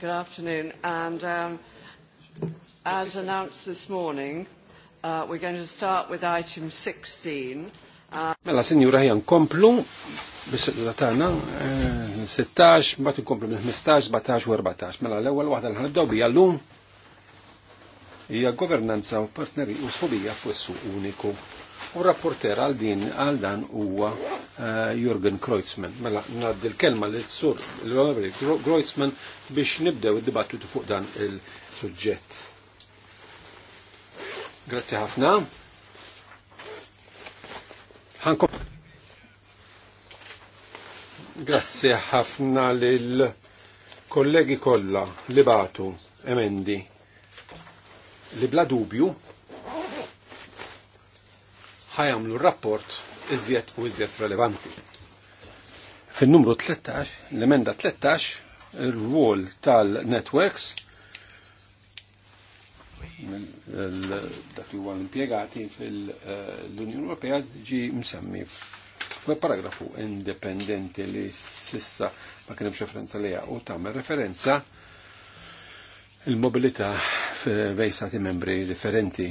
Good afternoon. And um, as announced this morning, uh, we're going to start with item 16. Uh, mela, sinjura ħjan komplu, bis-sedda 16, eh, mbagħad komplu, 15, 17 u 14. Mela, l-ewwel waħda li ħanibdew bija llum hija governanza u partneri u sħubija fuq is uniku. U rapporter għal din għal dan huwa Eh, Jürgen Kreuzmann. Mela ngħaddi l-kelma lil sur l għabri Kreuzmann biex nibdew id-dibattitu fuq dan il-suġġett. Grazzi ħafna. Ħankom. Grazzi ħafna lil kollegi kollha li batu emendi li bla dubju ħajamlu rapport iżjed u iżjed relevanti. Fin-numru 13, l-emenda 13, il-rwol tal-networks, dak li huwa impjegati fil-Unjoni Ewropea ġi msemmi paragrafu indipendenti li sissa ma kien hemm referenza leja u tagħmel referenza il-mobilità bejn stati membri differenti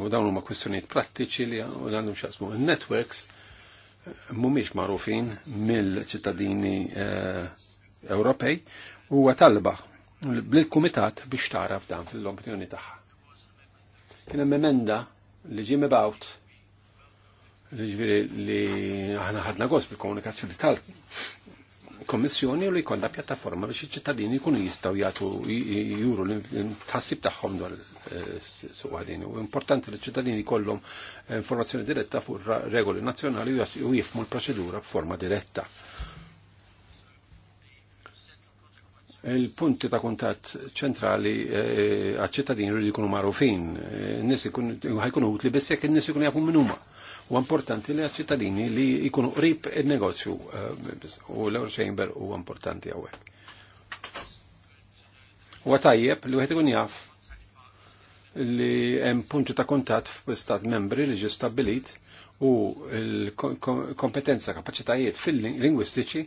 u dawn huma kwistjonijiet prattiċi li għandhom xaqsmu in-networks mumiex marufin mill-ċittadini eh, Ewropej u talba bil-kumitat biex tara f'dan fil-opinjoni tagħha. Kien hemm emenda li ġie about li ġifieri li aħna ħadna gost bil-komunikazzjoni tal kommissjoni u li jkollha pjattaforma biex iċ-ċittadini jkunu jistgħu jagħtu juru l-tħassib tagħhom dwar eh, suq U importanti li ċ-ċittadini jkollhom eh, informazzjoni diretta fuq regoli nazzjonali u jifmu l-proċedura b'forma diretta. Il-punti ta' kuntatt ċentrali eh, għal-ċittadini li jkunu marufin. n-nies ħajkunu utli biss jekk in jafu U importanti li għal-ċittadini li jikunu qrib il-negozju eh, u l chamber u importanti għawek. U għatajjeb li għet ikun jaff li hemm punti ta' kontatt f'Istat membri li ġi stabbilit u l-kompetenza, kapacitajiet fil-lingwistiċi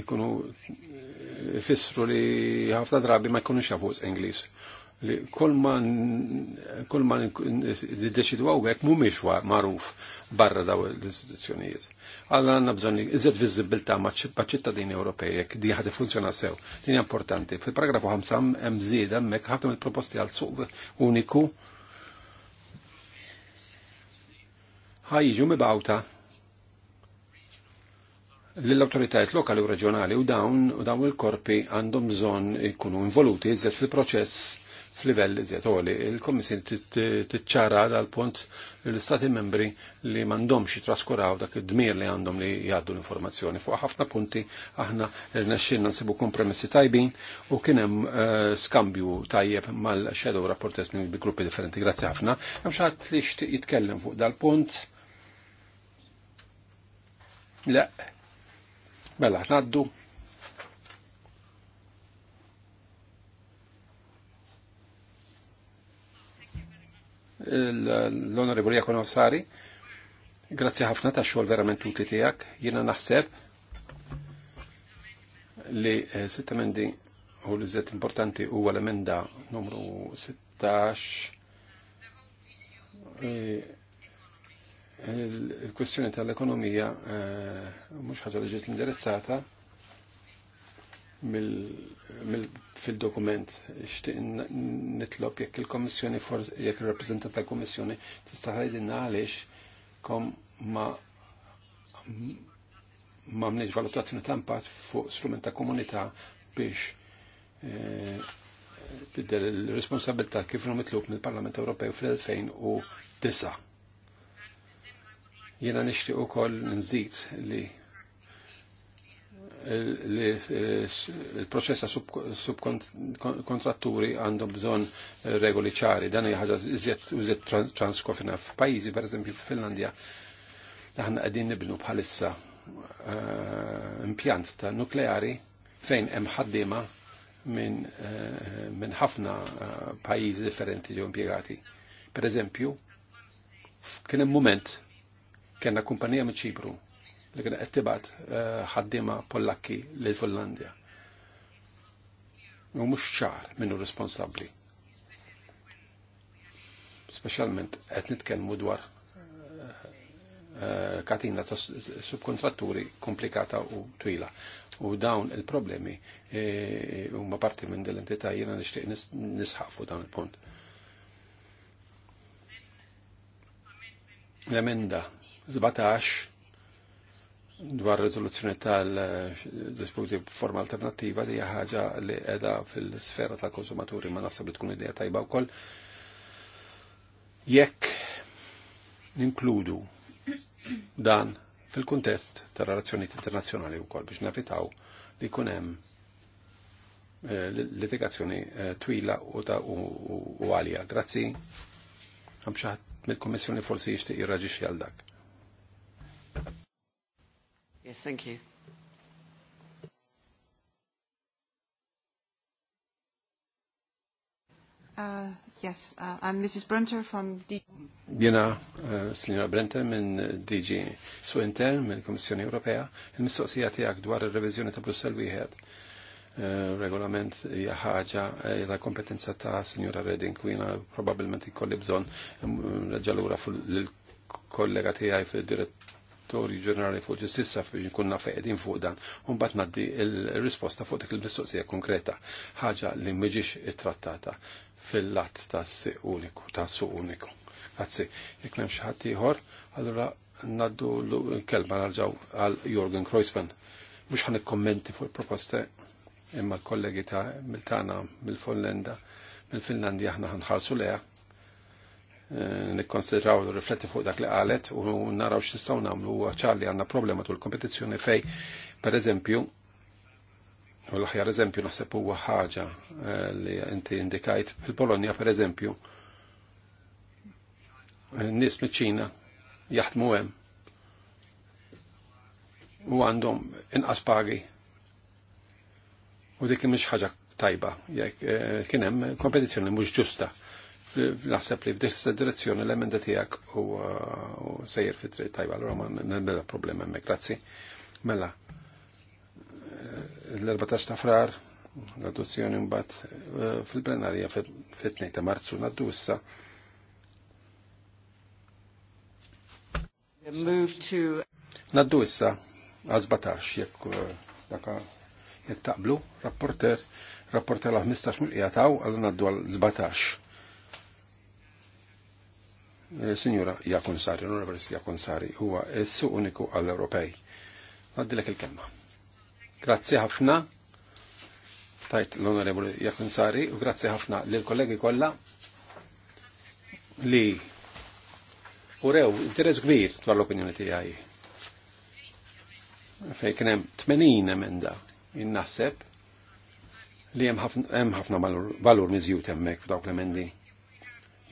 jikunu eh, fissru li ħafna drabi ma jkunux xafuż Ingliż li kol ma niddeċidu għawek mumiex maruf barra daw l-istituzzjonijiet. Għalla għanna bżon iżet vizibilta ma ċittadini Ewropej jek di ħad funzjona sew. Din importanti. Fil-paragrafu 5 hemm żied hemmhekk ħafna mill-proposti għal suq uniku ħajġu mibawta l-autoritajiet lokali u reġjonali u dawn u dawn il-korpi għandhom bżonn ikunu involuti iżet fil-proċess f'livell iżjed għoli. Il-Komissjoni tiċċara għal-punt l-Istati membri li mandomx traskuraw dak id-dmir li għandhom li jgħaddu l-informazzjoni. Fuq ħafna punti aħna rnexxinna nsibu kompromessi tajbin u kien hemm eh, skambju tajjeb mal-shadow rapporters minn gruppi differenti. Grazzi ħafna. Hemm xi li jitkellem fuq dal-punt. Le. Bella, għaddu. l-Onorevoli Jakono Sari. Grazzi ħafna ta' xol verament utli tijak, jina naħseb li eh, s emendi u l importanti u l-emenda numru 16 eh, il-kwestjoni tal-ekonomija eh, mhux ħaġa li ġiet indirizzata fil-dokument. Ixtieq nitlob jekk il-Kommissjoni jekk ir-rappreżentant tal komissjoni tista' tgħidilna għaliex kom ma m'għamniex valutazzjoni ta' impatt fuq strument ta' komunità biex eh, biddel il-responsabilità kif nu mitlub mill-Parlament Ewropew fl-2009. Jiena nixtieq ukoll nżid li il-proċessa subkontratturi għandhom bżon regoli ċari. Dan hija ħaġa iżjed transkofina f'pajjiżi, eżempju f'Finlandja, aħna qegħdin nibnu bħalissa eh, impjant ta' nukleari fejn hemm ħaddiema minn eh, ħafna eh, pajjiżi differenti ġew impjegati. Per eżempju, kien hemm mument kellna kumpanija minn Ċipru li kien qed eh, ħaddima Pollakki lil Finlandja. U mhux ċar minnu responsabbli. Specialment qed nitkellmu dwar eh, eh, katina ta' subkontratturi komplikata u twila. U dawn il-problemi huma parti minn dell-entità jena nishtiq nisħafu dan il-punt. L-emenda 17 dwar rezoluzzjoni tal-disputi forma alternativa li ħaġa li edha fil-sfera tal-konsumaturi ma nasab li tkun idea tajba wkoll. Jekk ninkludu dan fil-kuntest tar relazzjonijiet internazzjonali wkoll biex nafitaw li jkun hemm eh, litigazzjoni eh, twila u ta' u għalija. Grazzi. għamxaħt mill komissjoni forsi jixtieq irraġi xjaldak. dak. Yes, thank you. Uh, yes, uh, I'm Mrs. Brunter from DG. Jena, uh, signora Brunter minn DG Suinter, minn Komissjoni Ewropea, il-mistoqsija tijak dwar il-revizjoni ta' Brussel wieħed. Uh, regolament hija ħaġa ta' uh, kompetenza ta' signora Redding, kwina probabilment ikolli bżonn um, reġalura fil-kollega tiegħi fil-direttur direttori ġenerali fuq ġustizza biex nkunna feqedin fuq dan, un bat naddi il-risposta fuq dik il-mistoqsija konkreta, ħaġa li it trattata fil-lat ta' s-suq uniku, ta' s-suq uniku. Għazzi, jek nem ħatti ħor, allora naddu l-kelma narġaw għal Jorgen Kreuzman. Mux ħan kommenti fuq il-proposte imma l-kollegi ta' mil-tana, mil mill mil-Finlandja ħna ħanħarsu leja Eh, nikkonsidraw rifletti fuq dak li qalet u naraw x'nistgħu nagħmlu ċarli għandna problema tul kompetizzjoni fej pereżempju u l-aħjar eżempju naħseb huwa ħaġa eh, li inti indikajt fil-Polonja pereżempju eh, nies miċ-Ċina jaħdmu hemm u għandhom inqas pagi u dik mhix ħaġa tajba jekk kien hemm kompetizzjoni mhux ġusta naħseb li f'dis direzzjoni l-emenda tiegħek uh, u sejjer fit-triq tajba l ma nella problema hemmhekk. Grazzi. Mela eh, l-14 ta' frar l-adozzjoni mbagħad eh, fil-plenarja fit-2 ta' Marzu naddu issa. Naddu issa għal 17 jekk eh, daka jittaqblu rapporter rapporter għal 15 mil-qijataw għal naddu għal 17. Eh, signora Jakonsari, l-Universi Jakonsari, huwa essu uniku għall-Ewropej. Għaddilek il kemma Grazzi ħafna, tajt l-Onorevoli Jakonsari, u grazzi ħafna l-kollegi kolla li urew interes kbir dwar l-opinjoni tiegħi. Fej kien hemm 80 emenda innaħseb li hemm ħafna valur miżjut hemmhekk f'dawk l-emendi.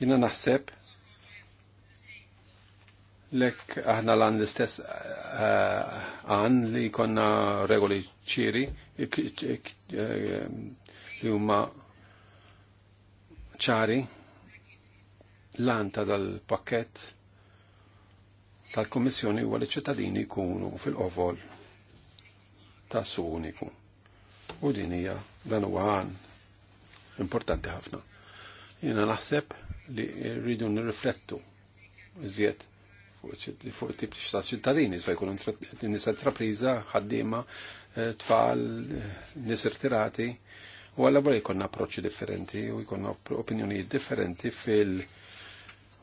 Jiena naħseb Lek aħna l-għan l-istess eh, għan li konna regoli ċiri eh, li huma ċari l-għan ta' dal-pakket tal-Kommissjoni huwa li ċittadini jkunu fil-qovol ta' su uniku. U din hija dan huwa għan importanti ħafna. Jiena naħseb li rridu nirriflettu iżjed fuq tip ta' ċittadini, se jkun nis intrapriża, ħaddiema, eh, tfal, eh, nis irtirati, u għalla vera jkun approċċi differenti u jkollna opinjonijiet differenti fil-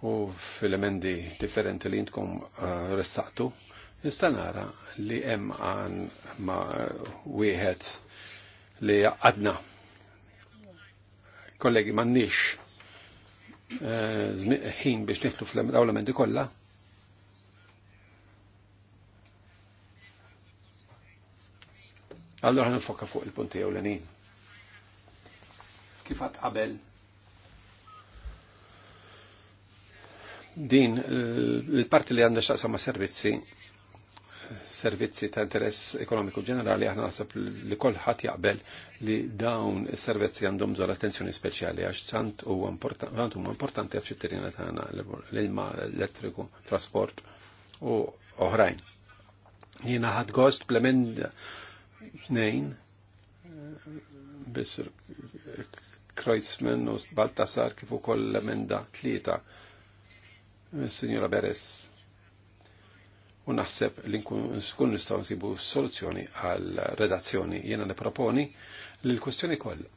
u fil-emendi differenti li jintkom eh, ressaqtu. Nista' nara li hemm għan ma' wieħed li għadna. Kollegi, m'għandniex ħin biex nitlu fl emendi kollha, Allora nfokka fuq il-punti l Kif għat qabel din eh, il-parti li għandha xaqsa ma' servizzi servizzi ta' interess ekonomiku ġenerali aħna naħseb li kolħat jaqbel li dawn is-servizzi għandhom żgħar attenzjoni speċjali għax ċ'ant u importanti għal ċittadina tagħna l-ilma elettriku, trasport u oħrajn. Jiena ħad gost blemend Nejn bisser Kreuzmann u Baltasar kif ukoll l-emenda tlieta Signora Beres. U naħseb li nkun nistgħu nsibu soluzzjoni għal redazzjoni jiena niproponi li l-kwestjoni kollha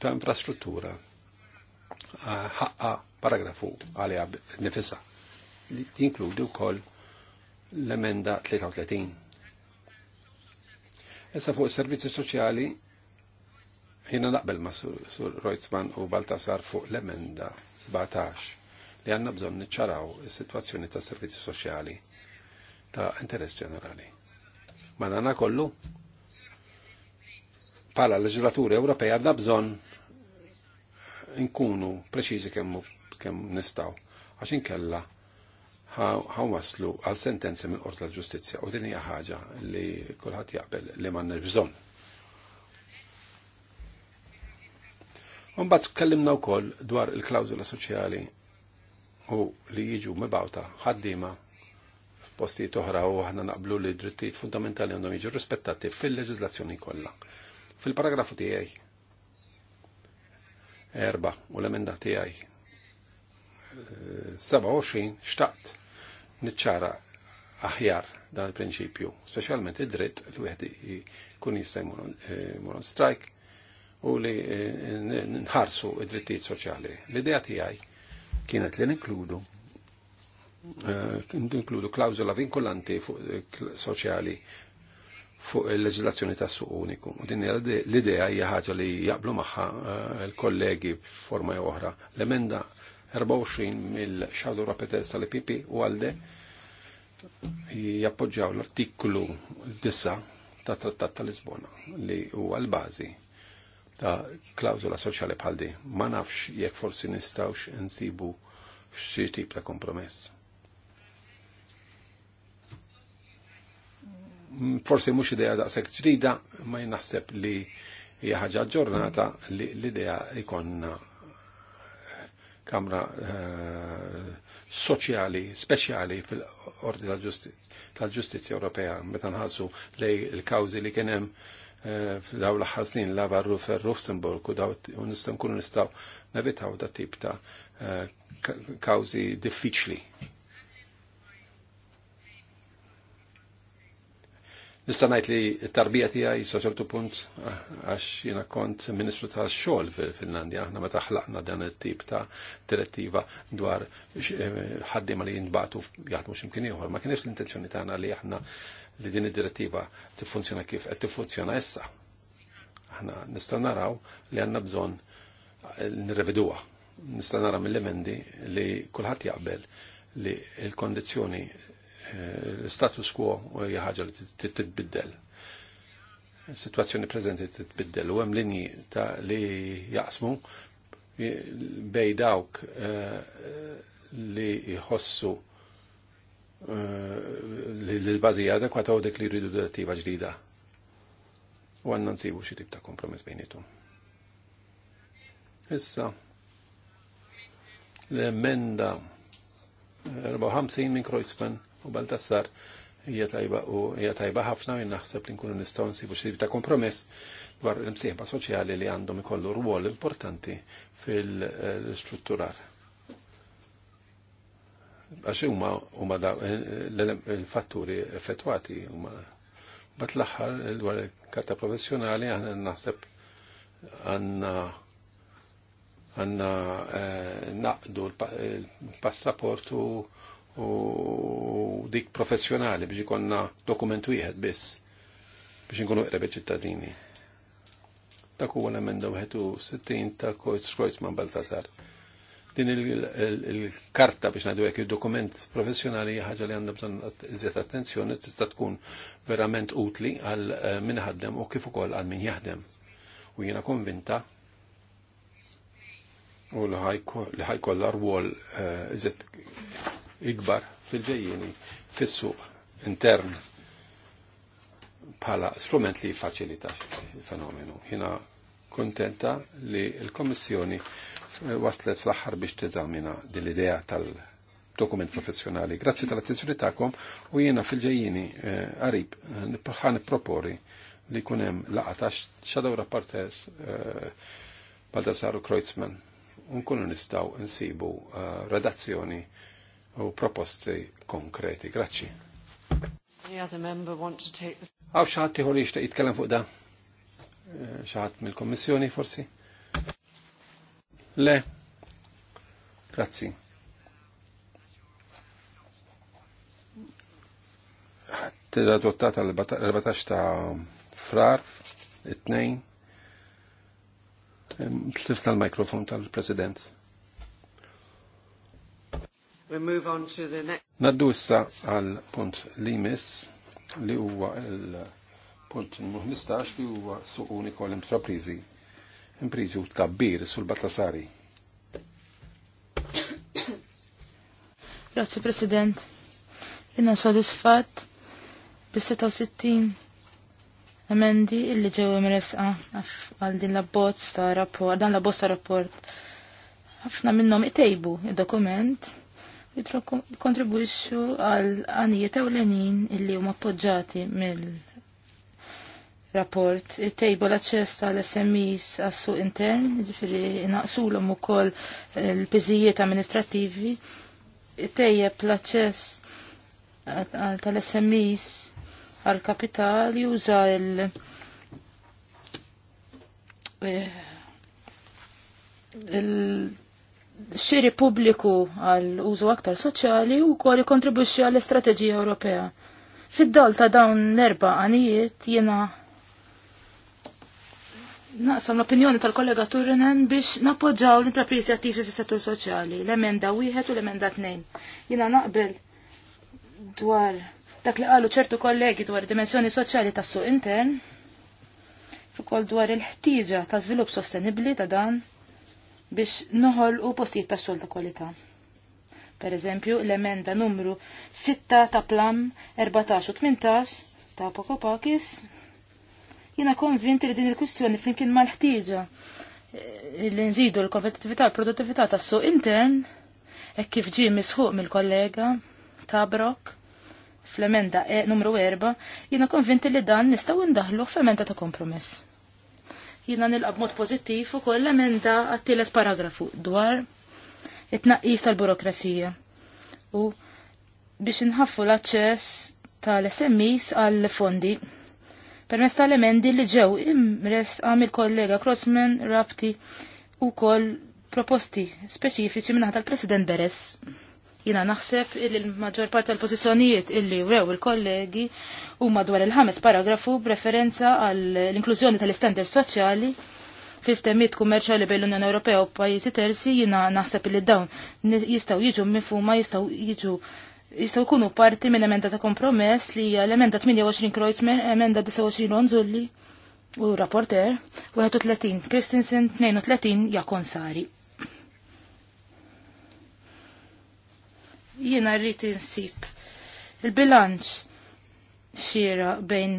ta' infrastruttura ħaqqa paragrafu għalija nifissa li tinkludi wkoll l-emenda 33 Issa fuq servizzi soċjali jina naqbel ma' Sur, sur Reutzmann u Baltasar fuq l-emenda 17 li għanna bżon niċċaraw is-sitwazzjoni ta' servizzi soċjali ta' interess ġenerali. Ma dana kollu pala l-leġislatura Ewropea għandna bżon nkunu preċiżi kemm nistgħu għax inkella ħaw waslu għal sentenzi mill qorta tal-ġustizja u din hija ħaġa li kulħadd jaqbel li m'għandniex bżonn. Mbagħad tkellimna wkoll dwar il-klawżula soċjali u li jiġu mibawta ħaddiema f'postijiet oħra u aħna naqblu li drittijiet fundamentali għandhom jiġu rispettati fil-leġiżlazzjoni kollha. Fil-paragrafu tiegħi erba' u l-emenda tiegħi 27 eh, xtaqt niċċara aħjar dan il-prinċipju, specialment id-dritt li wieħed kun jista' jmur eh, strike u li eh, nħarsu id-drittijiet soċjali. L-idea tiegħi kienet li ninkludu inkludu klawzola vinkolanti soċjali fuq il-leġislazzjoni ta' suq uniku. U din l-idea hija ħaġa li jaqblu magħha l-kollegi f'forma oħra. L-emenda 24 mill xadu Rapporteurs tal-PP u għalde jappoġġaw l-artiklu 9 ta' Trattat tal Lisbona li huwa l-bażi ta' klawzula soċjali bħal di. Ma nafx jekk forsi nistgħux insibu xi tip ta' kompromess. Forsi mhux idea daqshekk ġrida, ma jnaħseb li hija ħaġa ġurnata li l-idea ikonna kamra eh, soċjali, speċjali fil-Ordi tal-Ġustizja Ewropea, meta nħassu lej il-kawzi li kienem eh, f'daw l-aħħar snin la avarru fil-Luxemburg u daw nistaw nkunu nistaw nevitaw da tip ta' eh, kawzi diffiċli. Nista' ngħid li t-tarbija tiegħi sa ċertu punt għax jiena kont Ministru tax-xogħol fil-Finlandja aħna ma taħlaqna dan it-tip ta' direttiva dwar eh, ħaddiema li jindbatu jaħdmu x'imkien ieħor. Ma kienx l-intenzjoni tagħna li aħna li din id-direttiva tiffunzjona kif qed tiffunzjona issa. Aħna nista' naraw li għandna bżonn eh, nirreveduwa. Nista' naraw mill-emendi li kulħadd jaqbel li l-kondizzjoni l-status eh, quo hija ħaġa li titbiddel. Situazzjoni sitwazzjoni preżenti titbiddel u hemm linji ta' li jaqsmu bej dawk eh, li jħossu eh, li l-bażija adekwata u dik li jridu direttiva ġdida. U għanna nsibu xi tip ta' kompromess bejnietum. Issa, l-emenda 54 minn Kreuzmann u Baltassar hija tajba u hija tajba ħafna u naħseb li nkunu nistgħu nsibu xi ta' kompromess dwar l-imsieħba soċjali li għandhom ikollu rwol importanti fil istrutturar Għax huma huma l-fatturi effettwati huma bat l-aħħar dwar il-karta professjonali aħna naħseb għandna għandna eh, naqdu l-passaportu u dik professjonali biex ikonna dokument wieħed biss biex nkunu qreb ċittadini. Dak huwa l-emenda 60 ta' Kreuzman Baltasar. Din il-karta biex ngħidu hekk il-dokument professjonali ħaġa li għandha bżonn iżjed attenzjoni tista' tkun verament utli għal eh, min ħaddem u kif ukoll għal min jaħdem. U jiena konvinta u li ħajkollha rwol eh, iżjed ikbar fil-ġejjini fis-suq intern bħala strument li faċilita fenomenu. Jina kontenta li l-Komissjoni eh, waslet fl-aħħar biex teżamina din l-idea tal-dokument professjonali. Grazzi tal-attenzjoni tagħkom u jiena fil-ġejjini eh, qarib eh, ħan propori li kunem laqa xadaw rapportes Baldassar u Kreuzman. Unkunu nistaw nsibu redazzjoni u proposti konkreti. Grazzi. Għaw xaħat tiħu li jishtiq jitkellem fuq da? Eh, xaħat mill-kommissjoni forsi? Le. Grazzi. Tidda adottata l-14 ta' frar, it nejn Tlifna l-mikrofon tal-president. We move on to the next. Naddu issa għal punt li miss li huwa il-punt 15 li huwa suq uniku l imprizi Imprizi u tabbir sul Batasari. Grazie President. Jena sodisfat b-66 emendi illi ġew imresqa għal din l-abbozz ta' rapport, dan l-abbozz ta' rapport. Ħafna minnhom itejbu id-dokument kontribwixxu għal għanijiet ewlenin illi huma appoġġati mill-rapport. il tejbu l-aċċess tal smis għas-suq intern, ġifieri naqsulhom ukoll l-piżijiet amministrativi, il tejjeb l-aċċess tal-SMEs għal kapital juża il- eh, il xiri pubbliku għal użu aktar soċjali u kol kontribuxxi għall istrateġija Ewropea. Fid-dal ta' dawn l-erba' għanijiet jiena naqsam l-opinjoni tal-kollega Turrinen biex nappoġġaw l intraprizi attivi fis-settur soċjali, l-emenda wieħed u l-emenda tnejn. Jiena naqbel dwar dak li qalu ċertu kollegi dwar dimensjoni soċjali tas-suq intern, ukoll dwar il-ħtieġa ta' żvilupp sostenibbli ta' dan biex noħol u postijiet ta' xogħol ta' kwalità. Per eżempju, l-emenda numru 6 ta' Plam 14 u 18 ta' Pakis Jiena konvinti li din il-kwistjoni flimkien mal-ħtieġa eh, li nżidu l-kompetitività u l-produttività tas-suq intern e kif ġie misħuq mill-kollega Kabrok fl-emenda e numru 4, jiena konvinti li dan nistgħu ndaħlu f'emenda ta' kompromess. Jina nilqab mod pozittif u koll emenda għattilet paragrafu dwar it naqis tal-burokrasija. U biex nħaffu l-aċċess tal smis għall-fondi. Permess tal-emendi li ġew imres għamil kollega Crossman Rapti u koll proposti speċifiċi minnaħat tal-President Beres. Jina naħseb li l-maġġor parti tal-pożizzjonijiet illi wrew il-kollegi huma dwar il-ħames paragrafu b'referenza għall-inklużjoni tal-istandard soċjali fil-temiet kummerċali bejn l-Unjoni Ewropea u pajjiżi terzi jina naħseb li dawn jistgħu jiġu mifhuma jistgħu jiġu jistgħu jkunu parti minn emenda ta' kompromess li hija l-emenda 28 Kreuzmer, emenda 29 Lonzulli u rapporter, 31 Christensen, 32 Jakon Sari. jiena rrit insib il-bilanċ xiera bejn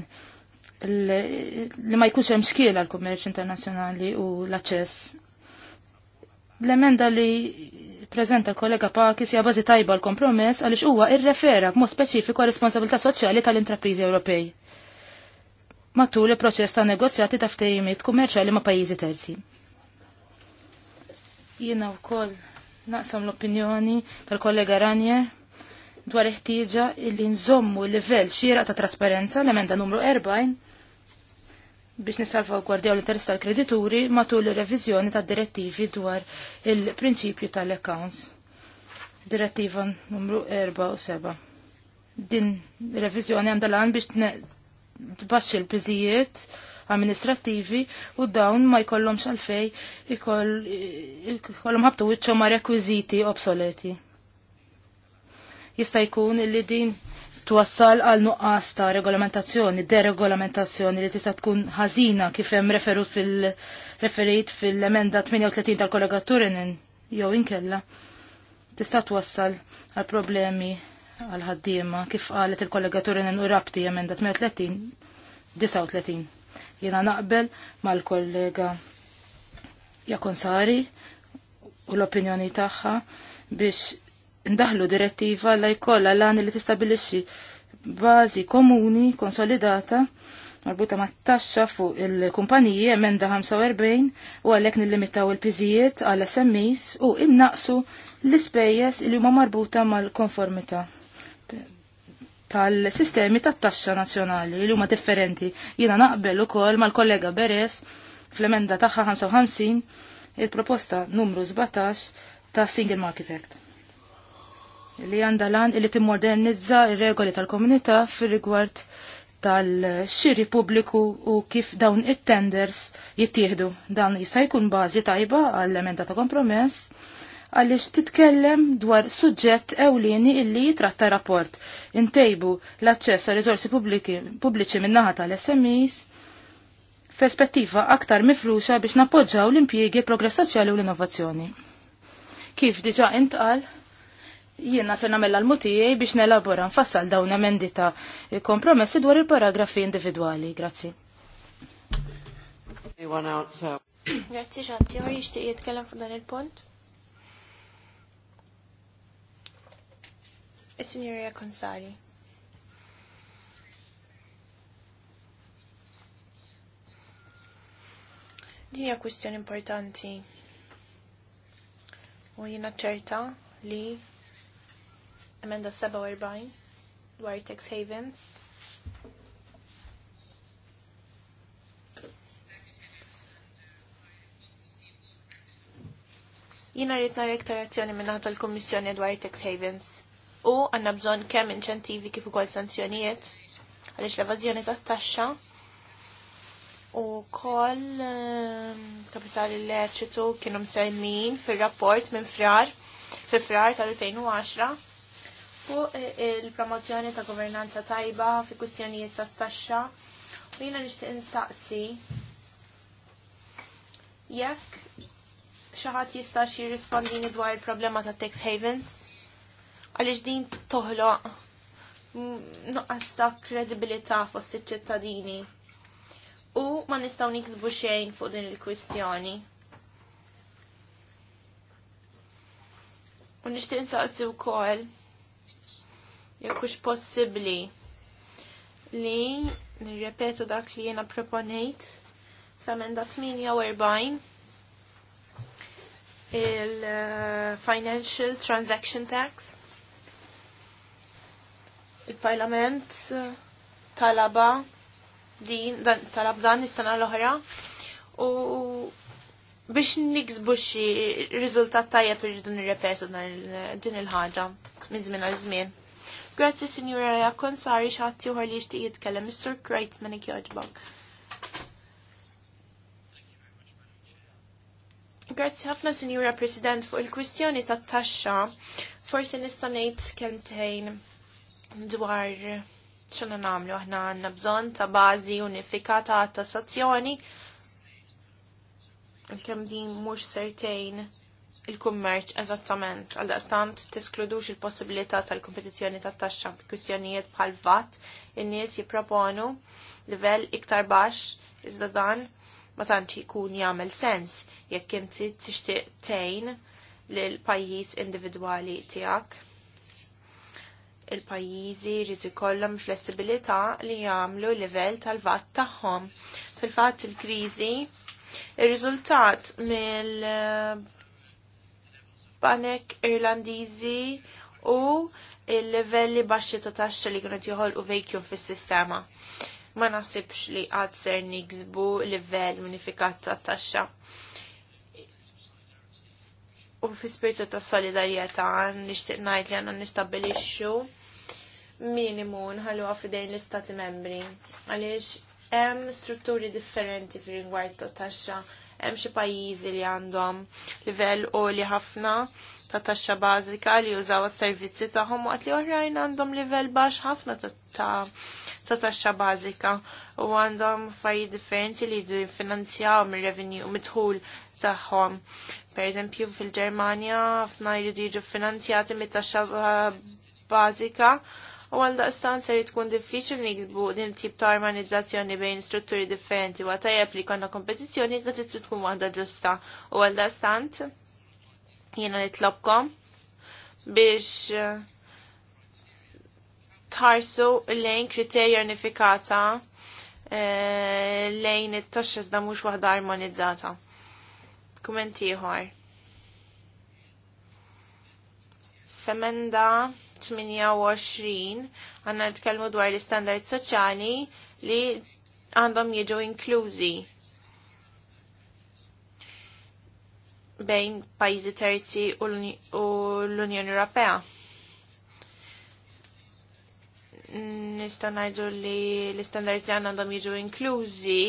li ma jkunx hemm xkiela għall kummerċ internazzjonali u l-aċċess. L-emenda li preżenta l-kollega Pakis hija bażi tajba l-kompromess għaliex huwa irrefera b'mod speċifiku responsabilità soċjali tal-intrapriżi Ewropej matul il-proċess ta' negozjati ta' ftejimiet kummerċjali ma' pajjiżi terzi. Jiena wkoll Naqsam l-opinjoni tal-kollega Ranier dwar iħtieġa illi nżommu l-livell xieraq ta' trasparenza l-emenda numru 40 biex u gwardjaw l-interess tal-kredituri matul ir-reviżjoni tad-direttivi dwar il-prinċipju tal-accounts. Direttiva numru 4 u 7. Din reviżjoni għandha lan biex tbaxxi l-biżijiet amministrattivi u dawn ma jkollhomx għalfej jkollhom ħabtu wiċċhom ma' rekwiżiti obsoleti. Jista' jkun li din twassal għal nuqqas ta' regolamentazzjoni, deregolamentazzjoni li tista' tkun ħażina kif hemm referut fil-referit fil-emenda 38 tal-kollega Turinen jew inkella tista' twassal għal problemi għal ħaddiema kif qalet il-kollega Turinen u rabti emenda 38 39. Jena naqbel mal-kollega Jakonsari u l-opinjoni tagħha biex ndaħlu direttiva la jkollha l għan li tistabilixxi bażi komuni konsolidata marbuta ma' taxxa fuq il-kumpaniji emenda 45 u għalhekk nillimitaw il pizijiet għal semmis u innaqsu l-ispejjeż li huma marbuta mal-konformità tal-sistemi tat-taxxa nazzjonali li huma differenti. Jiena naqbel ukoll mal-kollega Beres fl-emenda tagħha 55 il-proposta numru 17 ta' Single Market Act li għandha lan li timmodernizza ir-regoli tal-komunità fir-rigward tal-xiri pubbliku u kif dawn it-tenders jittieħdu. Dan jista' jkun bażi tajba għall-emenda ta' kompromess għaliex titkellem dwar suġġett ewlieni illi jitratta rapport. Intejbu l-aċċess għal rizorsi pubbliċi min-naħa tal-SMEs, perspettiva aktar mifluxa biex nappoġġaw l-impjiegi, progress soċjali u l-innovazzjoni. Kif diġa intqal, jiena se nagħmel l-mutijaj biex nelabora nfassal dawn emendi ta' kompromessi dwar il-paragrafi individwali. Grazzi. Grazzi xanti, għor jishtiq jitkellem fuq dan il-punt? Is-Sinjorija Konsari. Din hija kwistjoni importanti. U jiena ċerta li emenda 47 dwar tax havens Jina rrit nara iktar azzjoni minn l-Kommissjoni dwar tax havens u għanna bżon kemm inċentivi kif ukoll sanzjonijiet għaliex l-evażjoni tat-taxxa u koll ehm, kapitali leċitu kienu msemmin fil-rapport minn frar fi frar tal-2010 fuq e, il-promozjoni ta' governanza tajba fi kustjonijiet ta' taxxa u jina nishtiq insaqsi jekk xaħat jista' jirrispondini rispondini dwar il-problema ta' tax havens għaliex din toħloq nuqqas ta' kredibilità fost iċ-ċittadini. U ma nistgħu niksbu xejn fuq din il-kwistjoni. U nixtieq insaqsi wkoll jekk hux possibbli li nirrepetu dak li jiena proponejt f'emenda 48 il-Financial eh, Transaction Tax Il-Parlament eh, talaba din dan, talab dan is-sena l-oħra u biex nikzbu xi riżultat tajjeb irridu nirrepetu din il-ħaġa minn żmien għal żmien. Grazzi Sinjura Jakon sari xatti uħar li jixtieq jitkellem Mr. Kreitman ikjoġbok. Grazzi ħafna Sinjura President fuq il-kwistjoni tat-taxxa. Forsi nista' ngħid kelmtejn dwar xana namlu, aħna għanna bżon ta' bazi unifikata ta' tassazzjoni il-kem din mux sertejn il-kummerċ eżattament, għal daqstant teskludux il-possibilità tal-kompetizjoni ta' taxxa kwistjonijiet bħal vat, in-nies jipproponu livell iktar baxx iżda dan ma tantx jkun jagħmel sens jekk inti tixtieq tgħin lil pajjiż individwali tiegħek il-pajjiżi jrid ikollhom flessibilità li jagħmlu l-livell tal vatt tagħhom. Fil-fatt il-kriżi ir-riżultat il kriżi ir riżultat mill banek Irlandiżi u il-livelli baxxi ta' taxxa li kienu joħolqu vejkjum fis-sistema. Ma naħsibx li għad ser niksbu livell unifikat ta' taxxa u fi spiritu ta' solidarieta nishtiq ngħid li għandna nistabilixxu minimu nħallu fidejn l-istati membri għaliex hemm strutturi differenti fil-rigward ta' taxxa hemm xi pajjiżi li għandhom livell għoli ħafna ta' taxxa bażika li jużaw is-servizzi tagħhom waqt li oħrajn għandhom livell baxx ħafna ta' taxxa bażika u għandhom affarijiet differenti li jiffinanzjaw mir-revenju midħul tagħhom. Pereżempju fil-Ġermanja ħafna jridu jiġu finanzjati mit-taxxa bażika u għal daqstan ser tkun diffiċli nikbu din tip ta' armonizzazzjoni bejn strutturi differenti wa tajjeb li konna kompetizzjoni li trid tkun waħda ġusta u għal daqstant jiena nitlobkom biex eh, tħarsu lejn kriterja unifikata eh, lejn it-taxxas da mhux waħda armonizzata. Kumenti ieħor. Femenda 28 għanna nitkellmu dwar l-standard soċjali li għandhom jiġu inklużi bejn pajjiżi terzi u l-Unjoni Ewropea. Nistgħu ngħidu li l-istandardi għandhom jiġu inklużi,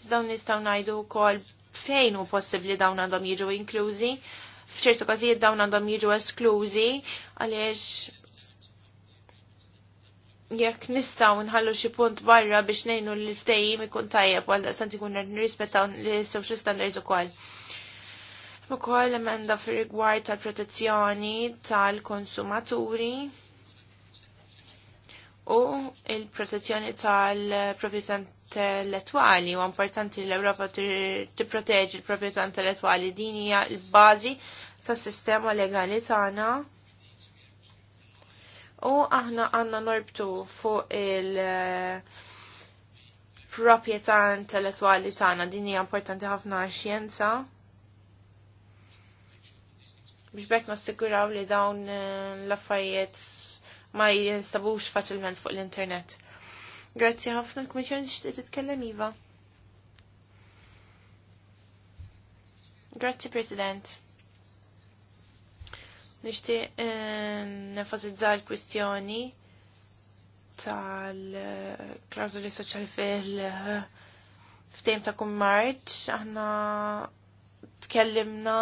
iżda nistgħu ngħidu wkoll fejn hu possibbli dawn għandhom jiġu inklużi fċertu każijiet dawn għandhom jiġu esklużi għaliex jekk nistaw nħallu xi punt barra biex nejnu l ftejjim ikun tajjeb għal daqsant ikun nirrispettaw l-social standards ukoll. Ukoll emenda fir-rigward tal-protezzjoni tal-konsumaturi u il-protezzjoni tal-proprjetà intellettuali u importanti l-Ewropa tipproteġi l-proprjetà intellettuali din hija l-bażi tas-sistema legali tagħna u aħna għanna norbtu fuq il- eh, proprjetà intellettuali tagħna din hija importanti ħafna għax-xjenza. Biex bekk nassiguraw li dawn eh, l-affarijiet ma jinstabux faċilment fuq l-internet. Grazzi ħafna l-Kummissjoni xtieq titkellem iva. Grazzi President. Nixtieq ehm, nenfasizza l-kwistjoni tal klausuli soċjali fil ftejm ta' marċ, aħna tkellimna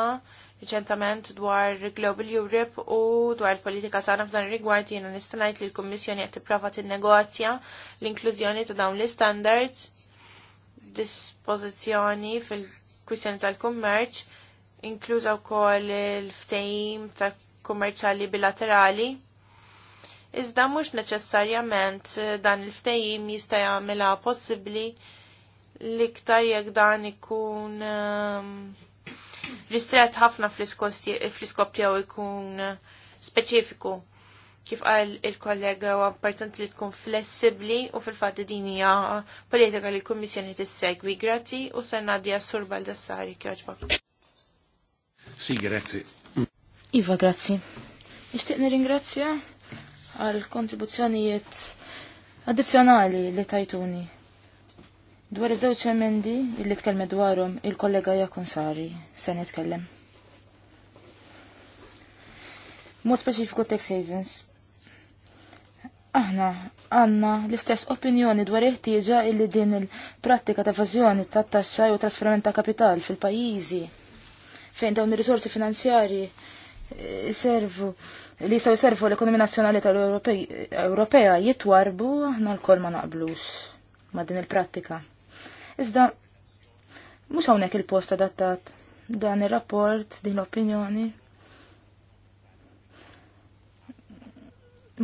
riċentament dwar Global Europe u dwar il-politika tagħna f'dan ir-rigward jiena nista' li l-Kummissjoni qed tipprova tinnegozja l-inklużjoni ta' dawn l-istandards dispożizzjoni fil-kwistjoni tal-kummerċ inkluża wkoll il-ftehim ta' kummerċali bilaterali. Iżda mhux neċessarjament eh, dan il-ftehim jista' jagħmilha possibbli l-iktar jekk dan ikun ehm, ristret ħafna fl-iskop tiegħu jkun eh, speċifiku. Kif qal il-kollega u importanti li tkun flessibbli u fil-fatt din hija politika li l-Kummissjoni tissegwi. Grazzi u se ngħaddi għas-sur Baldassari kjoġbok. Si, grazzi. Iva, grazzi. Nishtiq nirringrazzja għal kontribuzzjonijiet addizzjonali li tajtuni. Dwar iż-żewġ emendi illi tkellmet dwarhom il-kollega Jakun Sari se nitkellem. Mod speċifiku tax havens. Aħna għandna l-istess opinjoni dwar il-ħtieġa illi din il-prattika ta' evażjoni tat taxxa u trasferment ta' kapital fil-pajjiżi fejn dawn ir-risorsi finanzjarji servu li jisaw servu l-ekonomi nazjonali tal-Ewropea jitwarbu aħna l-kol ma naqblux ma din il-prattika. Iżda, mux hawnhekk il-post adattat dan ir-rapport, din l-opinjoni.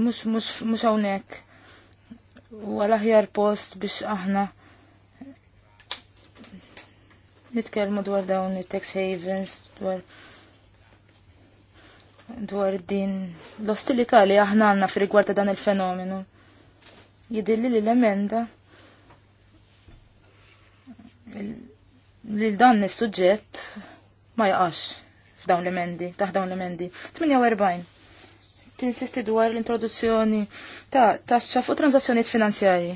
Mux, mux, mux hawnhekk u għal-aħjar post biex aħna nitkellmu dwar dawn it-tax havens, dwar dwar din l-ostilità li aħna għanna fi rigward dan il-fenomenu. Jidilli li l-emenda li dan is-suġġett ma jaqax f'dawn l-emendi, taħ dawn l-emendi. 48. Tinsisti dwar l-introduzzjoni ta' taxxa fuq transazzjonijiet finanzjarji.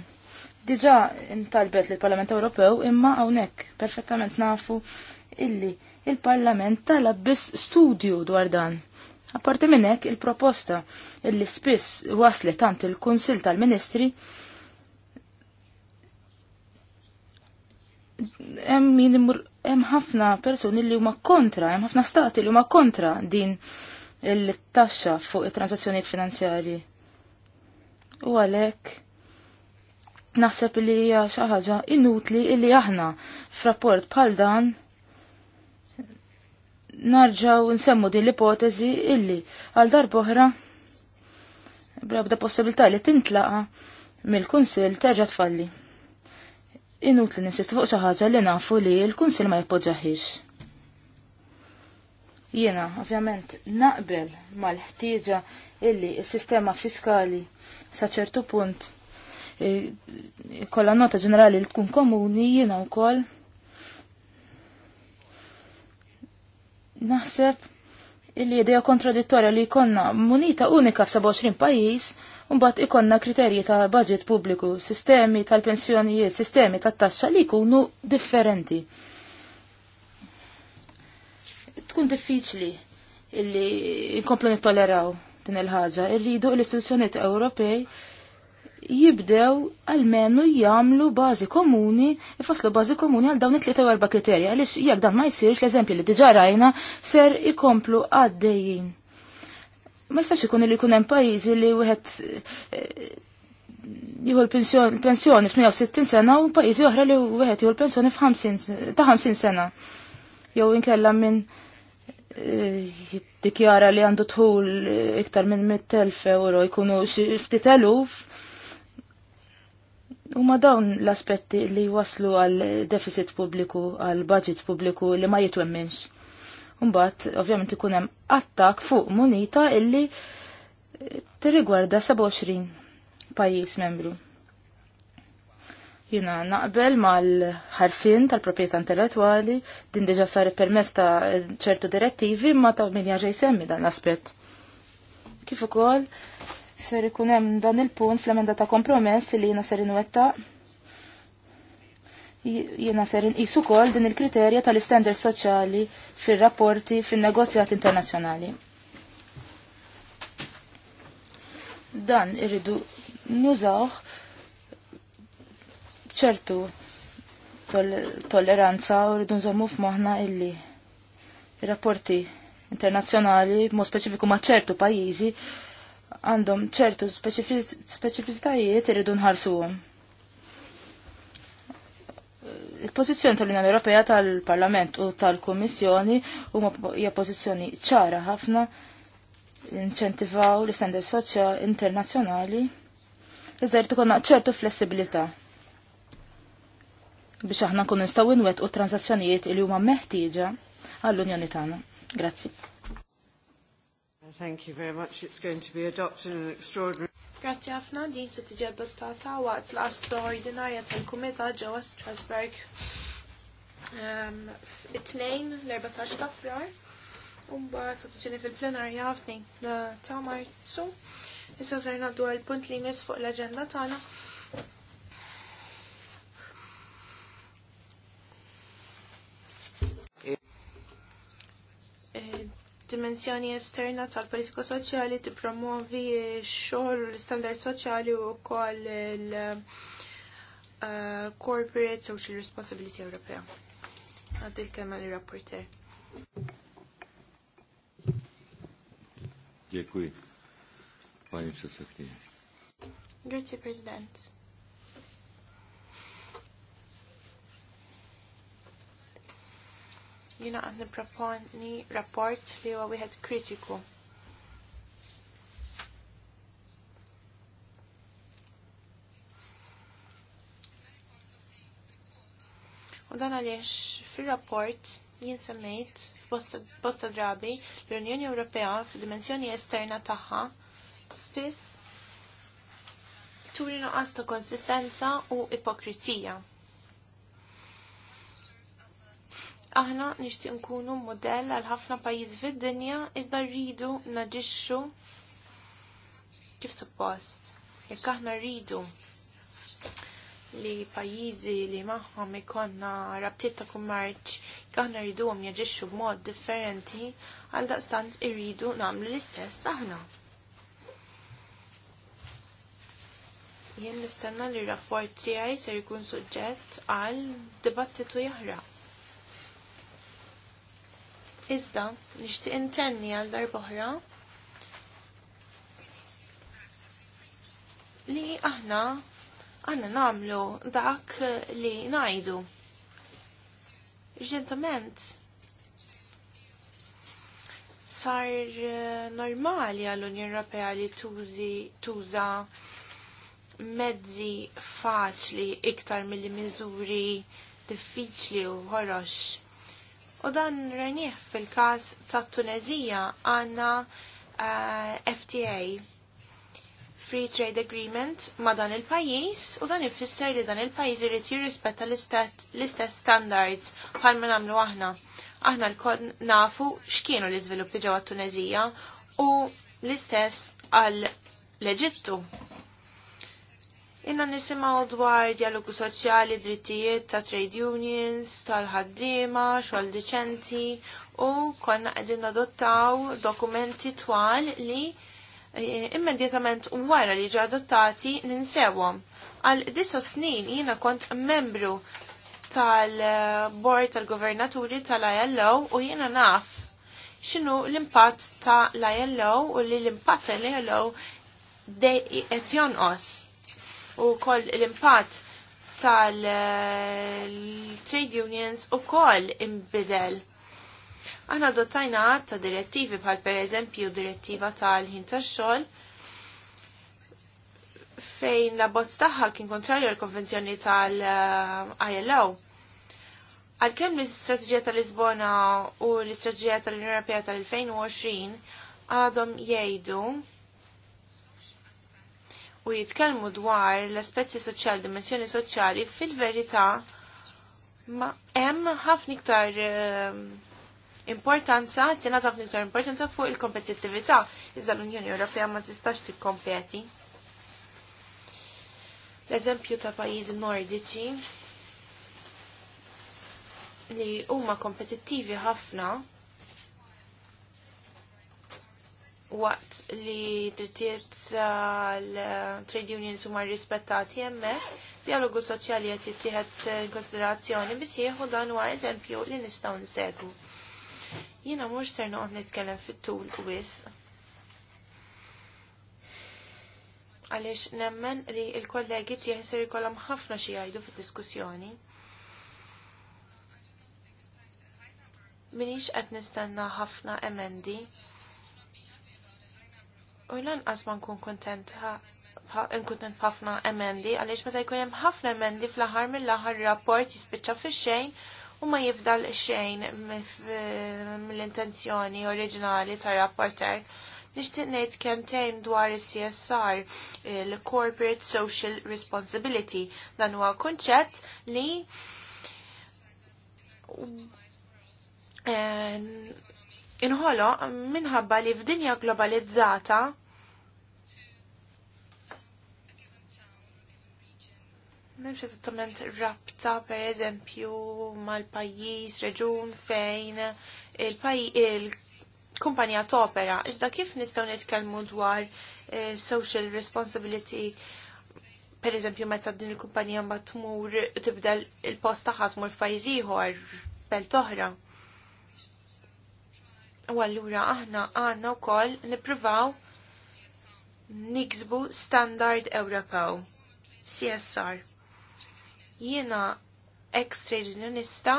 Diġà intalbet lill parlament Ewropew imma hawnhekk perfettament nafu illi il-Parlament talab biss studju dwar dan. Apparti minn hekk il-proposta illi spiss waslet tant il-Kunsil tal-Ministri hemm ħafna persuni li huma kontra, hemm ħafna stati li huma kontra din il-taxxa fuq it-transazzjonijiet finanzjarji. U għalhekk naħseb li hija xi ħaġa inutli illi aħna f'rapport bħal dan narġaw nsemmu din l-ipotezi illi għal darboħra brabda possibilità li tintlaqa mill-kunsil terġa' tfalli. Inut li nisist fuq xi ħaġa li nafu li l-kunsil ma jippoġġaħix. Jiena, ovvjament, naqbel mal-ħtieġa illi s-sistema fiskali sa ċertu punt eh, kolla nota ġenerali li tkun komuni jiena wkoll Naħseb illi ideja kontradittorja li jkonna munita unika f'27 pajjiż Umbat ikonna kriterji ta' budget pubbliku, sistemi tal-pensjonijiet, sistemi tat-taxxa li jkunu differenti. Tkun diffiċli illi nkomplu nittoleraw din il-ħaġa. Irridu l-istituzzjonijiet Ewropej jibdew għalmenu jamlu bazi komuni, ifaslu bazi komuni għal dawn it erba' kriterja, għalix jekk dan ma jsirx l-eżempju li diġa rajna ser ikomplu għaddejjin. Ma jistax ikun li jkun hemm pajjiżi li wieħed eh, jieħu l-pensjoni f'68 sena u pajjiżi oħra li wieħed jieħu l-pensjoni ta' 50 sena. Jew inkella minn eh, jiddikjara li għandu tħul eh, iktar minn 100.000 euro jkunu ftit eluf ma dawn l-aspetti li waslu għal deficit pubbliku, għal budget pubbliku li ma jitwemminx. Umbat, ovvjament ikun hemm attak fuq munita illi t-rigwarda 27 pajjiż membru. Jina naqbel mal-ħarsin tal-proprjetà intellettwali din diġa saret permess ta' ċertu direttivi ma ta' min jaġa' semmi dan l-aspett. Kif ukoll ser ikun hemm dan il-punt fl-emenda ta' kompromess li jiena ser inwetta. Jiena ser inqisu ukoll din il-kriterja tal-istandard soċjali fir-rapporti fin-negozjat internazzjonali. Dan irridu nużawh ċertu tolleranza u rridu nżommu f'moħħna illi ir-rapporti internazzjonali, mo speċifiku ma' ċertu pajjiżi, għandhom ċertu speċifistajiet irridu nħarsuhom. Il-pożizzjoni tal-Unjoni Ewropea tal-Parlament u tal-Kummissjoni huma hija pożizzjoni ċara ħafna inċentivaw l-istandard soċja internazzjonali iżda jrid ikunna ċertu flessibilità biex aħna nkunu nistgħu nwettqu transazzjonijiet li huma meħtieġa għall-Unjoni tagħna. Grazzi. Thank you very much. It's going to be adopted in an extraordinary... Grazie ħafna din se tiġi adottata waqt l straordinarja tal-Kumita ġewwa Strasberg ehm, it-tnejn l-14 ta' frar. Umbat se tiġi fil-plenarja f'tnejn ta' Marzu. Issa ser ngħaddu għal punt li jmiss fuq l-aġenda tagħna dimensjoni esterna tal-politika soċjali tippromuovi x-xogħol u l-istandard soċjali u wkoll il-corporate eh, social responsibility Ewropea. Għadil kemm kelma rapporter Dziękuję. Panie Przewodniczący. Grazie, Prezydent. Jina għan niproponi rapport li huwa wieħed kritiku. U dan għaliex fil-rapport jien semmejt bosta drabi l-Unjoni Ewropea f'dimensjoni esterna tagħha spiss turi nuqqas ta' konsistenza u ipokrizija. Aħna nixtieq nkunu modell għal ħafna pajjiż fid-dinja iżda rridu naġixxu kif suppost. Jekk aħna rridu li pajjiżi li magħhom ikonna rabtiet ta' kummerċ aħna rriduhom jaġixxu b'mod differenti għal daqstant irridu nagħmlu l-istess aħna. Jien nistenna li r-rapport tiegħi ser ikun suġġett għal dibattitu jaħraq. Iżda, nixtieq intenni għal oħra. li aħna għanna namlu dak li najdu. Ġentament, sar normali għall-Unjoni Ewropea li tuża mezzi faċli iktar mill-miżuri diffiċli u ħorox U dan rajnieh fil-każ ta' Tunezija għandna uh, eh, FTA Free Trade Agreement ma' dan il-pajjiż u dan ifisser li dan il-pajjiż irid jirrispetta l-istess standards bħal ma namlu aħna. Aħna l-kod nafu x'kienu l-iżviluppi ġewwa Tunezija u l-istess għal l-Eġittu Inna nisimaw dwar dialogu soċjali, drittijiet ta' trade unions, tal-ħaddima, xogħol diċenti u konna qegħdin adottaw dokumenti twal li eh, immedjatament wara li ġa adottati ninsewhom. Għal disa snin jina kont membru tal-Bord tal-Governaturi tal-ILO u jiena naf x'inhu l-impatt tal ilo u li l-impatt tal-ILO qed jonqos u koll l-impatt tal-trade eh, unions u koll imbidel. Aħna dottajna ta' direttivi bħal per eżempju direttiva tal-ħin tax-xogħol fejn la bozz tagħha kien kontrarju l-konvenzjoni tal-ILO. Għalkemm l-istrateġija tal-Lisbona u l-istrateġija tal-Unjoni Ewropea tal-2020 għadhom jgħidu u jitkellmu dwar l-aspetti soċjali, dimensjoni soċjali, fil-verità ma hemm ħafna iktar eh, importanza, tina ħafna iktar importanza fuq il-kompetittività, iżda l-Unjoni Ewropea ma tistax tikkompeti. L-eżempju ta' pajjiżi nordiċi li huma kompetittivi ħafna waqt li drittijiet l trade unions huma rispettati hemmhekk, dialogu soċjali qed jittiħet konsiderazzjoni bis jieħu dan huwa eżempju li nistgħu nsegu. Jiena mhux ser noqgħod nitkellem fit-tul bis. Għaliex nemmen li l-kollegi tiegħi ser ħafna xi jgħidu fid-diskussjoni. Minix qed nistenna ħafna emendi U lanqas ma nkun kontent inkuntent ħafna emendi, għaliex ma jkun hemm ħafna emendi fl-aħħar mill-aħħar rapport jispiċċa fix-xejn u ma jifdal xejn mill-intenzjoni oriġinali tar rapporter. Nixtieq ngħid kemmtejn dwar is-CSR, il-Corporate Social Responsibility, dan huwa kunċett li inħolo minħabba li f'dinja globalizzata Memx eżattament rabta per eżempju mal-pajjiż, reġun fejn il-kumpanija topera. Iżda kif nistgħu nitkellmu dwar eh, social responsibility per eżempju meta din il-kumpanija ma tmur tibdel il posta ħatmur tmur f'pajjiż ieħor belt oħra. U allura aħna għandna wkoll nippruvaw niksbu standard Ewropew, CSR. Jiena ekstreġjonista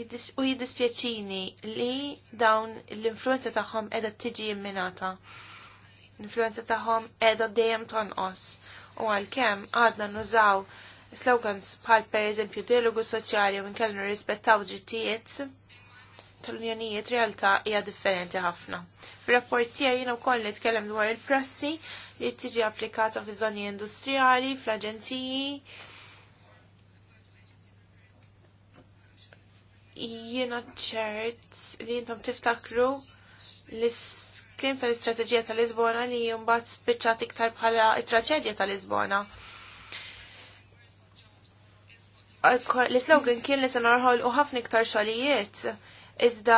u jiddispjaċini li dawn l-influenza tagħhom qiegħda tiġi imminata. L-influenza tagħhom qiegħda dejjem tonqos. U għalkemm għadna nużaw slogans bħal pereżempju dialogu soċjali u nkellmu rispettaw drittijiet tal-unjonijiet realtà hija differenti ħafna. Fir-rapport tiegħi jiena wkoll nitkellem dwar il-prassi li tiġi applikata fi żoni industrijali, fl-aġenziji. Jiena ċert li intom tiftakru l-klim tal-istrateġija tal-Lisbona li jumbat spiċċat iktar bħala traċedja tal-Lisbona l-slogan kien li se narħol u ħafna iktar xalijiet iżda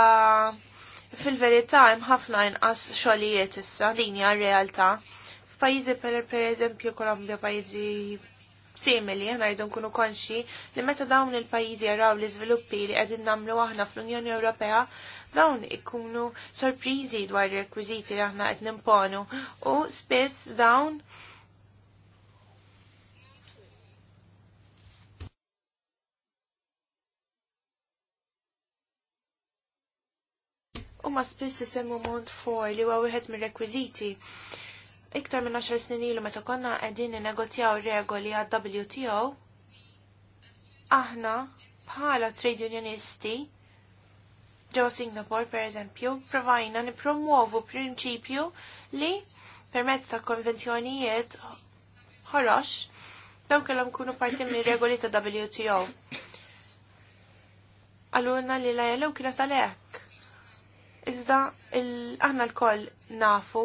fil-verità hemm ħafna inqas xogħlijiet issa din hija r-realtà. F'pajjiżi per eżempju Kolombja pajjiżi simili aħna rridu nkunu konxi li meta dawn il-pajjiżi jaraw l-iżviluppi li qegħdin nagħmlu aħna fl-Unjoni Ewropea dawn ikunu sorpriżi dwar ir-rekwiżiti li aħna qed nimponu u spiss dawn u ma spiss isemmu mont for li huwa wieħed mir-rekwiżiti. Iktar minn 10 snin ilu meta konna qegħdin negozjaw regoli għad WTO, aħna bħala trade unionisti ġew Singapore pereżempju provajna nippromuovu prinċipju li permezz ta' konvenzjonijiet ħorox dawn kellhom kunu parti minn regoli ta' WTO. Għaluna li la jelew kienet għalhekk Iżda aħna l-koll nafu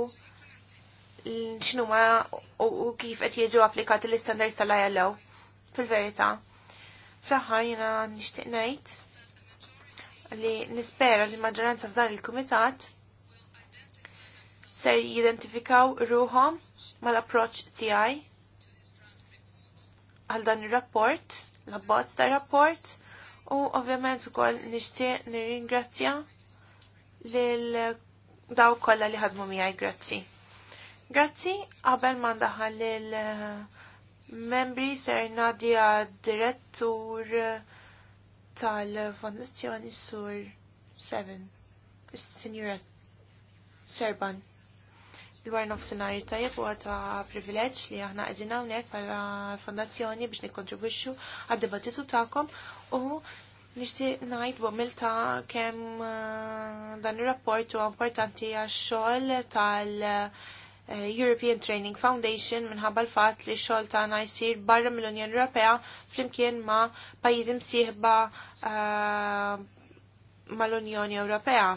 ma u kif qed jiġu applikati l-istandards tal-ILO fil-verità. Fl-aħħar jiena nixtieq ngħid li nispera li maġġoranza f'dan il-kumitat ser jidentifikaw ruhom mal-approċċ tiegħi għal dan ir-rapport, l-abbozz tar rapport u ovvjament ukoll nixtieq nirringrazzja lil daw kollha li ħadmu miħaj grazzi. Grazzi qabel ma lil eh, membri ser Nadia direttur eh, tal-fondazzjoni sur 7 Signora Serban il-war senari tajjeb u għata privileġ li aħna għedina unek pala fondazzjoni biex nikontribuxxu għad-debattitu ta'kom u nishti najt milta kem eh, dan il-rapport u importanti għax-xogħol tal-European Training Foundation minħabba l-fat li xogħol tagħna jsir barra mill-Unjoni Ewropea flimkien ma' pajjiżi msieħba uh, mal-Unjoni Ewropea.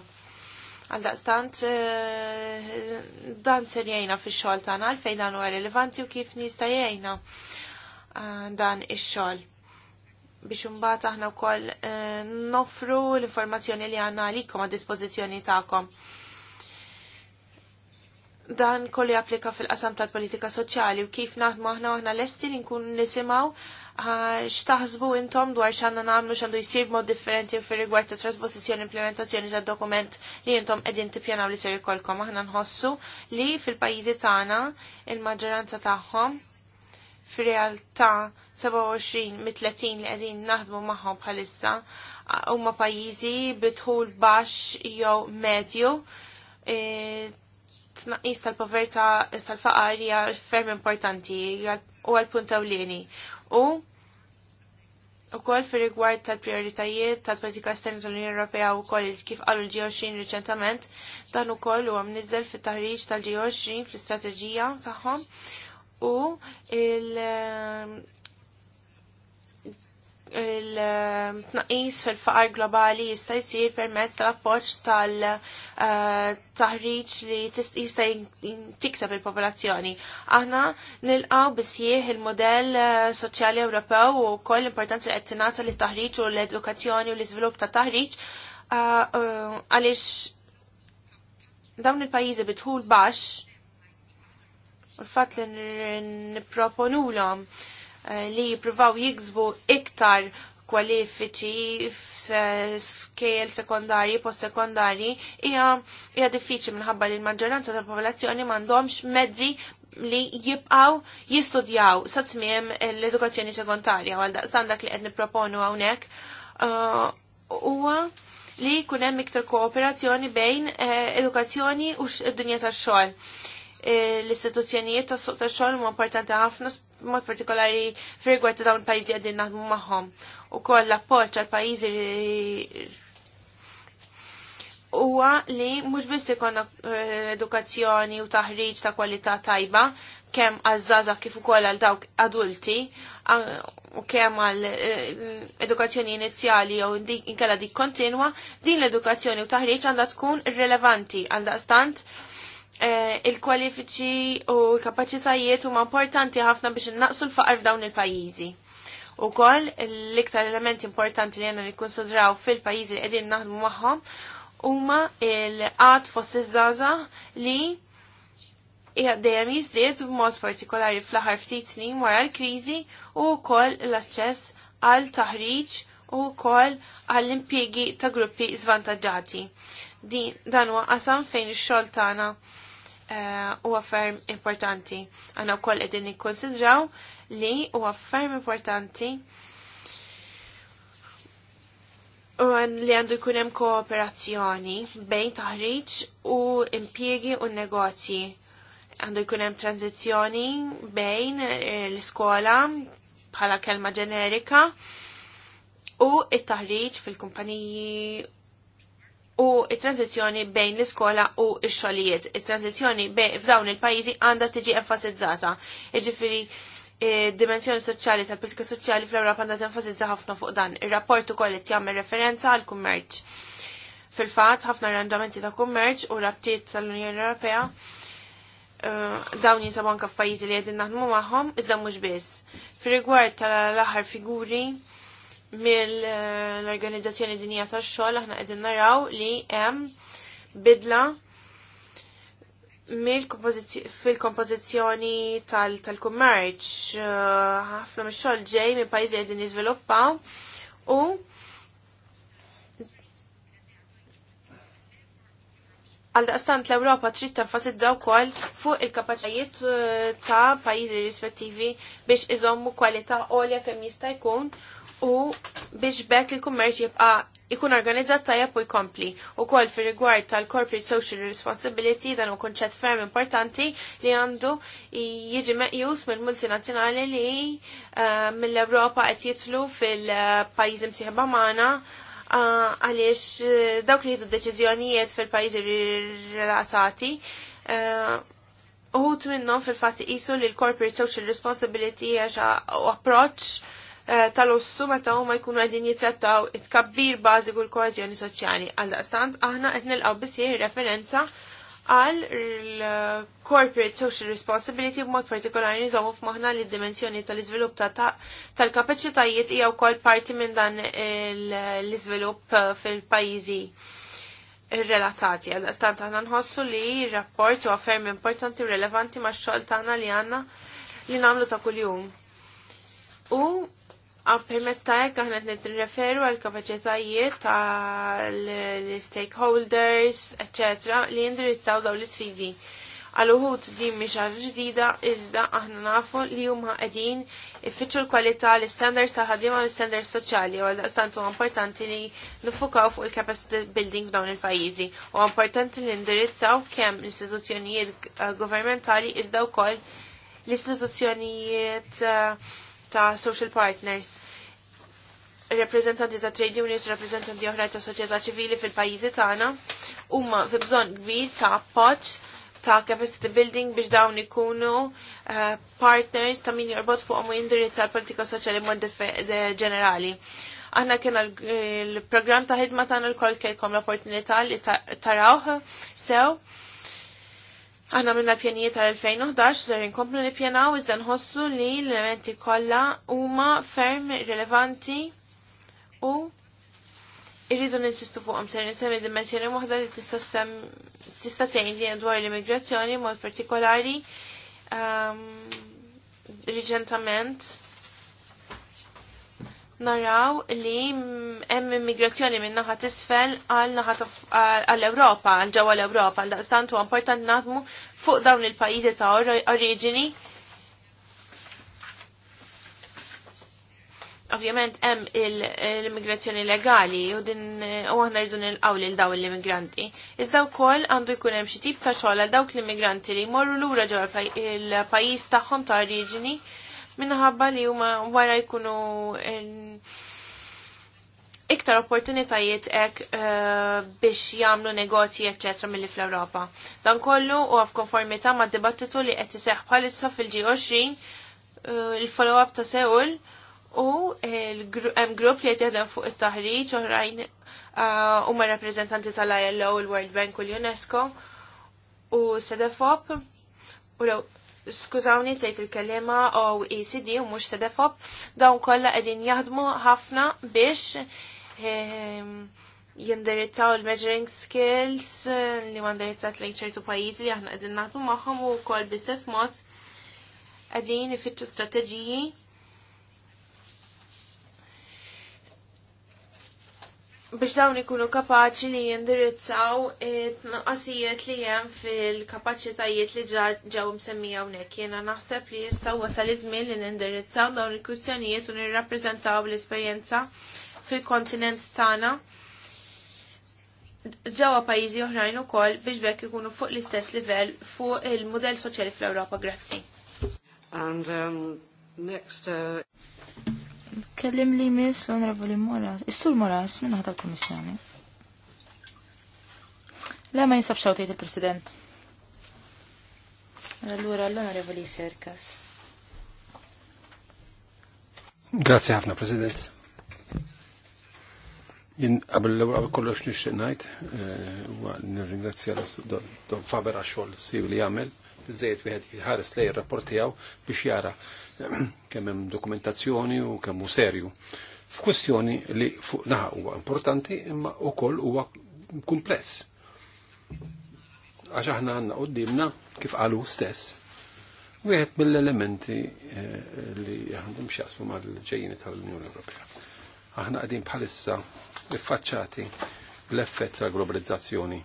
Għaldaqstant uh, dan ser jgħina fix-xogħol tagħna għalfejn dan huwa rilevanti u kif nista' jajna uh, dan ix-xogħol biex imbagħad aħna wkoll eh, nofru l-informazzjoni li għandna għalikom għad dispożizzjoni tagħkom. Dan kollu japplika fil-qasam tal-politika soċjali u kif naħdmu aħna aħna lesti li nkun nisimgħu x'taħsbu intom dwar x'għandna nagħmlu x'għandu jsir mod differenti fir-rigward ta' trasposizzjoni implementazzjoni tad-dokument li intom qegħdin tippjanaw li ser ikolkom. Aħna nħossu li fil-pajjiżi tagħna il-maġġoranza tagħhom fir-realtà 27 mit 30 li għedin naħdmu magħhom bħalissa huma pajjiżi bitħul baxx jew medju. E, tnaqqis tal-povertà tal-faqar hija ferm importanti u għal-punt ewlieni. U ukoll fir rigward tal-prioritajiet tal-politika esterna tal-Unjoni Ewropea u kol kif qalu l-G20 riċentament dan ukoll għam nizzel fit-taħriġ tal-G20 fl-istrateġija tagħhom u il- ehm, il-tnaqis ehm, fil-faqar globali jista' jsir permezz tal-appoġġ tal-taħriġ eh, li jista' tikseb il-popolazzjoni. Aħna nilqgħu bisjieħ il-modell eh, soċjali Ewropew u koll l-importanza qed tingħata li taħriġ u l-edukazzjoni u l-iżvilupp ta' taħriġ eh, għaliex dawn il-pajjiżi bitħul baxx U l-fat li n-proponulom eh, li jipruvaw jiksbu iktar kwalifiċi f'skejl sekondarji, post-sekondarji, hija diffiċli minħabba li l-maġġoranza tal-popolazzjoni m'għandhomx mezzi li jibqaw jistudjaw sa tmiem l-edukazzjoni sekondarja għal daqstan dak li qed nipproponu hawnhekk eh, huwa li jkun hemm iktar kooperazzjoni bejn eh, edukazzjoni u d-dinja tax-xogħol l-istituzzjonijiet ta' suq ta' xogħol huma importanti ħafna mod partikolari fir ta' dawn pajjiżi għaddin naħdmu magħhom. Ukoll l-appoġġ għal pajjiżi huwa li mhux biss ikun eh, edukazzjoni u taħriġ ta' kwalità tajba kemm għazzaza kif ukoll għal dawk adulti u kemm għal eh, edukazzjoni inizjali u inkella dik kontinwa, din l-edukazzjoni u taħriġ għandha tkun rilevanti għal daqstant. stant Eh, il-kwalifiċi u kapacitajiet huma importanti ħafna biex innaqsu l-faqar f'dawn il-pajjiżi. U l-iktar elementi importanti li għanna nikkonsidraw fil-pajjiżi li qegħdin naħdmu magħhom huma l-qat fost iż-żaża li dejjem jiżdied b'mod partikolari fl-aħħar ftit snin wara l-kriżi u wkoll l-aċċess għal taħriġ u kol għall impiegi ta' gruppi zvantaġġati. Din dan huwa qasam fejn ix-xogħol tagħna eh, huwa ferm importanti. Għana wkoll qegħdin nikkonsidraw li huwa ferm importanti u li għandu jkun hemm kooperazzjoni bejn taħriġ u impjiegi u negozji. Għandu jkun hemm tranzizzjoni bejn eh, l-iskola bħala kelma ġenerika u it-taħriġ fil-kumpaniji u it-tranzizjoni bejn l-iskola u x-xogħlijiet. It-tranzizjoni f'dawn il-pajjiżi għandha tiġi enfasizzata. Jiġifieri dimensjoni soċjali tal-politika soċjali fl-Ewropa għandha tenfasizza ħafna fuq dan. Ir-rapport ukoll qed jagħmel referenza għal kummerċ. Fil-fatt ħafna arranġamenti ta' kummerċ u rabtiet tal-Unjoni Ewropea eh, dawn jinsabu anke f'pajjiżi li qegħdin naħdmu magħhom iżda mhux biss. Fir-rigward tal-aħħar figuri mill-Organizzazzjoni Dinija tax-Xogħol aħna qegħdin naraw li hemm bidla fil-kompożizzjoni tal-kummerċ uh, ħafna mix-xogħol ġej minn pajjiżi qegħdin jiżviluppaw u għaldaqstant l-Ewropa trid tenfasizza wkoll fuq il-kapaċitajiet uh, ta' pajjiżi rispettivi biex iżommu kwalità għolja kemm jista' jkun u biex bekk il-kummerċ jibqa' ikun organizzat tajjeb u jkompli. U kol fil rigward tal-corporate social responsibility dan u konċett ferm importanti li għandu jiġi meqjus mill-multinazzjonali li uh, mill-Ewropa qed jitlu fil pajjiżi imsieħba magħna eh, għaliex uh, dawk li jieħdu deċiżjonijiet fil-pajjiżi relatati uh, uħut minnhom fil-fatt isu li l-corporate social responsibility u approach Eh, tal-ossu meta huma jkunu qegħdin jitrattaw it-kabbir bażiku l-koeżjoni soċjali. Għal daqstant aħna qed nilqgħu biss referenza għal corporate social responsibility b'mod partikolari nżommu f'maħna li d-dimensjoni tal-iżvilupp tal-kapaċitajiet hija wkoll parti minn dan l-iżvilupp eh, fil-pajjiżi relatati. Għal stant aħna nħossu li rapport u għaffermi importanti u relevanti ma xol tagħna li għanna li namlu ta' kuljum. U Permezz ta' hekk aħna t referu għal ta tal-stakeholders, eċetera, li jindirizzaw dawn l-isfidi. Għal uħud din mhix ġdida iżda aħna nafu li huma qegħdin ifittxu l-kwalità l-standards ta' ħaddiema u l-standards soċjali għal daqstant huwa importanti li nifukaw fuq il-capacity building f'dawn il-pajjiżi. U importanti li indirizzaw kemm l-istituzzjonijiet eh, governmentali iżda wkoll l-istituzzjonijiet uh, ta' social partners rappresentanti ta' trade unions, rappresentanti oħra ta' soċjetà ċivili fil-pajjiżi tagħna huma fi bżonn kbir ta' appoġġ ta' capacity building biex dawn ikunu uh, partners ta' min jorbot fuq u jindirizza l-politika soċjali mod ġenerali. Aħna kien l-programm ta' ħidma tagħna l-kol kelkom l-opportunità li tarawh sew. So, Aħna minna l-pjanijiet tal-2011 ser nkomplu nippjanaw iżda nħossu li l-elementi kollha huma ferm rilevanti u irridu ninsistu fuqhom ser nisemmi dimensjoni waħda li tista' sem tista' dwar l-immigrazzjoni mod partikolari ehm, reġentament naraw li hemm immigrazzjoni minn naħa tisfel għal naħa għall-Ewropa, għal ġewwa l-Ewropa, għal daqstant huwa importanti naħdmu fuq dawn il-pajjiżi ta' oriġini. Ovvjament hemm l-immigrazzjoni legali u din u aħna rridu nilqgħu lil dawn l-immigranti. Iżda wkoll għandu jkun hemm xi tip ta' xogħol għal dawk l-immigranti li jmorru lura ġewwa il-pajjiż tagħhom ta' oriġini minħabba li huma wara jkunu iktar opportunitajiet ek uh, eh, biex jamlu negozji, etc. mill-li fl-Europa. Dan kollu u għaf konformita ma' dibattitu li qed iseħħ bħalissa fil-G20 uh, eh, il-follow-up ta' Seul u l m grupp li qed fuq it-taħriġ oħrajn uh, huma rappreżentanti tal-ILO, il-World Bank u l-UNESCO u SEDEFOP u skużawni tgħid il-kelima o ECD u mhux sedefop, dawn kollha qegħdin jaħdmu ħafna biex ehm, jindirittaw il-measuring skills eh, li mandirizzat lejn ċertu pajjiżi li aħna qegħdin naħdmu magħhom u wkoll bl mod qegħdin ifittxu strateġiji biex dawn ikunu kapaċi li jindirizzaw it-nuqqasijiet li hemm fil-kapaċitajiet li ġew msemmija hawnhekk. Jiena naħseb li issa wasal iż-żmien li nindirizzaw dawn il-kwistjonijiet u nirrappreżentaw l-esperjenza fil-kontinent tagħna ġewwa pajjiżi oħrajn ukoll biex bekk ikunu fuq l-istess livell fuq il-mudell soċjali fl-Ewropa. Grazzi. And um, next uh... Kellim li miss Onorevoli Moras. Is-Sur Moras minn ħata l komissjoni Le ma jinsab xawtejt il-President. Allura l-Onorevoli Serkas. Grazie ħafna, President. Jinn qabel l-ewwel kollox nishtiq nixtieq ngħid eh, huwa nirringrazzja Don Faber għax-xogħol siw li jagħmel iżejjed wieħed jħares lej il-rapporti għaw biex jara kemm hemm dokumentazzjoni u kemm hu serju. F'kwestjoni li fuq naħa huwa importanti imma wkoll huwa kumpless. Għax aħna għandna qudiemna kif qalu stess wieħed mill-elementi eh, li għandhom x'jasmu mal-ġejjini tal-Unjoni Ewropea. Aħna qegħdin bħalissa iffaċċati l-effett tal-globalizzazzjoni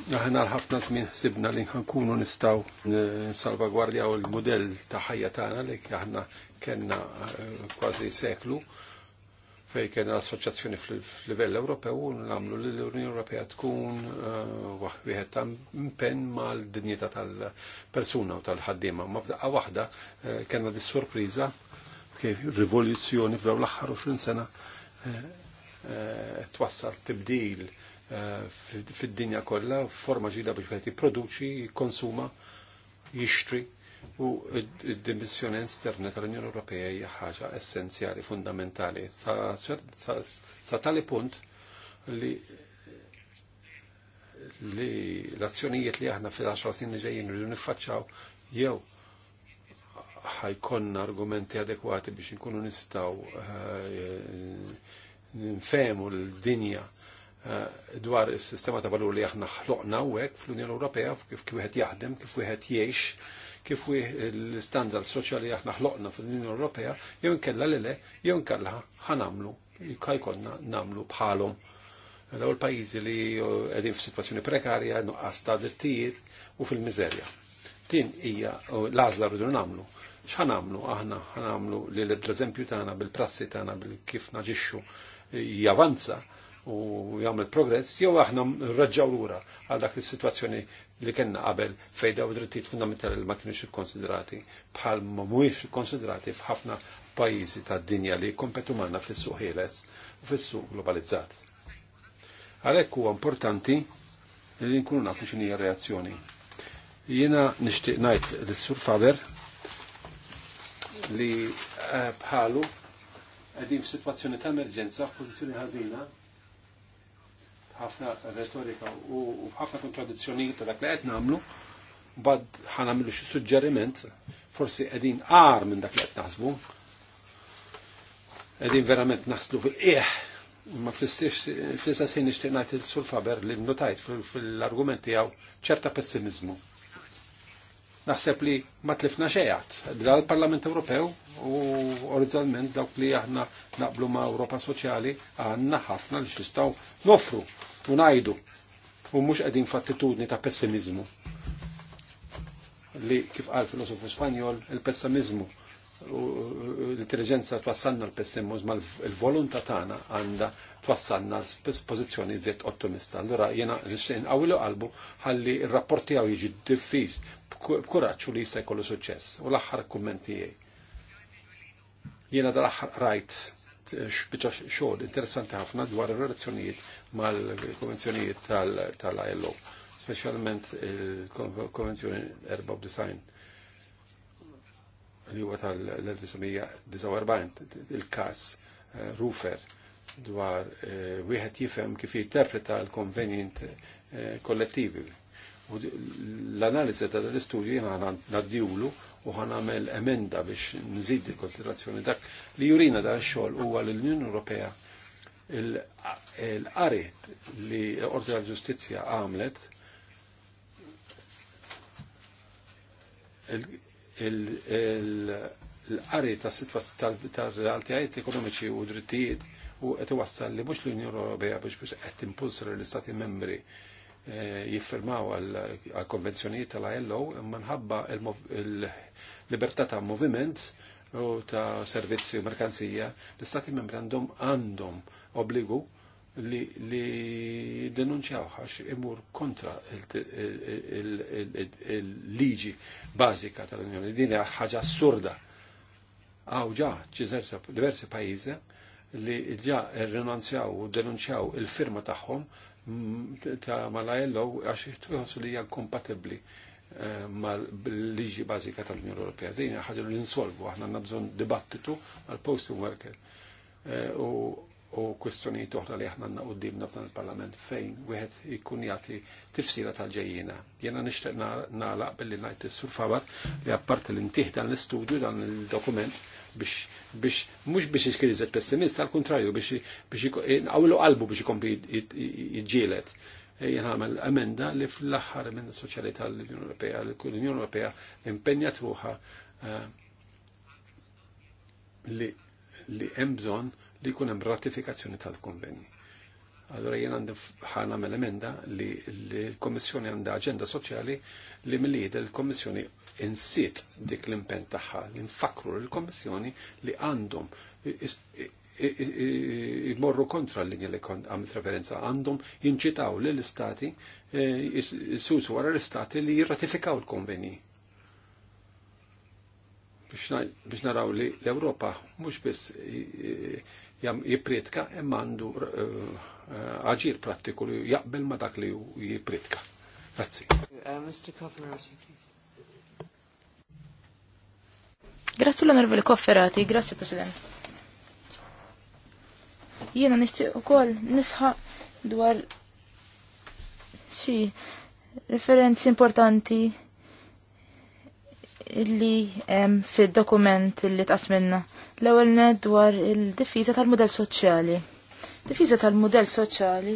Aħna l-ħafna żmien sibna li nkunu nistgħu u il-mudell ta' ħajja tagħna li aħna kellna eh, kważi seklu fej kena l-assoċjazzjoni fil-livell Ewropew u nagħmlu li l-Unjoni Ewropea tkun eh, wieħed ta' impenn mal-dinjità tal-persuna u tal-ħaddiema. Ma f'daqqa waħda eh, kena dis-sorpriża kif rivoluzzjoni f'daw l-aħħar 20 sena twassal tibdil fid-dinja kollha forma ġida biex wieħed jipproduċi, jikkonsuma, jixtri u d-dimissjoni esterna tal-Unjoni Ewropea hija ħaġa essenzjali, fundamentali. Sa, tali punt li li l-azzjonijiet li aħna fil-10 snin li ġejjin rridu niffaċċaw jew ħajkonna argumenti adekwati biex nkunu nistgħu eh, nfemu l-dinja Eh, dwar is-sistema ta' valur li aħna ħloqna u hekk fl-Unjoni Ewropea kif kif wieħed jaħdem, kif wieħed jgħix, kif l-standard soċjali aħna ħloqna fl-Unjoni Ewropea, jew nkella l le, jew nkella ħanamlu, kajkonna namlu bħalhom. Daw l pajjiżi li qegħdin f'sitwazzjoni prekarja, nuqqas ta' dittijiet u fil-miżerja. Din hija l-għażla rridu nagħmlu ċanamlu aħna, ħanamlu li l-eżempju tagħna bil-prassi tagħna bil-kif naġixxu javanza, u jgħamil progress jew aħna nraġġaw lura għal dak is-sitwazzjoni li kellna qabel fejda u drittijiet fundamentali li ma kienux il-konsiderati bħal ma mhuwiex konsiderati f'ħafna pajjiżi tad-dinja li kompetu manna fis-suq u fis-suq globalizzat. Għalhekk huwa importanti li nkunu nafu xini reazzjoni. Jiena nixtieq ngħid lis-Sur Faber li eh, bħalu qegħdin f'sitwazzjoni ta' emerġenza f'pożizzjoni ħażina ħafna retorika u ħafna kontradizzjonijiet ta' dak li qed nagħmlu, bad nagħmlu xi suġġeriment forsi qegħdin għar minn dak li qed naħsbu. Qegħdin verament naħslu fil-qieħ ma fl-istess ħin nixtieq ngħid sul Faber li notajt fil-argument tiegħu ċerta pessimizmu. Naħseb li ma tlifna xejat dal-Parlament Ewropew u orizzalment dawk li aħna naqblu ma' Ewropa Soċjali għandna ħafna li xistgħu nofru u najdu u mux għedin fattitudni ta' pessimizmu. Li kif għal filosofu spanjol, il-pessimizmu u l-intelligenza twassanna l-pessimizmu, ma l-volunta tagħna għanda twassanna l-pozizjoni ottomista. ottimista. Allora jena nixtieq għawilu qalbu ħalli r-rapporti għaw jiġi diffiż b'kuraċċu li jista' kollu suċċess. U l-aħħar kummenti jiena dal-aħħar rajt biċa xogħol interessanti ħafna dwar ir-relazzjonijiet mal-konvenzjonijiet tal-ILO, specialment il-konvenzjoni 49 li huwa tal-1949, il-kas eh, Rufer dwar eh, wieħed jifhem kif jinterpreta l-konvenjent eh, kollettivi. U l analiżi ta' dan l-istudju jena naddiwlu u ħanamel emenda biex nżid il-konsiderazzjoni dak li jurina dan xol u għal l-Unjoni Ewropea l qarit li Ordi għal-Ġustizja għamlet l-qari ta' situazzjoni ta' realtajiet ekonomiċi u drittijiet u qed iwassal li mhux l-Unjoni Ewropea biex biex qed timpulsra l-Istati membri eh, jiffirmaw għal konvenzjonijiet tal-ILO imma nħabba l-libertà ta' moviment u ta' servizzi u merkanzija l-Istati membri għandhom għandhom obligu li, li denunċjaw għax imur kontra il-liġi bazika tal-Unjoni. Din hija ħaġa assurda. Għaw ġa ċiżerza diversi pajjiżi li ġa renunzjaw u denunċjaw il-firma tagħhom mm, ta' malajello għax jitħossu li hija kompatibbli eh, mal-liġi bażika tal-Unjoni Ewropea. Din ħaġa li nsolvu, aħna nabżon dibattitu għal-posting worker. Eh, u u kwistjonijiet toħra li aħna għandna qudiemna f'dan il-Parlament fejn u għed ikkun jati tifsira tal-ġejjiena. Jena nishtiq nagħlaq billi najt is-sur Fabar li għappart l ntih dan l-istudju dan il-dokument biex biex mhux biex iskriżet pessimist, al kontrarju biex biex inqawlu qalbu biex ikompli jiġġieled. Jena għamel amenda li fl-aħħar amenda soċjali tal unjon Ewropea, l unjon Ewropea impenjat ruħa eh, li hemm li jkun hemm ratifikazzjoni tal konvenni Allora jien għandi ħana mel-emenda li l-Kommissjoni għandha aġenda soċjali li mill-lied l-Kommissjoni insit dik l-impen tagħha li nfakru l-Kommissjoni li għandhom jmorru kontra l-linja li kont għamil referenza għandhom jinċitaw l-istati jisusu eh, għara l-istati li jirratifikaw l-konveni. Biex naraw li l-Europa mux biss eh, jipritka imma e għandu eh, eh, aġir prattiku li jaqbel ma dak li jipritka. Grazzi. Uh, Mr. Cofferati, please. Grazzi l-onorevoli Cofferati, grazie President. Jiena nixtieq ukoll nisħa dwar xi referenzi importanti illi hemm fid-dokument illi tqasminna. L-ewwel dwar il-difiża tal-mudell soċjali. Difiża tal-mudell soċjali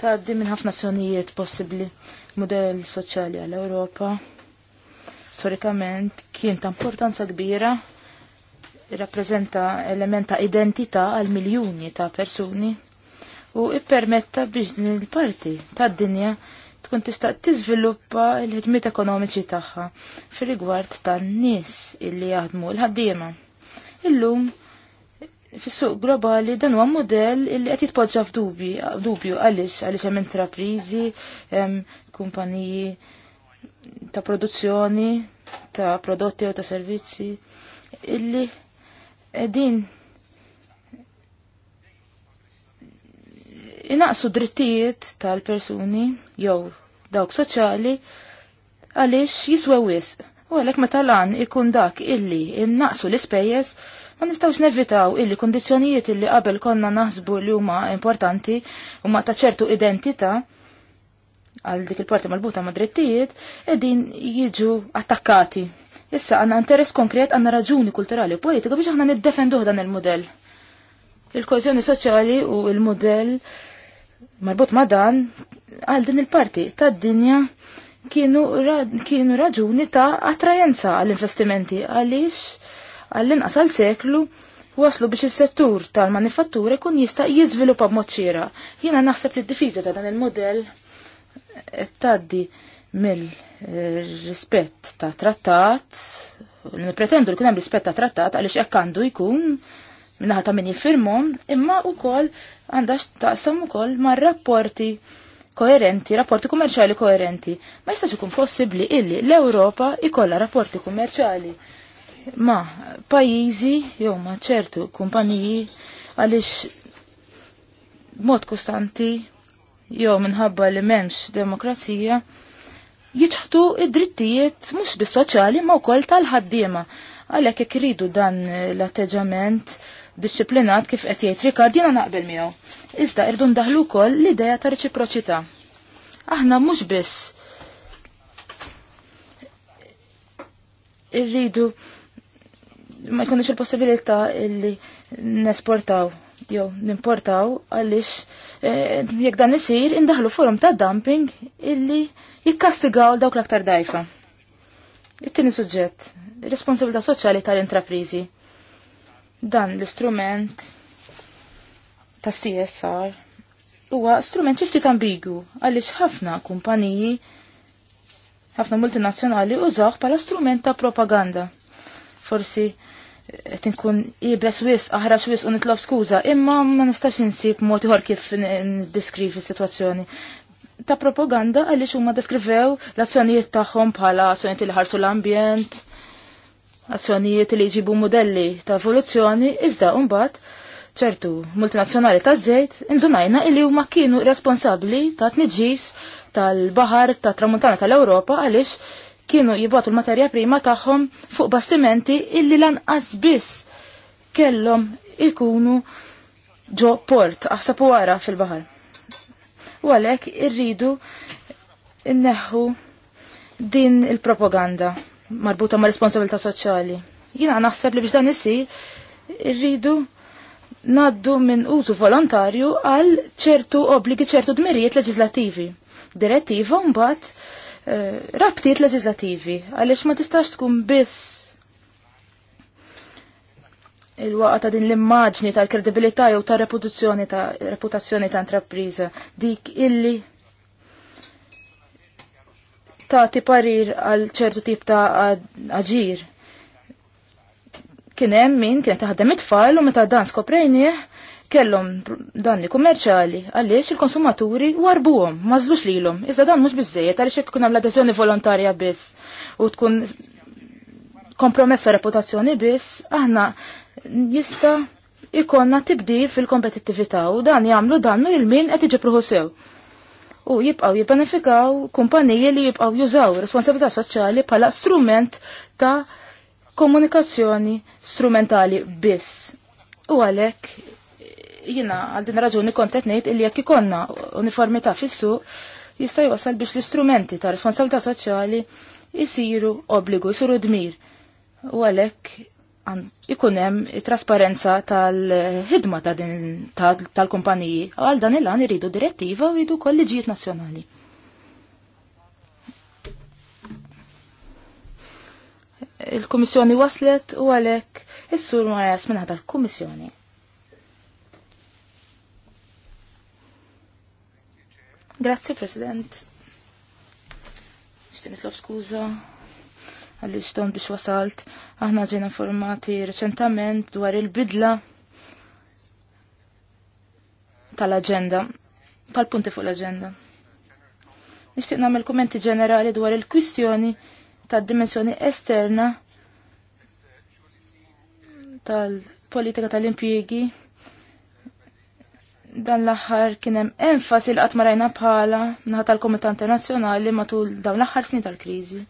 tgħaddi minn ħafna sonijiet possibbli. Mudell soċjali għall europa storikament kien ta' importanza kbira rappreżenta elementa identità għal miljuni ta' persuni u ippermetta biex din il-parti tad-dinja tkun tista' tiżviluppa l-ħidmiet ekonomiċi tagħha fir-rigward tan-nies illi jaħdmu l-ħaddiema. Illum fis-suq globali dan huwa modell illi qed jitpoġġa dubju għaliex għaliex hemm intrapriżi, hemm kumpaniji ta' produzzjoni, ta' prodotti u ta' servizzi illi din inaqsu drittijiet tal-persuni jew dawk soċjali għaliex jiswew wisq. U għalhekk meta lan ikun dak illi innaqsu l-ispejjeż ma nistgħux nevitaw illi kundizzjonijiet illi qabel konna naħsbu li huma importanti u ma ta' ċertu identità għal dik il-parti malbuta ma' drittijiet qegħdin jiġu attakkati. Issa għandna interess konkret għandna raġuni kulturali u politika biex aħna niddefenduh dan il-modell. Il-kohezjoni soċjali u il-modell il modell il kozjoni soċjali u il modell Marbut ma dan, għal din il-parti tad dinja kienu, ra kienu raġuni ta' attrajenza għall-investimenti għaliex għall-inqas għal seklu waslu biex is-settur tal-manifattura kun jista' jiżviluppa b'mod ċira. Jiena naħseb li d-difiża ta' dan il-modell qed tgħaddi mill-rispett ta' trattat, nipretendu li kun hemm rispett ta' trattat għaliex hekk għandu jkun minnaħa ta' min jiffirmhom, imma wkoll għandax taqsam ukoll ma' rapporti koerenti, rapporti kummerċali koerenti. Ma jistax ikun possibbli illi l-Ewropa ikolla rapporti kummerċali ma pajjiżi jew ma ċertu kumpaniji għaliex mod kostanti jew minħabba li m'hemmx demokrazija jiġħdu id-drittijiet mhux bis-soċjali ma wkoll tal-ħaddiema. Għalhekk ikridu dan l-atteġġament disciplinat kif qed jgħid Rikard jiena naqbel miegħu. Iżda irdu ndaħlu wkoll l-idea ta' reċiproċità. Aħna mhux biss irridu ma jkunx il-possibilità li nesportaw jew nimportaw għaliex eh, jekk dan isir indaħlu forum ta' dumping illi jikkastigaw dawk l-aktar dajfa. It-tieni suġġett, responsabilità soċjali tal-intraprizi dan l-istrument ta' CSR huwa strument ċifti ambigu għaliex ħafna kumpaniji ħafna multinazzjonali użaw bħala strument ta' propaganda. Forsi qed inkun ibes wis aħra wis u nitlob skuża, imma ma nistax insib mod ieħor kif ndiskrivi s-sitwazzjoni. Ta' propaganda għaliex huma deskrivew l-azzjonijiet tagħhom bħala azzjonijiet li ħarsu l-ambjent, azzjonijiet li jġibu modelli ta' evoluzzjoni iżda mbagħad ċertu multinazzjonali ta' żejt indunajna illi huma kienu responsabbli ta' tniġġis tal-baħar ta' tramuntana tal-Ewropa għaliex kienu jibgħatu l-materja prima tagħhom fuq bastimenti illi lanqas biss kellhom ikunu ġo port aħsa wara fil-baħar. U għalhekk irridu inneħħu din il-propaganda marbuta ma' responsabilità soċjali. Jina naħseb li biex dan isir irridu naddu minn użu volontarju għal ċertu obbligi ċertu dmirijiet leġislativi. Direttiva mbagħad uh, rabtiet leġislativi għaliex ma tistax tkun biss il-waqa ta' din l-immaġni tal-kredibilità jew ta' reputazzjoni ta' reputazzjoni ta' intrapriża dik illi tagħti parir għal ċertu tip ta' aġir. Kien hemm min kien taħdem it-tfal u meta dan skoprejnieh kellhom danni kummerċali għaliex il-konsumaturi warbuhom mażlux lilhom. Iżda dan mhux biżejjed għaliex jekk ikun hemm l-adeżjoni volontarja biss u tkun kompromessa reputazzjoni biss, aħna jista' ikonna tibdil fil-kompetittività u dan jagħmlu dannu lil min qed iġipruħu sew u jibqaw jibbenefikaw kumpaniji li jibqaw jużaw responsabilità soċjali bħala strument ta' komunikazzjoni strumentali biss. U għalek jina għal din raġuni kontet ngħid illi jekk ikonna uniformità fis-suq jista' jwassal biex l-istrumenti ta' responsabilità soċjali jisiru obbligu, jisiru dmir. U għalek ikunem trasparenza tal-ħidma tal-kumpaniji, tal-kumpaniji. Għal dan il-għan irridu direttiva u irridu kolleġijiet nazjonali. Il-Komissjoni waslet u għalek is-sur Marjas minn tal kummissjoni. Grazie, President. Nishtin nitlob skuza għall-istom biex wasalt. Aħna ġena formati reċentament dwar il-bidla tal-agenda, tal-punti fuq l-agenda. Nishtiq namel kommenti ġenerali dwar il-kwistjoni tad-dimensjoni esterna tal-politika tal-impjegi dan l-axar kienem enfasi l-qatmarajna bħala naħat tal-Komitat Internazzjonali matul dawn l-axar snin tal-krizi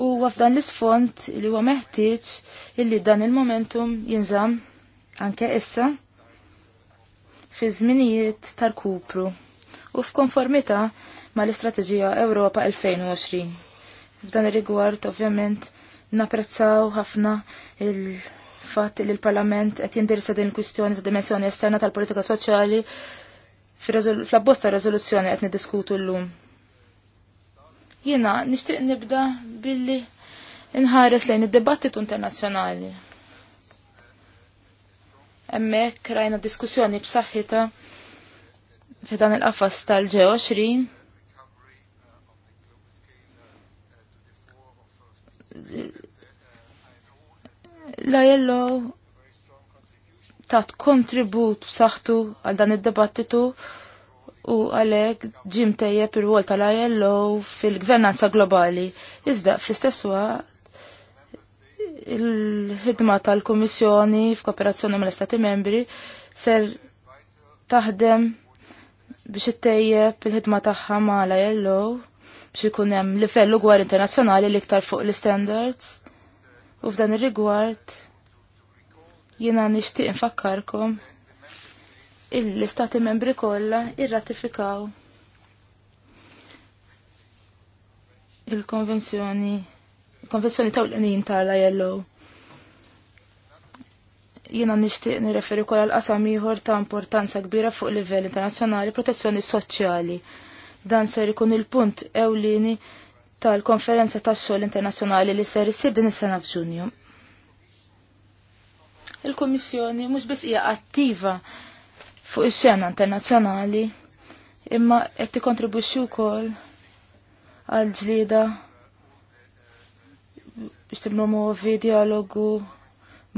u f'dan l-isfond li huwa meħtieġ illi dan il-momentum jinżamm anke issa fi żminijiet tal-kupru u f'konformità mal-Istrateġija Ewropa 2020. F'dan ir-rigward ovvjament napprezzaw ħafna il-fatt li l-Parlament qed jindirissa din il-kwistjoni ta' dimensjoni esterna tal-politika soċjali fl-abbozza rezoluzzjoni qed niddiskutu llum Jiena nixtieq nibda billi inħares lejn id-dibattitu internazzjonali. Hemmhekk rajna diskussjoni b'saħħitha f'dan il-qafas tal-20 la jello tat kontribut b'saħħtu għal dan id-dibattitu u għalek ġim tejjeb ir wol tal-ILO fil-gvernanza globali. Iżda fl-istess il-ħidma tal-Komissjoni f'kooperazzjoni mal istati membri ser taħdem biex ittejjeb il-ħidma tagħha mal-ILO biex ikun hemm livell ugwal internazzjonali li iktar fuq l-standards. U f'dan ir-rigward jiena nixtieq infakkarkom l-istati membri kollha irratifikaw il-konvenzjoni il-konvenzjoni ta' tal-ILO. Jiena nixtieq nirreferi wkoll għal qasam ieħor ta' importanza kbira fuq livell internazzjonali protezzjoni soċjali. Dan ser ikun il-punt ewlieni tal-konferenza tax-xogħol internazzjonali li ser issir din is-sena f'Ġunju. Il-Kummissjoni mhux biss hija attiva fuq is-sena internazzjonali imma qed tikkontribwixxi wkoll għal ġlieda biex tippromovi dialogu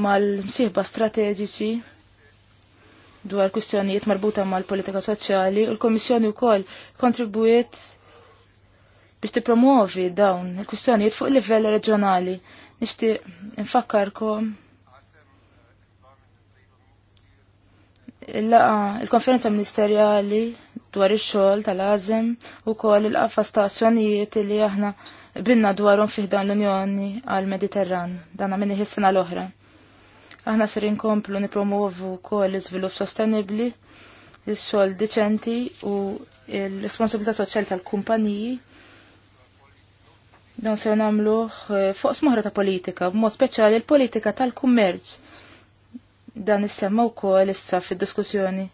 mal-msieħba strateġiċi dwar kwistjonijiet marbuta mal-politika soċjali u l-Komissjoni wkoll kontribwiet biex tipromovi dawn il-kwistjonijiet fuq livell reġjonali. Nixtieq infakkarkom il-konferenza ministerjali dwar ix-xogħol tal-għażem ukoll il-qafas ta' li aħna binna dwarhom fih dan l-Unjoni għal mediterran dan minn is l-oħra. Aħna ser inkomplu nipromuovu wkoll iżvilupp sostenibbli, ix-xogħol diċenti u l-responsabilità soċjali tal-kumpaniji dan se nagħmluh eh, fuq smoħra ta' politika, b'mod speċjali l-politika tal-kummerċ dan issemma wkoll issa fid-diskussjoni.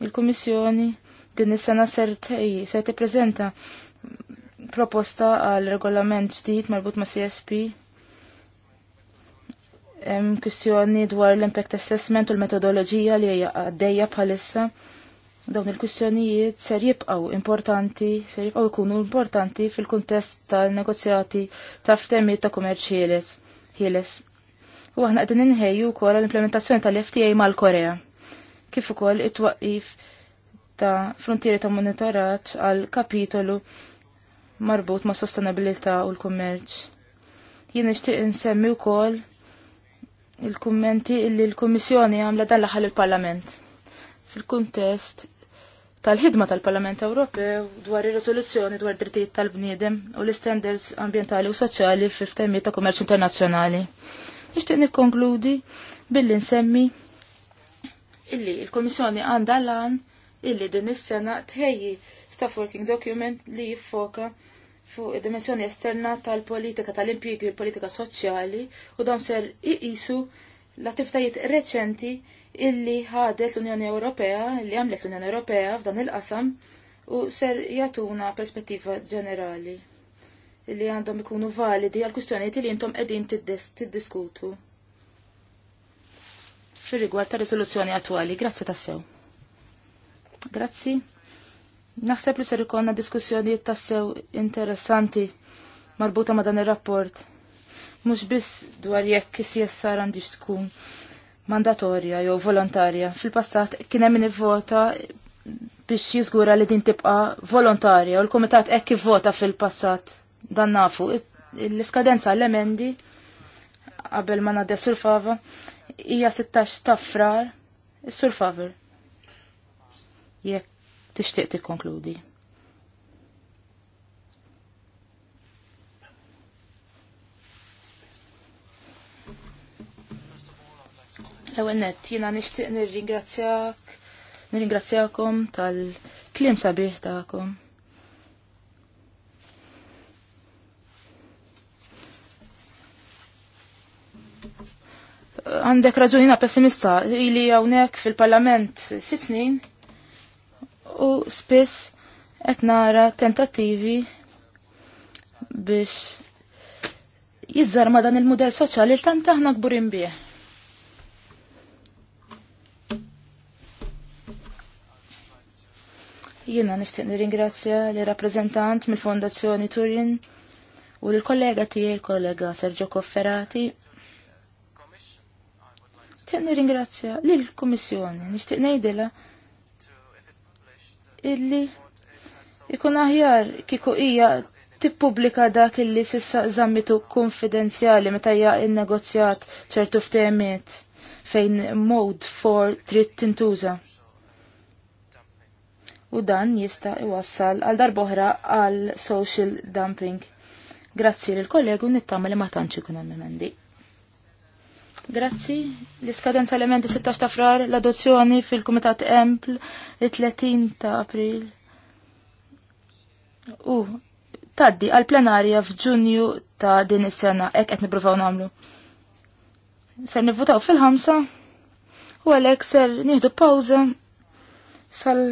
Il-Kummissjoni din is-sena ser se tippreżenta proposta għal regolament ġdid marbut ma' CSP. Hemm kwistjoni dwar l-impact assessment u l-metodoloġija li hija għaddejja bħalissa dawn il-kwistjonijiet ser jibqgħu importanti, ser jibqgħu jkunu importanti fil-kuntest tal-negozjati ta' ftemiet ta' kummerċ ħieles u aħna qegħdin inħejju wkoll l-implementazzjoni tal-FTA mal-Korea. Kif ukoll it-twaqqif ta' frontieri ta' Monitorat għal kapitolu marbut ma' sostenabilità u l-kummerċ. Jien nixtieq insemmi wkoll il-kummenti illi l-Kummissjoni għamla dan laħal il-Parlament. Fil-kuntest tal-ħidma tal-Parlament Ewropew dwar ir-riżoluzzjoni dwar drittijiet tal-bniedem u l-standards ambientali u soċjali f'ftehmiet ta' kummerċ internazzjonali. Nixtieq nikkonkludi billi nsemmi illi il-Komissjoni għandha lan illi din is-sena tħejji staff working document li jiffoka fuq id-dimensjoni esterna tal-politika tal u politika soċjali u dawn ser iqisu l-attivitajiet reċenti illi ħadet l-Unjoni Ewropea, illi għamlet l-Unjoni Ewropea f'dan il-qasam u ser jatuna perspettiva ġenerali li għandhom ikunu validi għal kustjoniet li intom qegħdin tiddiskutu fir-rigward ta' riżoluzzjoni attwali. Grazzi tassew. Grazzi. Naħseb li ser ikonna diskussjonijiet tassew interessanti marbuta ma' dan ir-rapport. Mhux biss dwar jekk is-CSR għandix tkun mandatorja jew volontarja. Fil-passat kien hemm nivvota biex jiżgura li din tibqa' volontarja u l-kumitat hekk ivvota fil-passat dan nafu. L-iskadenza l-emendi qabel ma nadja surfava hija 16 ta' frar is-surfaver. Jekk tixtieq tikkonkludi. Ewwel nett, jiena nixtieq nirringrazzjak nirringrazzjakom tal-kliem sabiħ tagħkom. għandek raġunina pessimista li hawnhekk fil-Parlament sit snin u spiss qed nara tentattivi biex jizzar ma dan il model soċjali li tant taħna kburin bih. Jiena nixtieq nirringrazzja li rappreżentant mill-Fondazzjoni Turin u l-kollega tiegħi l-kollega Sergio Kofferati Nixtieq nirringrazzja lill-Kummissjoni, nixtieq ngħidilha illi ikun aħjar kieku hija tippubblika dak illi sissa żammitu konfidenzjali meta hija innegozjat ċertu ftehmiet fejn mode for trid tintuża. U dan jista' iwassal għal darboħra għal social dumping. Grazzi lill kollegu nittama li ma tantx ikun hemm Grazzi. L-iskadenza elementi 16 ta' frar, l-adozzjoni fil-Kumitat Empl 30 ta' april. U taddi għal-plenarja f'Ġunju ta' din is-sena, hekk qed nippruvaw nagħmlu. Ser nivvutaw fil-ħamsa u għalhekk ser nieħdu pawża sal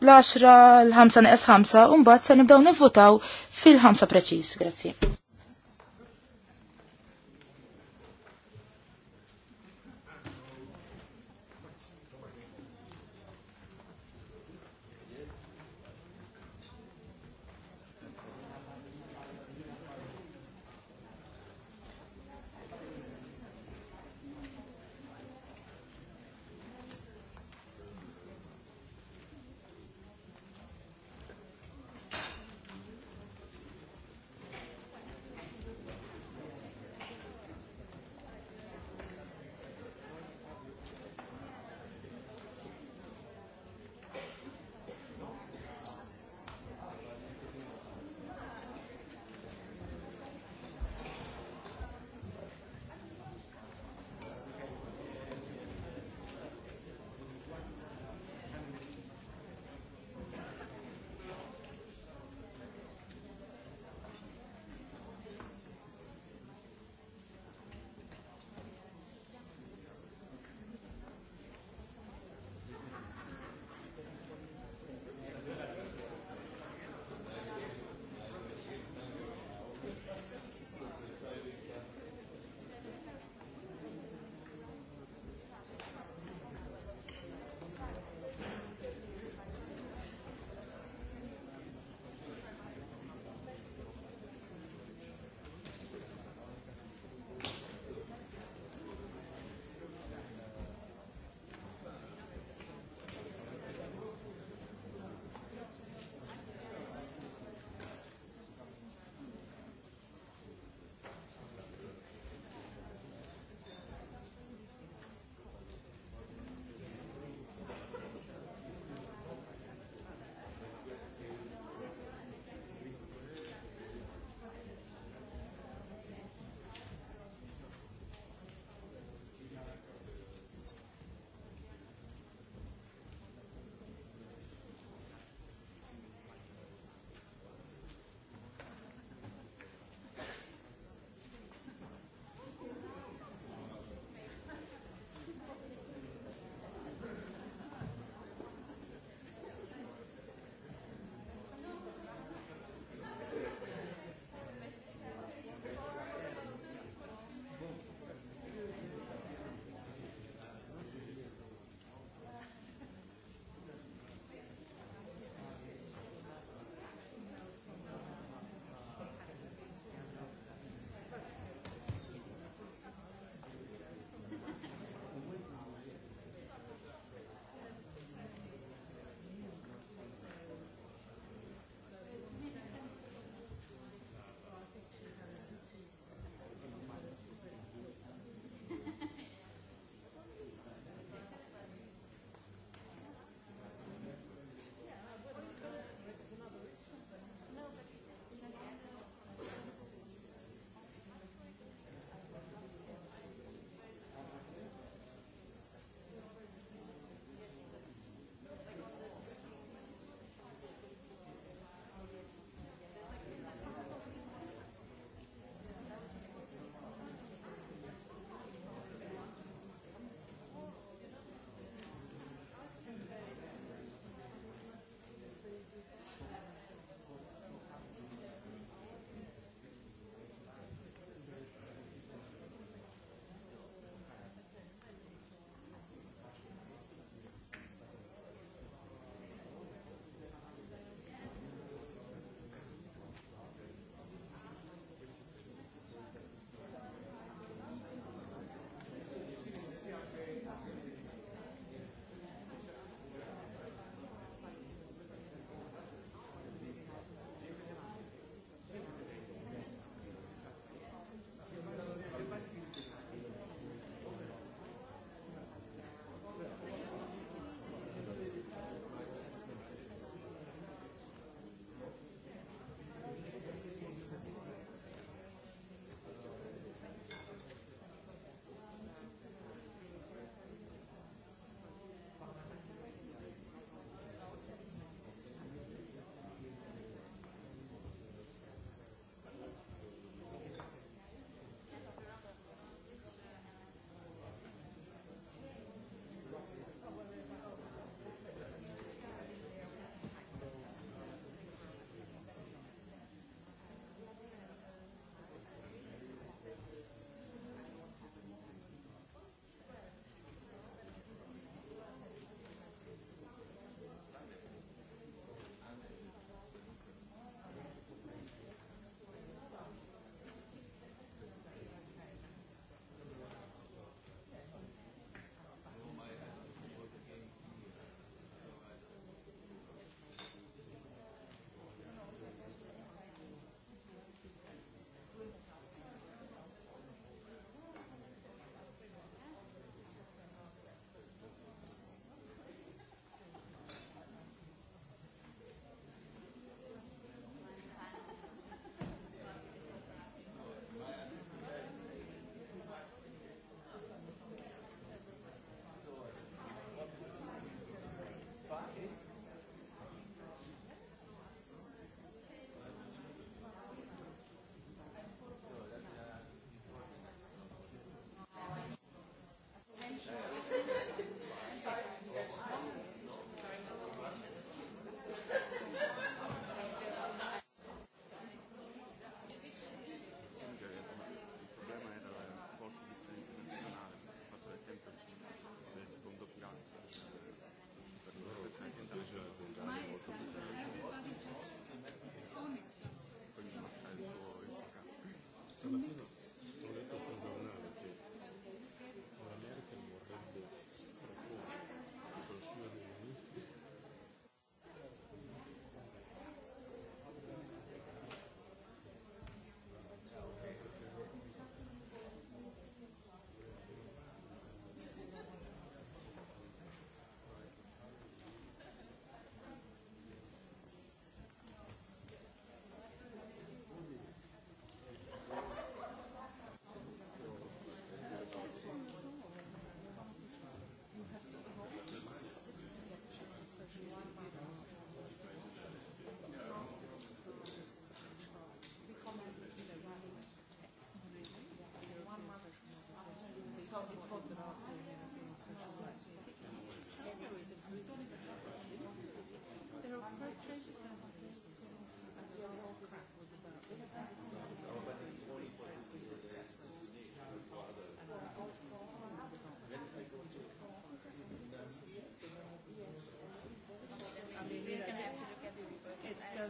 l-10 l-5 neqes 5 u mbagħad ser nibdew nivvutaw fil-ħamsa preċiż. Grazzi.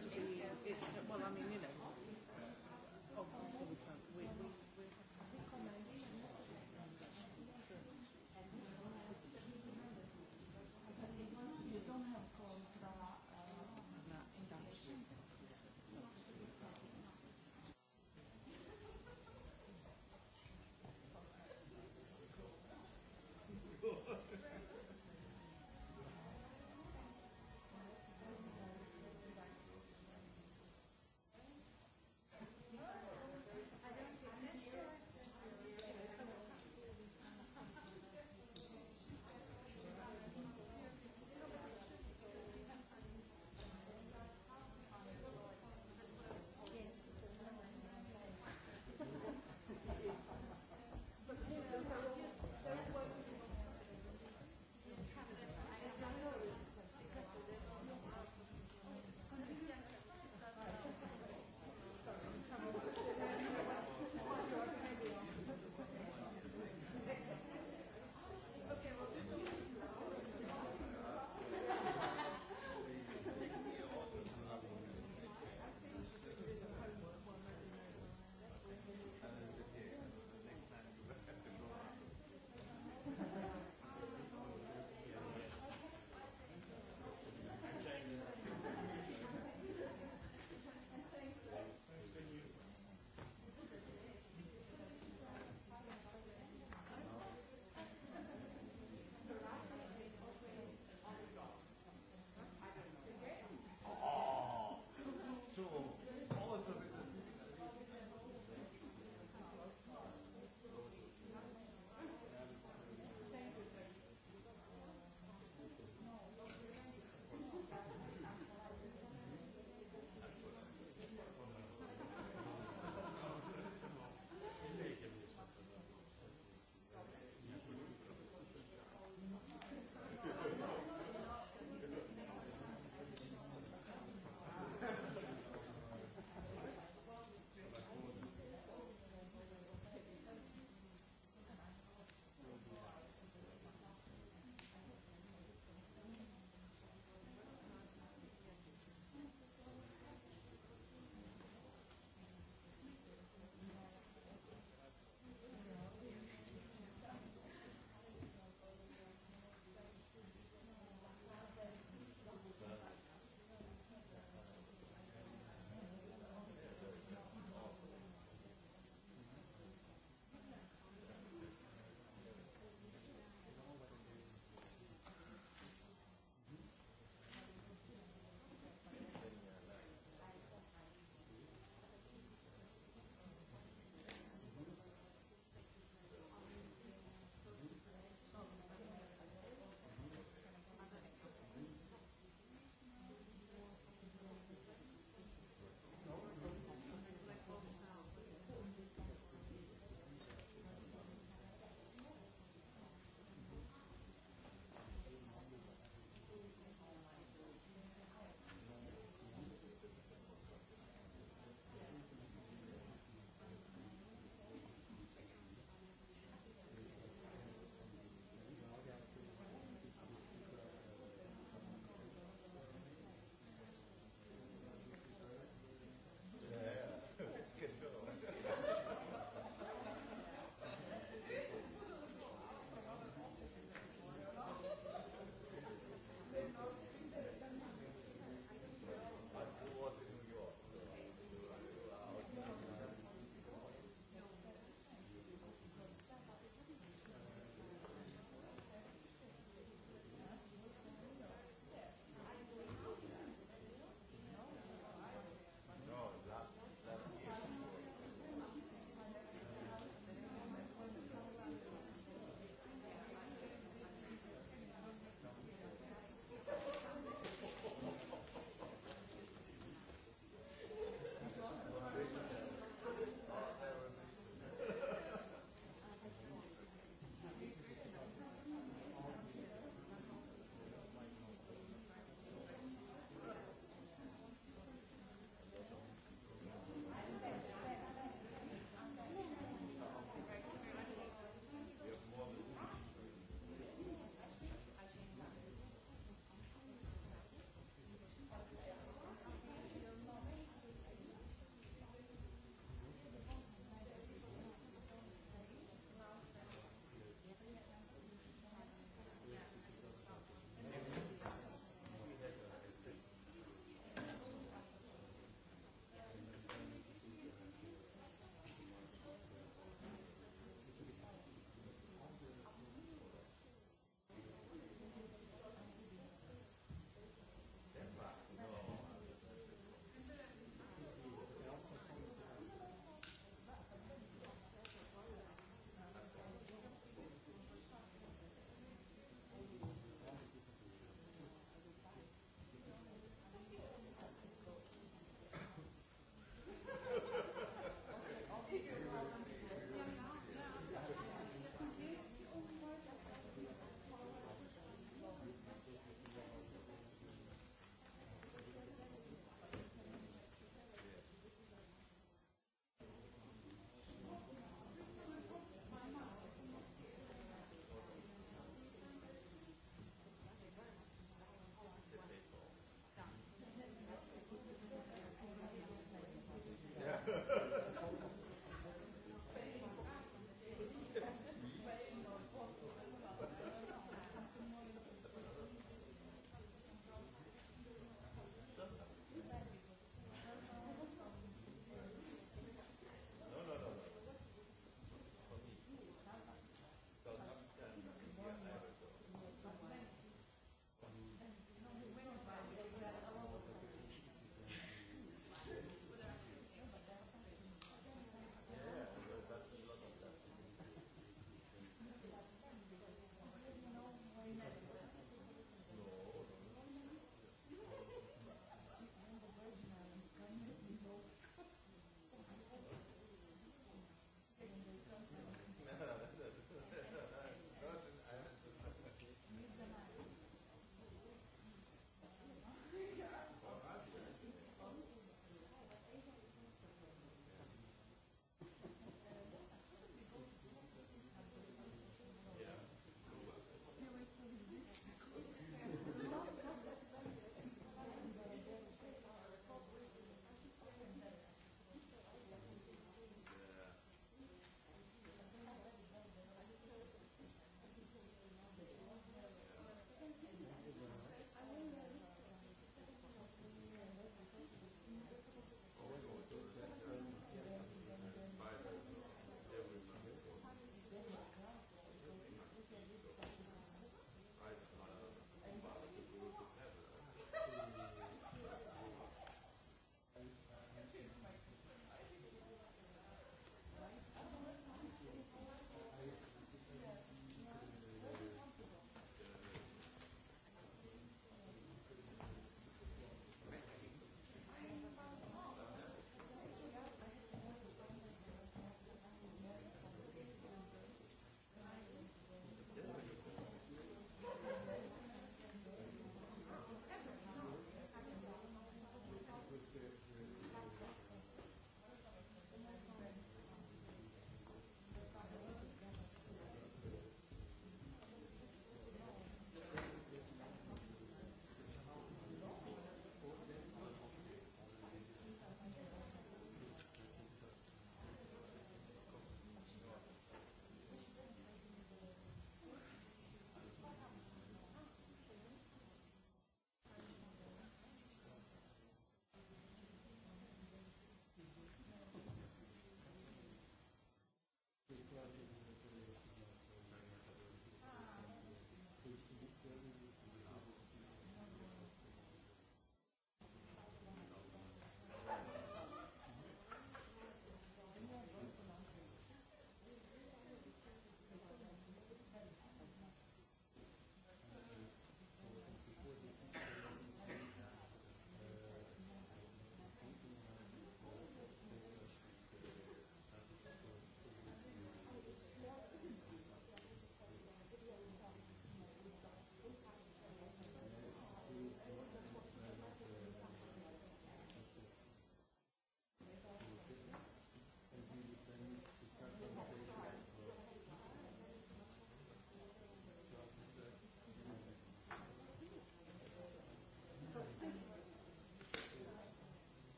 going to be, it's, well, I mean,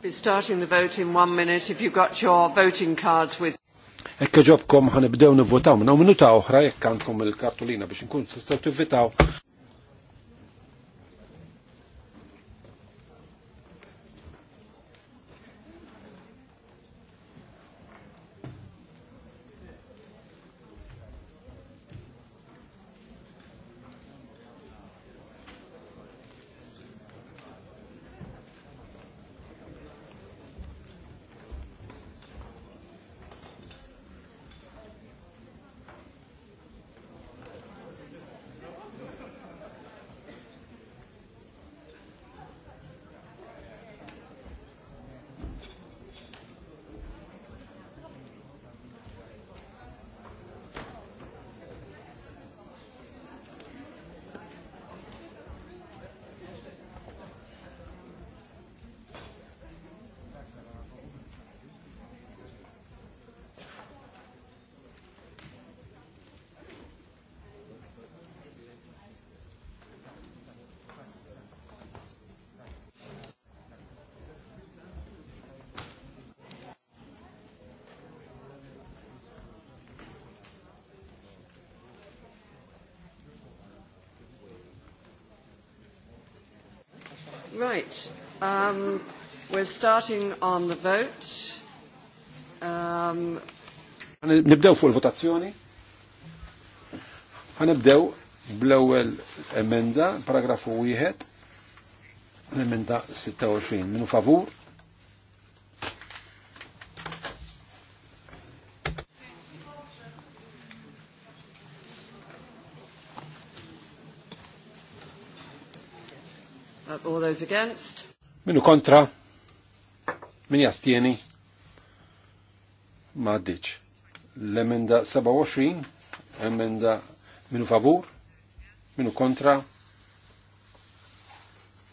be starting the vote in one minute if you've got your voting cards with Ekk ġobkom ħanibdew nivvotaw minn minuta oħra jekk għandkom il-kartulina biex nkun tistgħu tivvitaw Right. Um, we're starting on the vote. Um... Nibdew fuq il-votazzjoni. Ħanibdew bl ewel emenda, paragrafu 1, l-emenda 26. Minu favur? is against? Minu kontra? Min jastieni? Ma għaddiċ. L-emenda 27, emenda minu favur, minu kontra,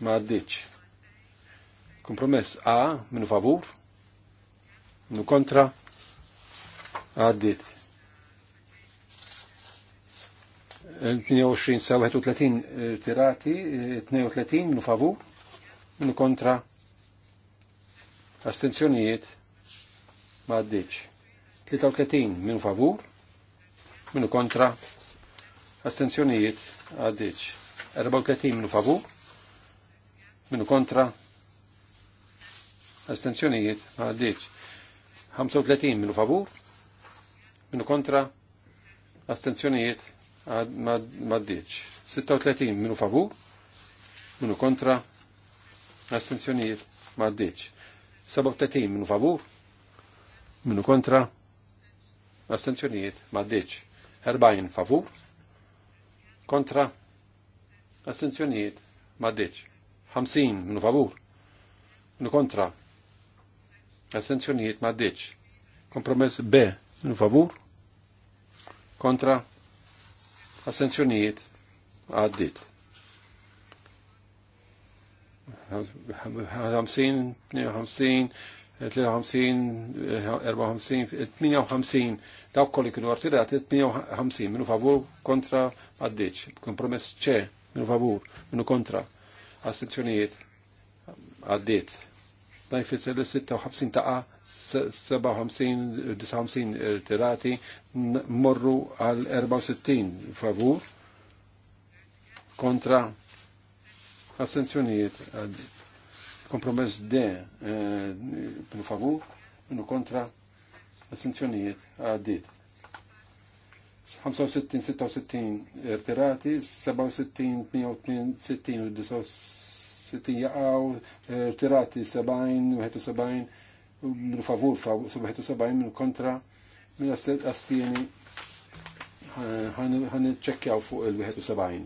ma għaddiċ. Kompromess A, minu favur, minu kontra, għaddit. 28 sa 31 tirati, 32 minu favur, Min kontra astenzjonijiet ma għaddiċ. 33 minn favur, minn kontra, astenzjonijiet għaddiċ. 34 minn favur, minn kontra, astenzjonijiet ma' għaddiċ. 35 minn favur, minn kontra, astenzjonijiet ma' għaddiċ. 36 minn favur, minn kontra, astenzjonijiet ma d għaddiċ. 37 minu favur, minu kontra, astenzjonijiet ma d għaddiċ. 40 favur, kontra, astenzjonijiet ma d għaddiċ. 50 minu favur, minu kontra, astenzjonijiet ma d għaddiċ. Kompromess B minu favur, kontra, astenzjonijiet għaddit. 50, 52, 58 dawk kolli kienu artirati 58 minu favur kontra għaddiċ. Kompromess ċe minu favur, minu kontra. Astenzjonijiet għaddiet. Dan jfisser l-56 taqa 57-59 irtirati morru għal 64 favur kontra Assenzjonijiet għad kompromess de minu favur, minu kontra, assenzjonijiet għaddit. 65-66 irtirati, 67-68 u 69 jaqaw, irtirati 70-71 minu favur, 71 minu kontra, minu astieni ħan ċekkjaw fuq il-71.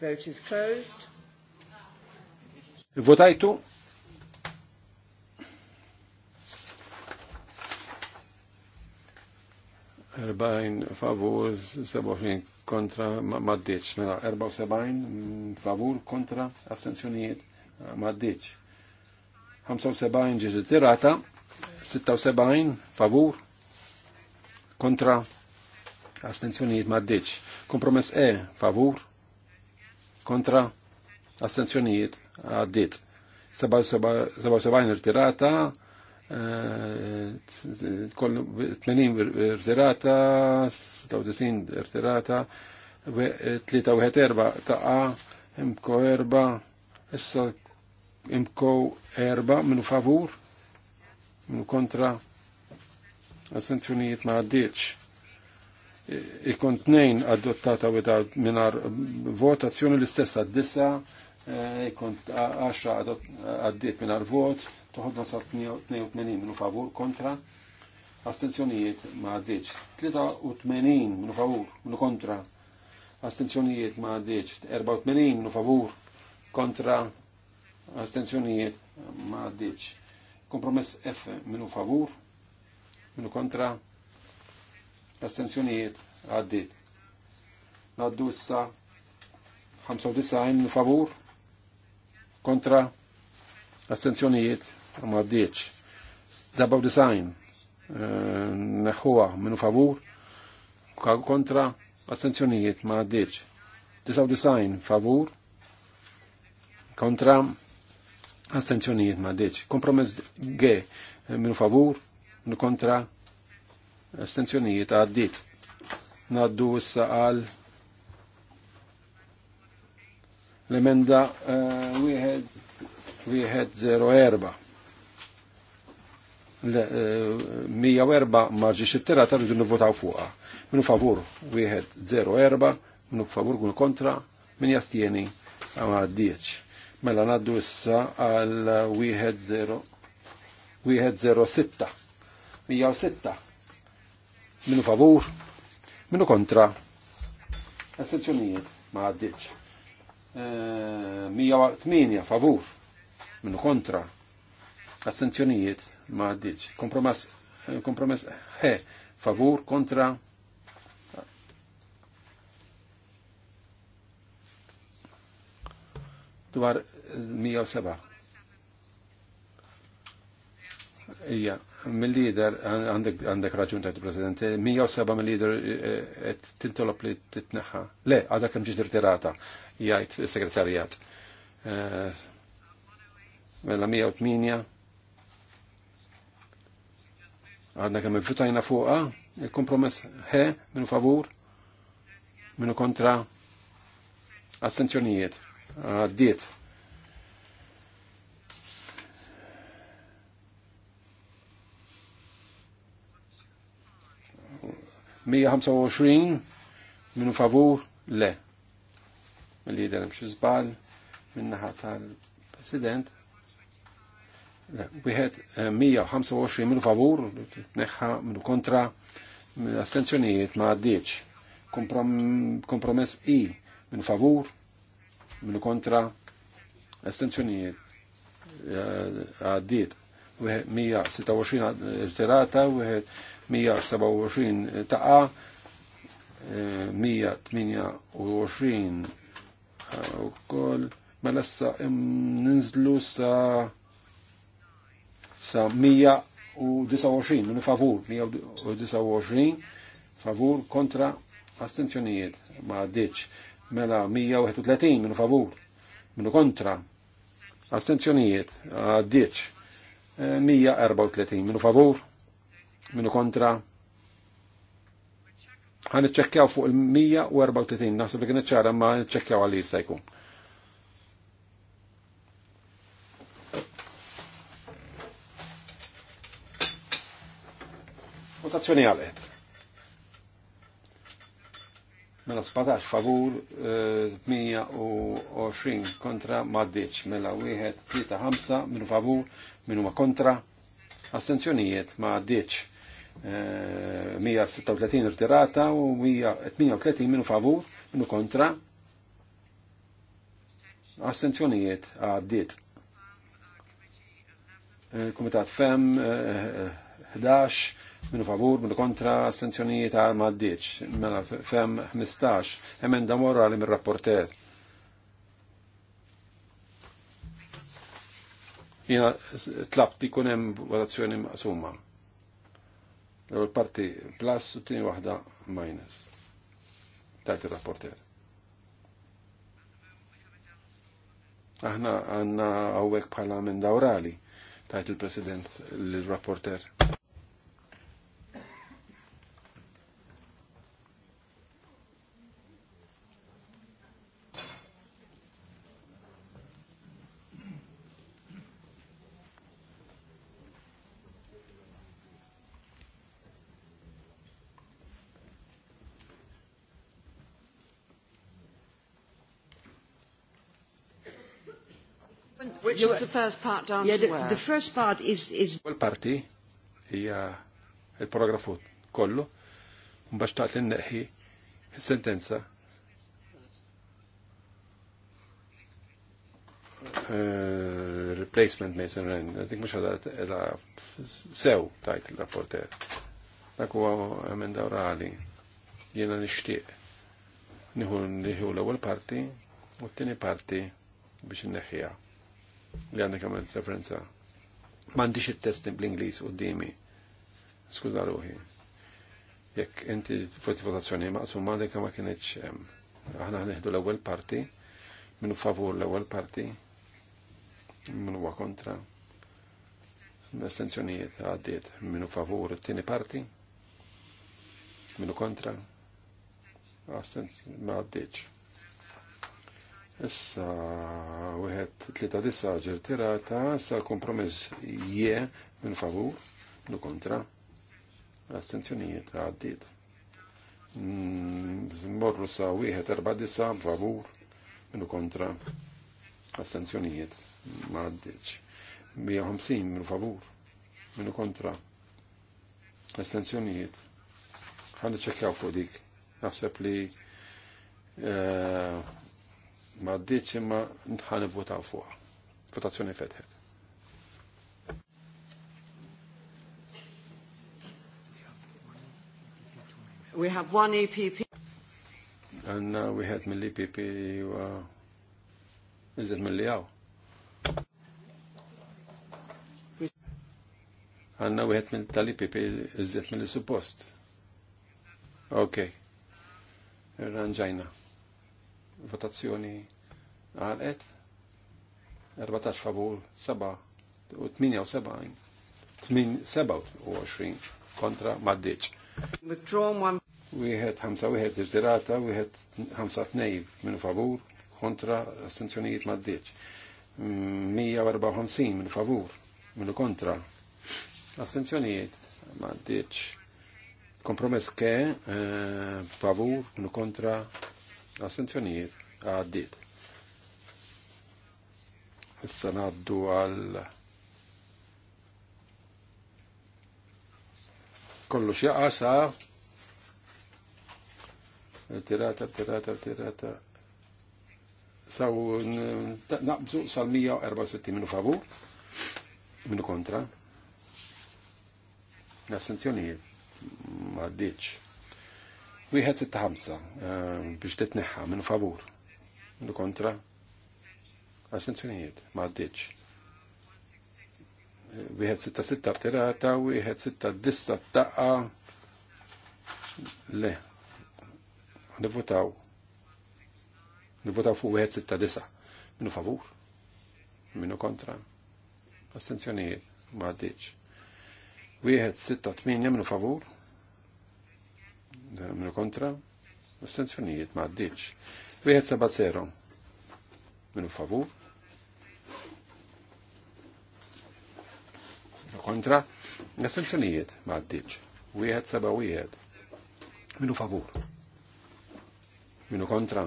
Vote is closed. Votajtu. Erbajn favur, 27 kontra, maddiċ, mela, 74 favur kontra, assenzjonijiet, maddiċ. 75 ġiġi tirata, 76 favur kontra, astenzjonijiet maddiċ. Kompromess E, favur kontra assenzjonijiet għaddit. 77 irtirata, 80 eh, irtirata, 96 irtirata, 3 taqa, imko erba, issa imko erba minu favur, minu kontra assenzjonijiet ma għaddiċ ikun tnejn adottata without minar votazzjoni l-istess għad-disa, e, ikun 10 għaddiet minar vot, toħodna sa 82 minu favur kontra, astenzjonijiet ma għaddiċ, 83 minu favur, minu kontra, astenzjonijiet ma għaddiċ, 84 minu favur kontra, astenzjonijiet ma għaddiċ. Kompromess F minu favur, minu kontra, l astenzjonijiet għaddit. Għaddu issa 95 favur kontra l astenzjonijiet ma għaddiċ. 97 neħuwa minu favur kontra l astenzjonijiet ma għaddiċ. 99 favur kontra astenzjonijiet ma għaddiċ. Eh, Kompromess G eh, minu favur minu kontra ta' għaddit. Naddu issa għal l-emenda uh, 104. 104 ma xittera ta' terata rridu nivvotaw fuqa. Minu favur 104, minu favur għun kontra, min jastieni għama 10. Mela naddu issa għal 106. 106. Minu favur, minu kontra. Assenzjonijiet ma għaddiċ. 108 eh, favur, minu kontra. Assenzjonijiet ma għaddiċ. Kompromess, eh, kompromess, he, eh, favur, kontra. dwar 107. Ija, mill-lider, għandek raġun ta' president 107 mill-lider qed eh, eh, tintolop li t-tneħħa. Le, għadha kemm ġiġ tirata, jgħajt il-segretarijat. Eh, mela 108 għadna kem il-futajna fuqa, il-kompromess he minu favur, minu kontra astenzjonijiet, għaddiet. Uh, 125 minu favur le. Li jidher mxu zbal żball minnaħa tal-President. Wieħed 125 eh, minu favur, neħħa minu kontra, astenzjonijiet ma għaddiċ. Kompromess I minu favur, minu kontra, astenzjonijiet għaddiet. 126 irtirata, 127 eh, taqa 128 eh, eh, u koll mela sa ninżlu sa sa 129 minn favur 129 favur kontra astenzjonijiet ma għaddiċ mela 131 minn favur minn kontra astenzjonijiet għaddiċ 134 minn favur minu kontra għan iċċekjaw fuq il-134 naħseb li kien iċċara ma iċċekjaw għal jista' jkun. Votazzjoni għalet. Mela 17 favur, 120 eh, kontra, maddiċ. Mela 1, 3, 5, minu favur, minu ma kontra, Astenzjonijiet ma għaddiċ. 136 eh, irtirata u 138 minu favur, minu kontra. Astenzjonijiet għaddiet. Eh, komitat FEM 11, eh, minu favur, minu kontra, astenzjonijiet għal ma għaddiċ. Mela FEM 15, emenda morali mir-rapporter. jina tlabt li kunem votazzjoni maqsuma. L-ewwel parti plus u tieni waħda minus. Tajt ir-rapporter. Aħna għanna għawek parlament minn dawrali, tajt il-President l-rapporter. which is the first part down yeah, to the, where? The first part is... is Well, parti hija il-paragrafu kollu, mbax taqt li neħi sentenza Uh, eh, replacement Mason Ren, dik mux għadat għada sew tajt il-rapporter. Dak huwa emenda orali. Jiena nixtieq. Niħu l ewel parti u t tini parti biex n inneħħiha li għandek għamil referenza. Mandiċ il-test bl-Inglis u d-dimi. Skuza ruħi. Jekk inti fuq votazzjoni maqsum għandek ma kienieċ aħna ħneħdu l ewel parti, minnu favur l ewel parti, minnu huwa kontra. L-estenzjonijiet għaddiet minnu favur t-tini parti, minnu kontra, ma għaddiċ Issa, wieħed tlieta disa ġir tirata, sa kompromiss je minn favur, nu kontra, astenzjonijiet għaddit. Mm, morru sa wieħed erba dissa favur, minn kontra, astenzjonijiet ma għaddiċ. 150 minn favur, minn kontra, astenzjonijiet. Għanni ċekjaw fuq dik, naħseb li eh, ma ddiċ ma nħan votaw fuq. Votazzjoni fetħet. We have one EPP. Għanna uh, had mill-EPP is it iżed And now għaw. we had mill-tal-EPP it mill-suppost. Okay. Ranġajna votazzjoni għalqet 14 favur 7 u 78 27 kontra maddiċ. Wieħed ħamsa wieħed iġdirata, wieħed ħamsa tnej minn favur kontra astenzjonijiet maddiċ. 154 minn favur minn kontra astenzjonijiet maddiċ. Kompromess ke eh, favur minn kontra Assenzjonijiet għaddit. Issa naddu għal kollox jaqasa tirata, tirata, tirata. Saw naqbżu sal-164 minu favur, minu kontra. L-assenzjonijiet ma ddiċ. Wieħed sitta ħamsa ehm, biex titneħħa minn favur. Minn kontra. Assenzjonijiet, ma għaddiċ. Wieħed sitta sitta rtirata, wieħed sitta dista taqqa. Le. Nivvotaw. Nivvotaw fuq wieħed sitta disa. Minu favur. Minu kontra. Assenzjonijiet, ma għaddiċ. Wieħed sitta tminja minu favur Minu kontra? Astenzjonijiet ma għaddiċ. zero, Minu favu. Minu kontra? Astenzjonijiet ma għaddiċ. 171. Minu favu. Minu kontra?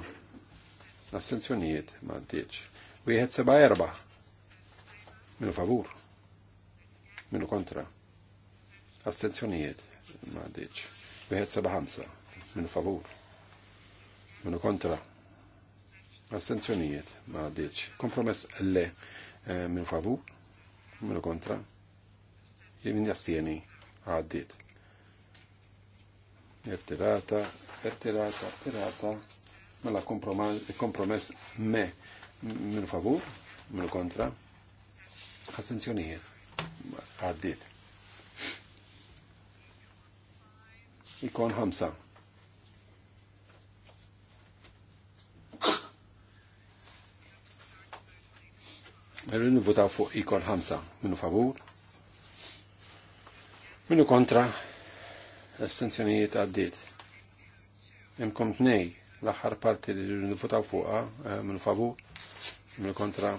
Astenzjonijiet ma għaddiċ. erba, Minu favu. Minu kontra? Astenzjonijiet ma għaddiċ. Wieħed seba' ħamsa. Minu favur. Minu kontra. Astenzjonijiet ma għaddiċ. Kompromess le minu favur. Minu kontra. Jimin jastieni għaddiet. Irtirata, irtirata, irtirata. Mela kompromess me minu favur, minu kontra. Astenzjonijiet għaddiet ikon ħamsa. Mela nivutaw fuq ikon ħamsa. Minu favur? Minu kontra? Estenzjonijiet għaddiet. Imkom t-nej, l axar parti li nivutaw fuqa eh, minu favur? Minu kontra?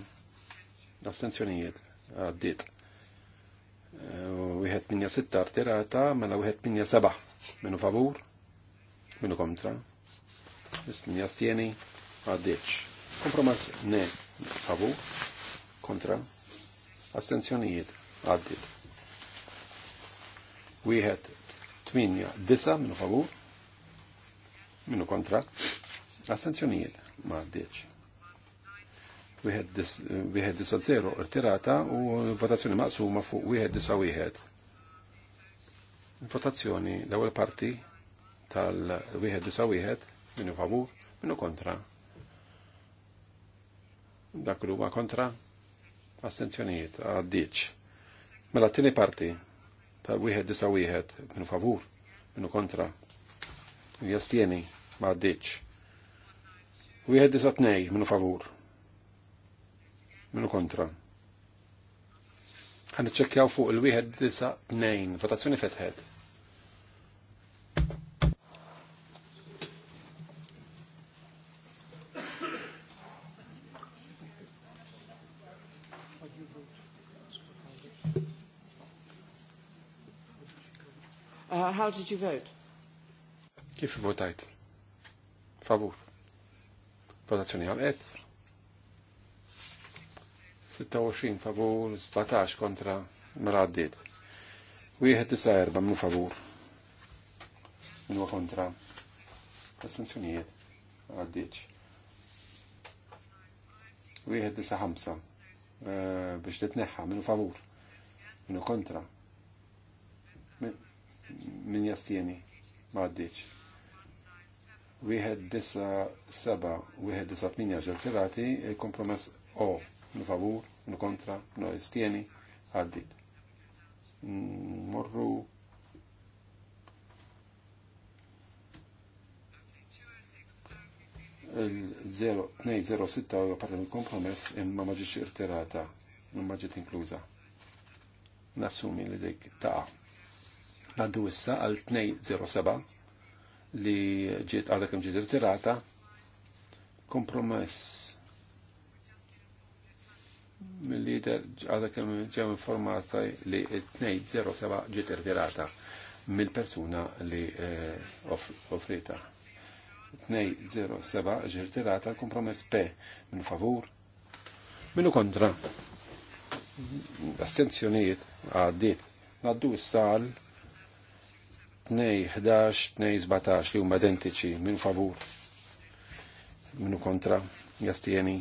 Estenzjonijiet għaddit minja sitta artirata, mela wieħed minja seba' minu favur, minu kontra. Minja stjeni għaddeċ. Kompromas ne favur, kontra. Astenzjonijiet għaddeċ. Wieħed tminja disa minu favur, minu kontra. Astenzjonijiet ma għaddiċ wieħed disa zero irtirata u votazzjoni maqsuma fuq wieħed disa wieħed. Votazzjoni l-ewwel parti tal-wieħed disa wieħed minnu favur, minnu kontra. Dak li huwa kontra astenzjonijiet għaddiċ. Mela t-tieni parti tal-wieħed disa wieħed minnu favur, minnu kontra. Jastieni ma għaddiċ. Wieħed disa tnej minnu favur, Minu kontra. Għan ċekjaw fuq il wihed disa nejn. Votazzjoni fetħed. Uh, how did you vote? Kif votajt? Favur. Votazzjoni għal-qed. 26 favur, 17 kontra mraddit. Mela wieħed tisa erba minu favur. Minu kontra. Astenzjonijiet. Għaddiċ. Wieħed tisa ħamsa. Eh, biex titneħħa minu favur. Minu kontra. Min jastieni. Ma għaddiċ. Wieħed disa seba. Wieħed disa tminja ġertirati. Il-kompromess O minu favur, minu kontra, no istieni, għaddit. Morru. Il-0206 u parta mill kompromess imma ma ġietx irterata, ma ġiet inkluża. Nassumi li dik ta' Naddu issa għal 207 li ġiet għadha kemm ġiet irterata kompromess mill-lider għada kem ġem informata li 207 ġiet irvirata mill-persuna li eh, offrita. 207 ġiet irvirata l-kompromess P minn favur minnu kontra. Astenzjonijiet għaddit naddu s-sal 211, 217 li huma identiċi minn favur minnu kontra jastieni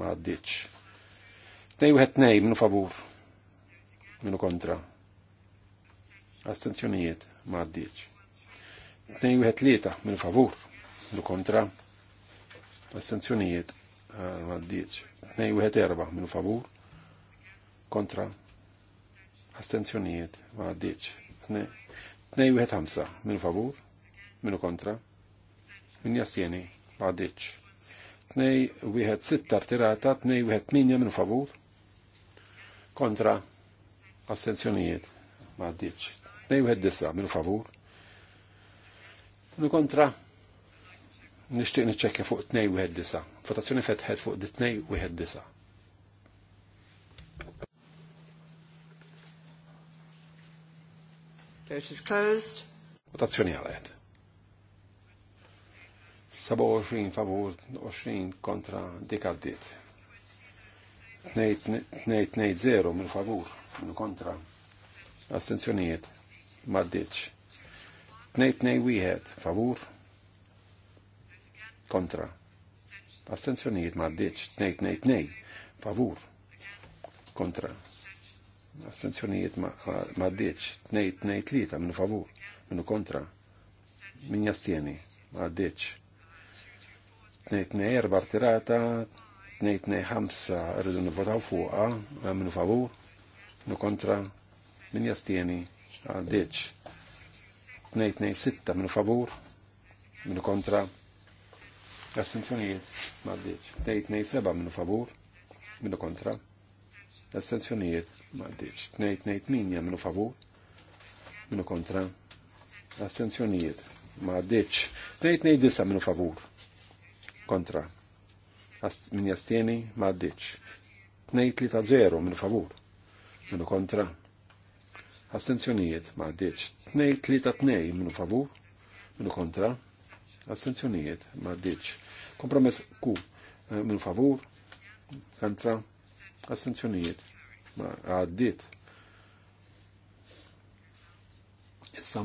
ma għaddiċ. Tnej u għetnej, minu favur. Minu kontra. Astenzjonijiet ma għaddiċ. Tnej u għetlieta, minu favur. Minu kontra. Astenzjonijiet ma għaddiċ. Tnej u erba minu favur. Kontra. Astenzjonijiet ma għaddiċ. Tnej u ħamsa minu favur. Minu kontra. Min jasjeni ma għaddiċ. Tnej u sitta artirata. Tnej u minja minu favur kontra assenzjonijiet ma għaddiċ. Nejju disa minu favur. Minu kontra nishtiq niċċekkja fuq t-nej u disa. Votazzjoni fetħed fuq t-nej u disa. Vote is closed. Votazzjoni għalet. 27 favur, 20 kontra dik 2-2-0 mil favur, minn kontra. Astenzjonijiet, maddiċ. 2-2-1 favur, kontra. Astenzjonijiet maddiċ. 2-2-2 favur, kontra. Astenzjonijiet maddiċ. 2-2-3 minn favur, minn kontra. Min jastieni, maddiċ. 2-2-4 tirata, 2-2-5 rridu nivvotaw fuqa, eh, minnu favur, minnu kontra, min jastieni, 2-2-6 minnu favur, minnu kontra, 2-2-7 minnu favur, minnu kontra, 2-2-8 minnu favur, minnu kontra, 2-2-9 minnu favur, kontra, min jastieni ma għaddiċ. 2-3-0 minn favur, minn kontra. Astenzjonijiet ma għaddiċ. 2-3-2 minn favur, minn kontra. Astenzjonijiet ma għaddiċ. Kompromess Q eh, minn favur, kontra. Astenzjonijiet ma għaddiċ. Issa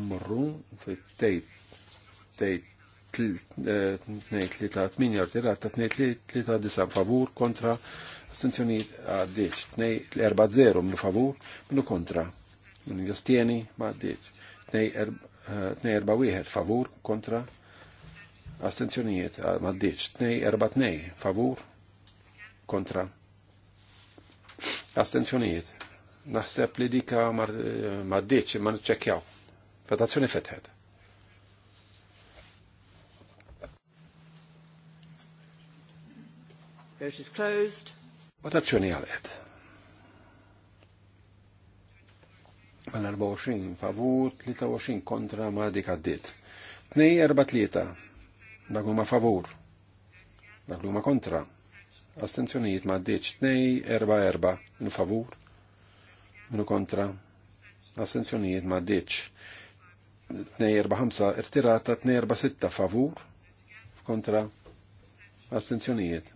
fit-tejt tejt 2-3-8 artirat ta' 2-3-9 favur kontra astenzjoniet għaddiċ 2 erba zero minu favur minu kontra minu jastieni ma għaddiċ 2-4-1 favur kontra astenzjoniet ma għaddiċ 2-4-2 favur kontra astenzjoniet naħseb li dika ma għaddiċ ma nċekjaw Fetazzjoni fetħed Vote is closed. Votazzjoni għalet. Għan 24 favur, 23 kontra ma dik għaddit. 2-4-3. Dak huma favur. Dak huma kontra. Astenzjonijiet ma għaddit. 2-4-4. Minu favur. Minu kontra. Astenzjonijiet ma għaddit. 2-4-5 irtirata. 2-4-6 favur. Kontra Astenzjonijiet.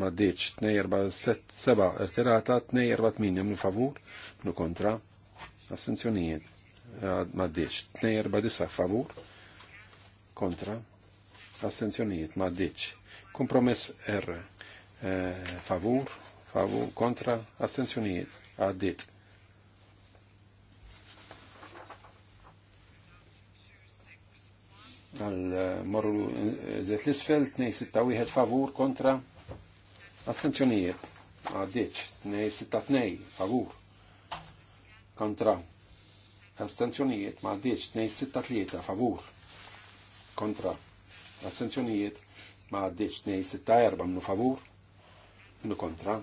Ma d-deċ 247 irtirata, 248 minn favur, Nu kontra. Astenzjonijiet. Ma d-deċ 249 favur, kontra. Astenzjonijiet. Ma d-deċ. Kompromess R. Eh, favur, favur, kontra. Astenzjonijiet. Għaddit. għal morru eh, zet l-isfel, 261 favur kontra astenzjonijiet. Għaddiċ, t-nej favur kontra astenzjonijiet, ma għaddiċ, t-lieta favur kontra astenzjonijiet, ma għaddiċ, erba minu favur minu kontra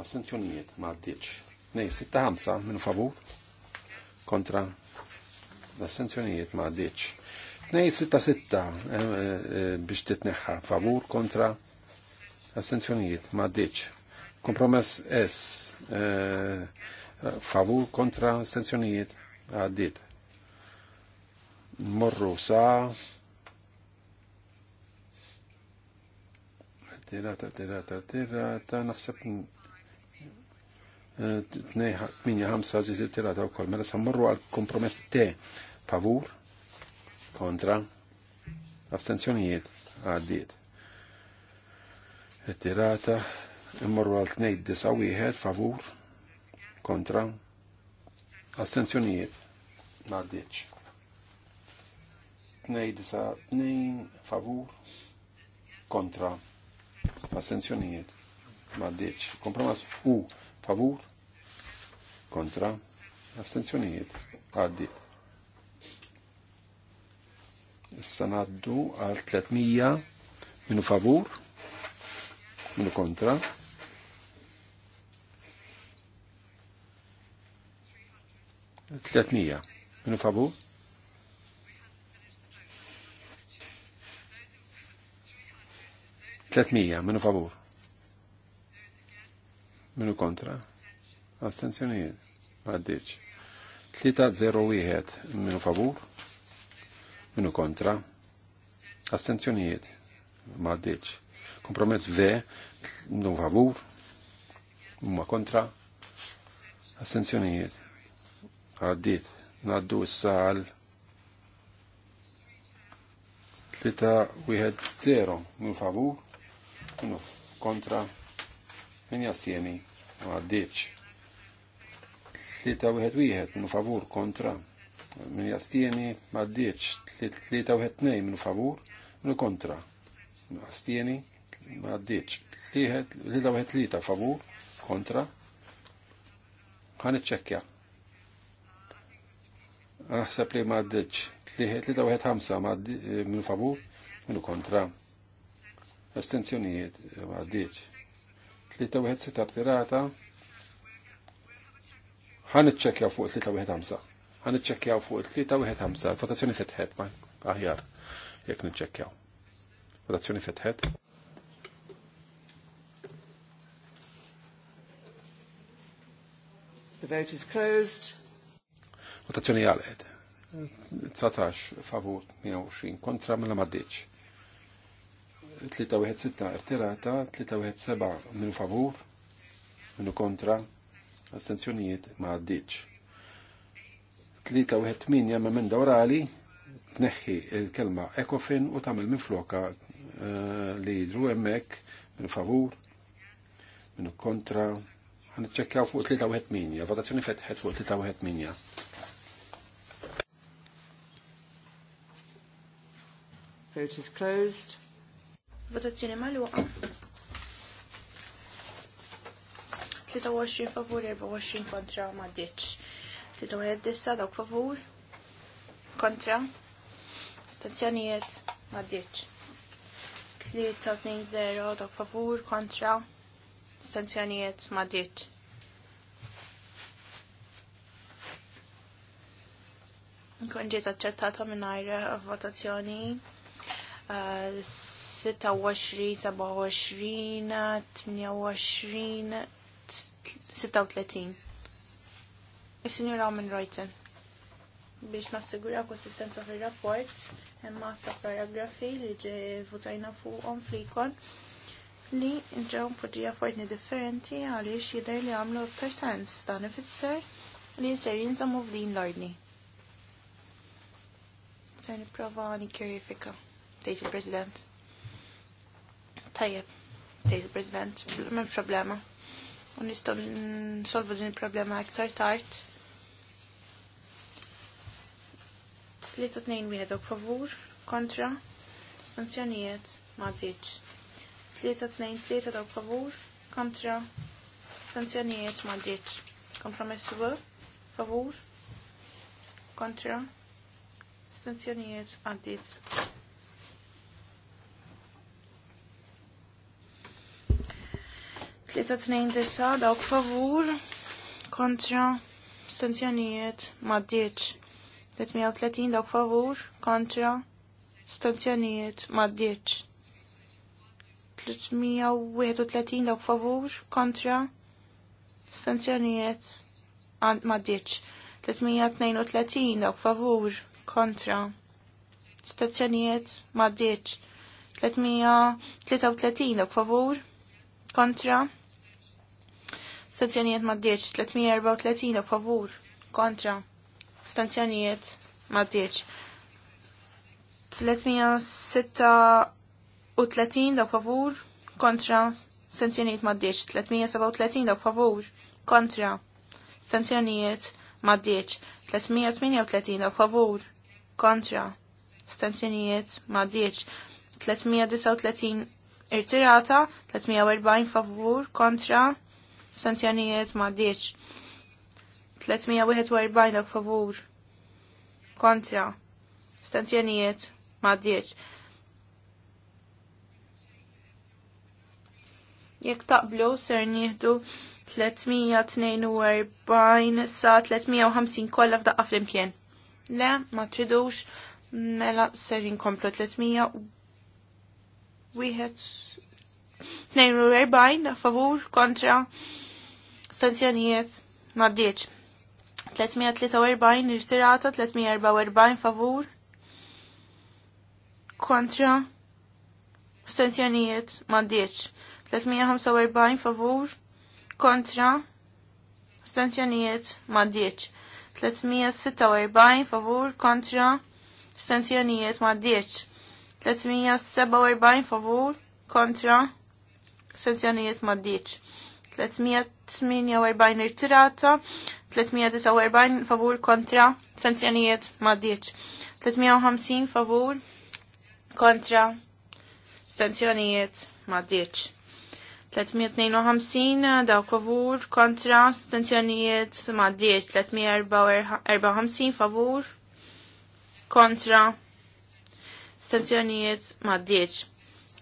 astenzjonijiet, ma għaddiċ, 265 minu favur kontra astenzjonijiet, ma għaddiċ. 266 eh, eh, biex titneħħa favur kontra assenzjonijiet, ma ditx. Kompromess S eh, favur kontra astenzjonijiet għaddit. Morru sa' tirata, tirata, tirata, naħseb t-nejħa, minja ħamsa ġizir tirata u kol, mela sa morru għal kompromess T, favur, kontra astenzjonijiet għaddiet. Ittirata immorru għal tnejn disa wieħed favur kontra astenzjonijiet għaddiet. Tnejn disa tnejn favur kontra astenzjonijiet għaddiet. Kompromess u favur kontra astenzjonijiet għaddiet. Issa naddu għal 300 minu favur, minu kontra. Tletnija, Minu favur? Tletnija, Minu favur? Minu kontra? Astenzjoni, Għaddiċ. Tlita 301. Minu favur? Minu kontra. Astenzjonijiet. Maddiċ. Kompromess ve, Minu favur. Ma kontra. Astenzjonijiet. Għaddit. Naddu s-sal. 1 zero. Minu favur. Minu kontra. Min jassieni. Maddiċ. 3-1-1. Minu favur kontra. Min jastieni maddiċ 3-1-2 minu favur, minu kontra. Min jastieni maddiċ 3-1-3 favur, kontra. Għan iċċekja. Aħseb li maddiċ 3-1-5 minu favur, minu kontra. Astenzjonijiet eh, maddiċ. 3-1-6 tirata. Għan iċċekja fuq 3-1-5. Għan iċċekjaw fuq il-3 u 5. Votazzjoni fetħet ma aħjar jek niċċekjaw. Votazzjoni fetħet. The vote is closed. Votazzjoni għalqet. 19 favur 120 kontra mela maddiċ. 316 irtirata, 317 minu favur, minu kontra, astenzjonijiet ma għaddiċ. 38 jemma minn dawrali tneħħi il-kelma ekofin u tamil minn floka eh, li jidru emmek minn favur minn kontra ħanċekkaw fuq 38. votazzjoni fetħet fuq 318 Vote is closed. Votazzjoni maluqa. 23 favur 24 kontra ma ditx. Fittu għed dissa, dawk favur kontra stazzjonijiet m'għaddiċ. Tlieta tnejn zero dawk favur kontra stazzjonijiet m'għaddiċ. Nkun ġiet aċċettata mingħajr eh, votazzjoni 26, 27, 28, 36. Is-Sinjur Roman Reuten biex nassigura konsistenza fil-rapport imma ta' paragrafi li ġe votajna fuqhom flikon li nġaw poġija fortni differenti għaliex jider li għamlu iktar sens dan ifisser li jser u f'din l-ordni. Se għani kjerifika, tejt il-President. Tajjeb, tejt il-President, m'hemm problema. U nistgħu din il-problema iktar tard li ta' tnejn wieħedok favur, kontra, stanzjonijiet, maġġiċ. Tlieta tnejn tlieta dok favur, kontra, stanzjonijiet, maġġiċ. Kompromessu għu, favur, kontra, stanzjonijiet, maġġiċ. Tlieta tnejn tessa dok favur, kontra, stanzjonijiet, maġġiċ. 330 dok favur kontra stanzjonijiet maddiċ. 331 dok favur kontra stanzjonijiet maddiċ. 332 dok favur kontra stazzjonijiet maddiċ. 333 dok favur kontra stazzjonijiet maddiċ. 334 dok favur kontra stanzjanijiet astenzjonijiet maddiċ. 336 dak favur kontra stanzjanijiet astenzjonijiet maddiċ. 337 dak favur kontra stanzjanijiet astenzjonijiet maddiċ. 338 dak favur kontra stanzjanijiet astenzjonijiet maddiċ. 339 irtirata, 340 favur kontra stanzjanijiet astenzjonijiet maddiċ. 341 dak favur kontra stanzjonijiet ma' 10. Jek taqblu ser njihdu 342 sa 350 kollha f'daqqa flimkien. Le, ma tridux, mela ser jinkomplu 300 wieħed 42 favur kontra stanzjonijiet ma' 10. 343 irtirata, 344 favur kontra astenzjonijiet maddiċ. 345 favur kontra astenzjonijiet maddiċ. 346 favur kontra astenzjonijiet maddiċ. 347 favur kontra astenzjonijiet maddiċ. 348 irtirata, 349 favur kontra sanzjonijiet maddiċ, 350 favur kontra sanzjonijiet maddiċ. 352 daw favur kontra sanzjonijiet maddiċ, 354 favur kontra sanzjonijiet maddiċ.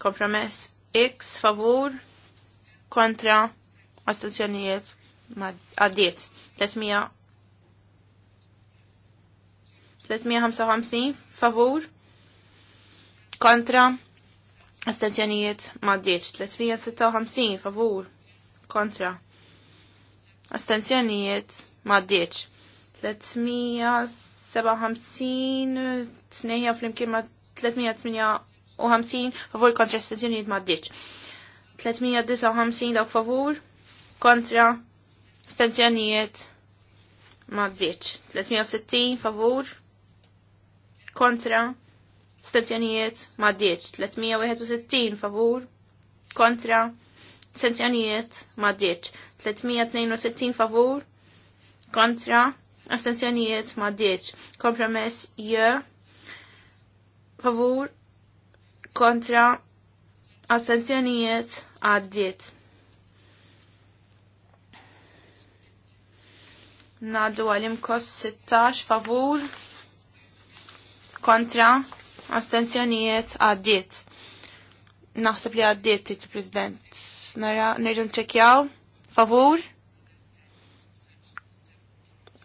Kompromess X favur kontra għastazzjonijiet għaddiet. 355 favur kontra għastazzjonijiet għaddiet 356 favur kontra astenzjonijiet maddiċ 357 tnejja flimkien ma 358 favur kontra astenzjonijiet maddiċ 359 dawk favur kontra stazzjonijiet ma bdiċ. 360 favur kontra stazzjonijiet ma bdiċ. 361 favur kontra stazzjonijiet ma bdiċ. 362 favur kontra astenzjonijiet ma bdiċ. Kompromess j favur kontra astenzjonijiet għaddiet. Nadu għal kos 16 favur kontra astenzjonijiet għaddiet. Naħseb li għaddiet it president Nara nerġun ċekjaw favur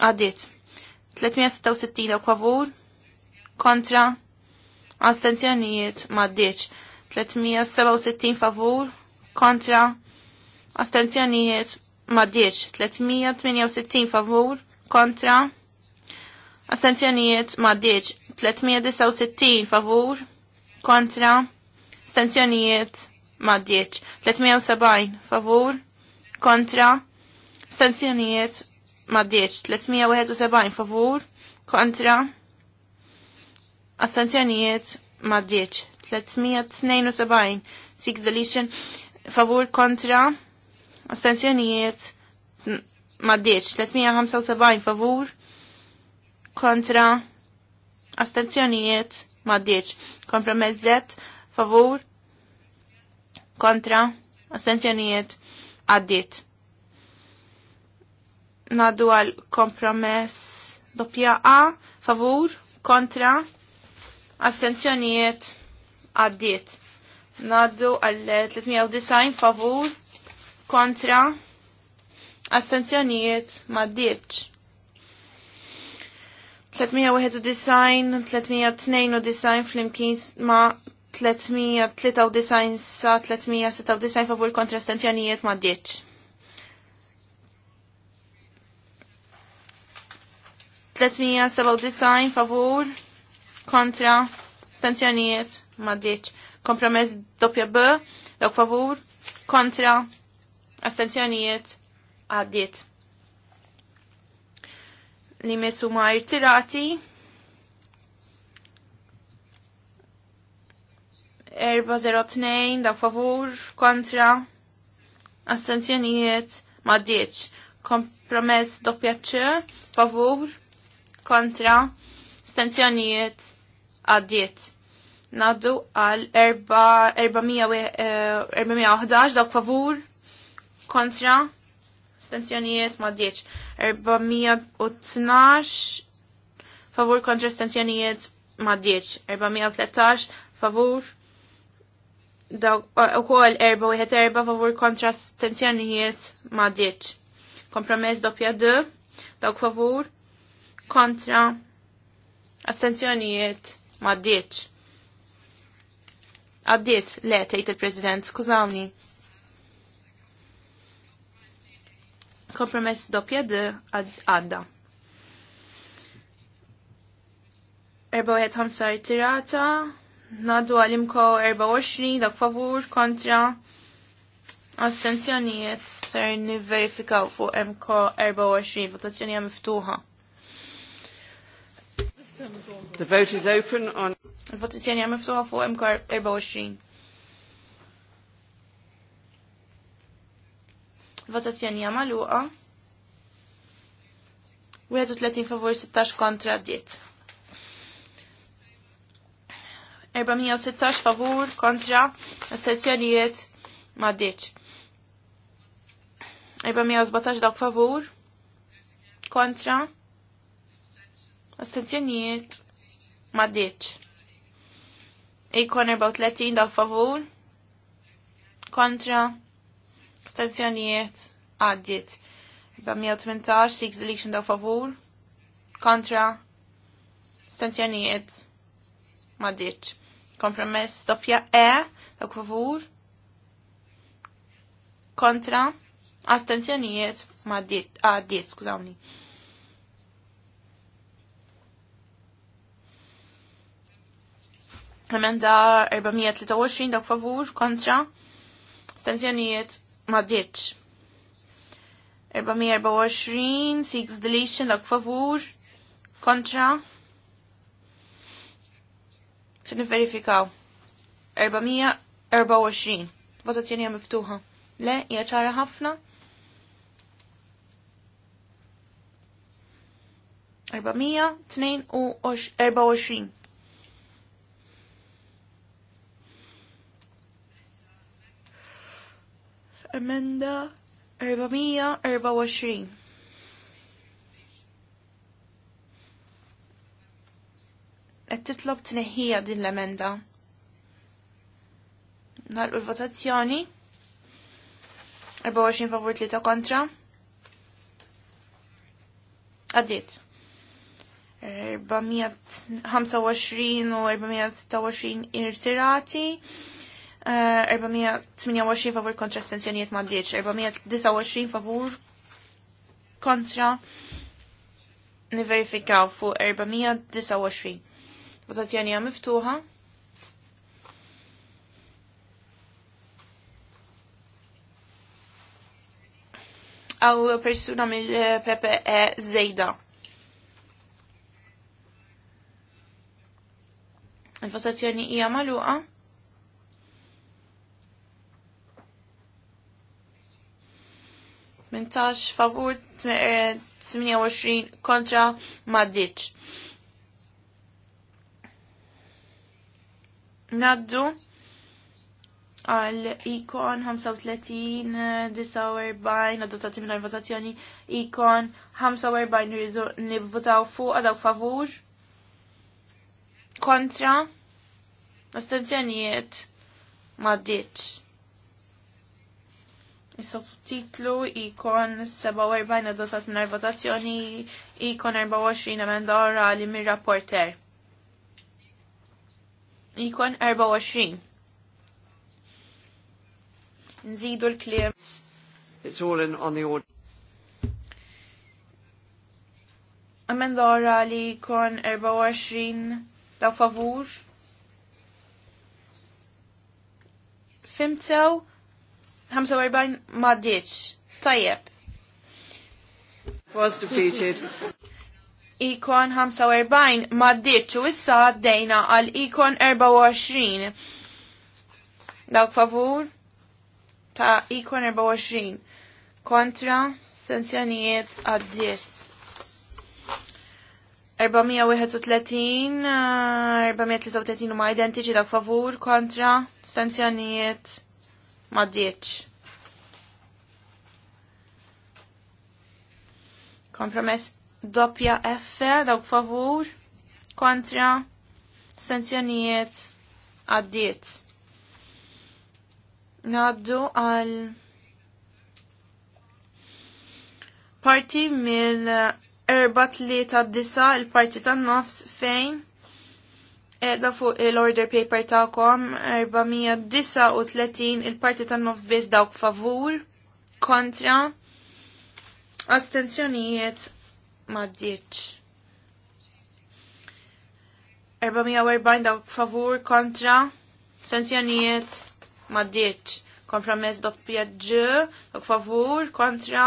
għaddiet. 366 favur kontra astenzjonijiet maddiċ. 367 favur kontra astenzjonijiet ma dieċ 368 favur kontra astenzjonijiet ma dieċ 369 favur kontra astenzjonijiet ma dieċ 370 favur kontra astenzjonijiet ma dieċ 371 favur kontra astenzjonijiet ma dieċ 372 six deletion favur kontra astenzjonijiet maddiċ 375 favur kontra astenzjonijiet maddiċ kompromezzet favur kontra astenzjonijiet għaddit naddu għal kompromess doppja A favur kontra astenzjonijiet għaddit. naddu għal 390 favur kontra astenzjonijiet maddiċ. 391, 392 fl-imkien ma 393 sa 396 favur kontra astenzjonijiet maddiċ. 397 favur kontra stanzjonijiet maddiċ. Kompromess doppja B, dok favur kontra Astenzjonijiet għaddiet. Li messu ma irtirati. 402 da favur kontra astenzjonijiet ma dieċ kompromess doppjaċċe favur kontra astenzjonijiet għaddiet. Naddu għal 411 eh, dak favur kontra stenzjonijiet ma dieċ 412 favur kontra stenzjonijiet ma dieċ 413 favur u kol 414 favur kontra stenzjonijiet ma dieċ kompromess doppja d dawk favur kontra astenzjonijiet ma dieċ għaddiet le tgħid il-President, skużawni. Kompromess doppja d għadda. 4-5 tirata, nadu għalimko 24, dak favur, kontra, astenzjonijiet ser niverifikaw fuq MK 24, votazzjoni għam miftuħa. The vote is open on... Votazzjoni għam miftuħa fuq MK 24. Votazzjoni hija magħluqa. 31 favur 16 kontra diet. 416 favur kontra astenzjonijiet ma ditx. 417 dak favur kontra astenzjonijiet ma ditx. Ikon 34 dak favur kontra Stazzjonijiet għaddit. 118, 6 deletion daw favur. Kontra. Stazzjonijiet maddiċ. Kompromess doppja E, daw favur. Kontra. Astenzjonijiet maddiċ. E, għaddit, skużawni. Emenda 423 dak favur kontra. Stanzjonijiet ma ditx. 424, 6 deletion, dak favur, kontra. Sin verifikaw. 424. Votazzjoni hija miftuħa. Le, hija ċara ħafna. 422. emenda 424. Qed titlob tneħħija din l-emenda. Nagħlqu l-votazzjoni. 24 favur 3 kontra. Għaddit. 425 u 426 irtirati. 428 eh, favur kontra astensjonijiet ma' 10, 429 favur kontra niverifikaw fuq 429. Votazzjoni għam miftuħa. Għaw persuna mill-PPE zejda. Il-votazzjoni hija magħluqa. 18 favur 28 eh, kontra Madic. Naddu għal ikon 35-49 eh, ta' minn votazzjoni ikon 45 nridu nivvotaw fuq għadaw favur kontra astenzjonijiet maddiċ il sottotitlu ikon 47 adottat minar votazzjoni ikon 24 emenda li min rapporter. Ikon 24. Nżidu l-klim. It's all in on the order. Emenda li ikon 24 da favur. Fimtew 45 ma ditx. Tajjeb. Was defeated. Ikon 45 ma ditx u issa għaddejna għal ikon 24. Dawk favur ta' ikon 24. Kontra sanzjonijiet għaddiet. 431, 433 ma identiċi dak favur kontra sanzjonijiet ma dieċ. Kompromess doppja F, dawk favur, kontra, sanzjonijiet, għaddiet. Naddu għal parti mill erba tlieta disa il-parti tan nofs fejn edha fuq l-order paper kom, 439 il-parti tan nofs bis dawk favur kontra astenzjonijiet maddiċ 440 dawk favur kontra astenzjonijiet maddiċ kompromess doppja ġ dawk favur kontra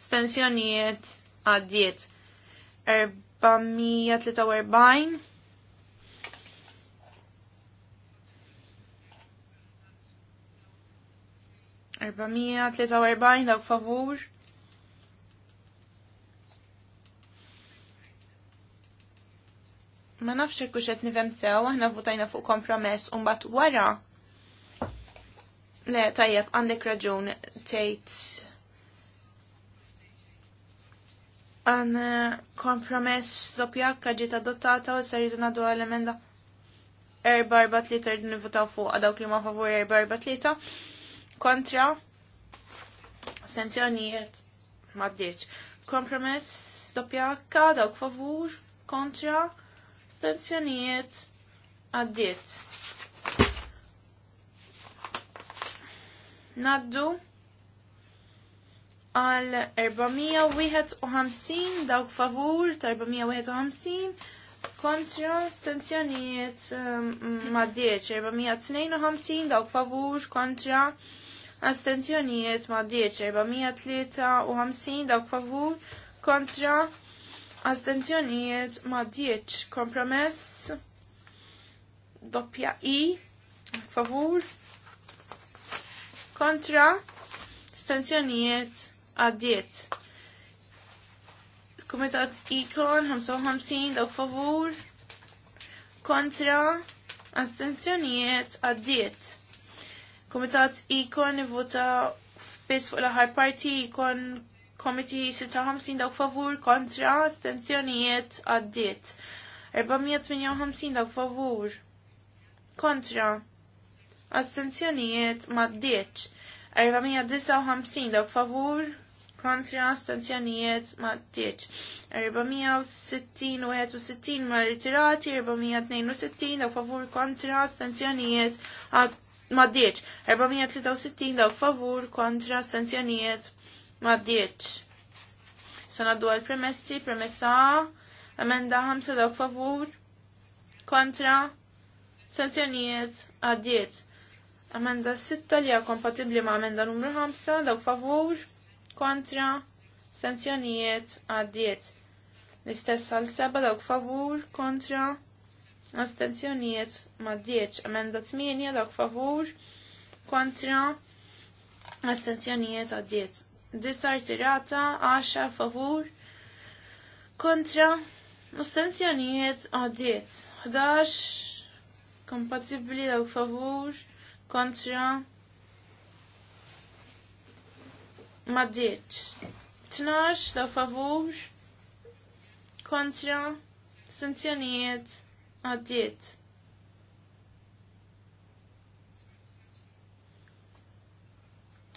astenzjonijiet għaddiet 443 443 dawk favur. Ma nafx jekk qed nifhem sew aħna votajna fuq kompromess u mbagħad wara. Le tajjeb għandek raġun tgħid għan eh, kompromess doppjakka ġiet adottata u ser jridu nagħdu għal-emenda tlita 3 nivutaw fuq dawk li ma favur 4 tlita kontra astenzjonijiet maddiċ. Kompromess doppja H dawk favur kontra astenzjonijiet għaddiet. Naddu għal 451 dawk favur ta' 451 kontra sanzjonijiet ma' 10 452 dawk favur kontra astenzjonijiet ma' 10 453 dawk favur kontra astenzjonijiet ma' 10 kompromess doppja i favur kontra astenzjonijiet għaddiet. Kumitat ikon 55 dawk favur kontra astenzjonijiet għaddiet. Komitat ikon vota f'biss fuq l-aħħar parti ikon komiti 56 dawk favur kontra stenzjonijiet għaddit. 458 dawk favur kontra astenzjonijiet maddiċ. 459 dawk favur kontra astenzjonijiet maddiċ. 460 u 61 ma ritirati, 462 dawk favur kontra astenzjonijiet għaddiċ maddieċ. 463 daw favur kontra stanzjonijiet maddieċ. du għal premessi, premessa, amenda 5 daw favur kontra stanzjonijiet għaddiet. Amenda 6 li għal kompatibli ma' amenda numru 5 daw favur kontra stanzjonijiet għaddiet. L-istess għal 7 daw favur kontra Astenzjoniet ma' 10 emenda 8 dak favur kontra astenzjonijiet għaddiet. Disar tirata 10 favur kontra astenzjonijiet għaddiet. 11 kompatibli dak favur kontra ma' 10. 12 dak favur kontra astenzjonijiet għaddiet.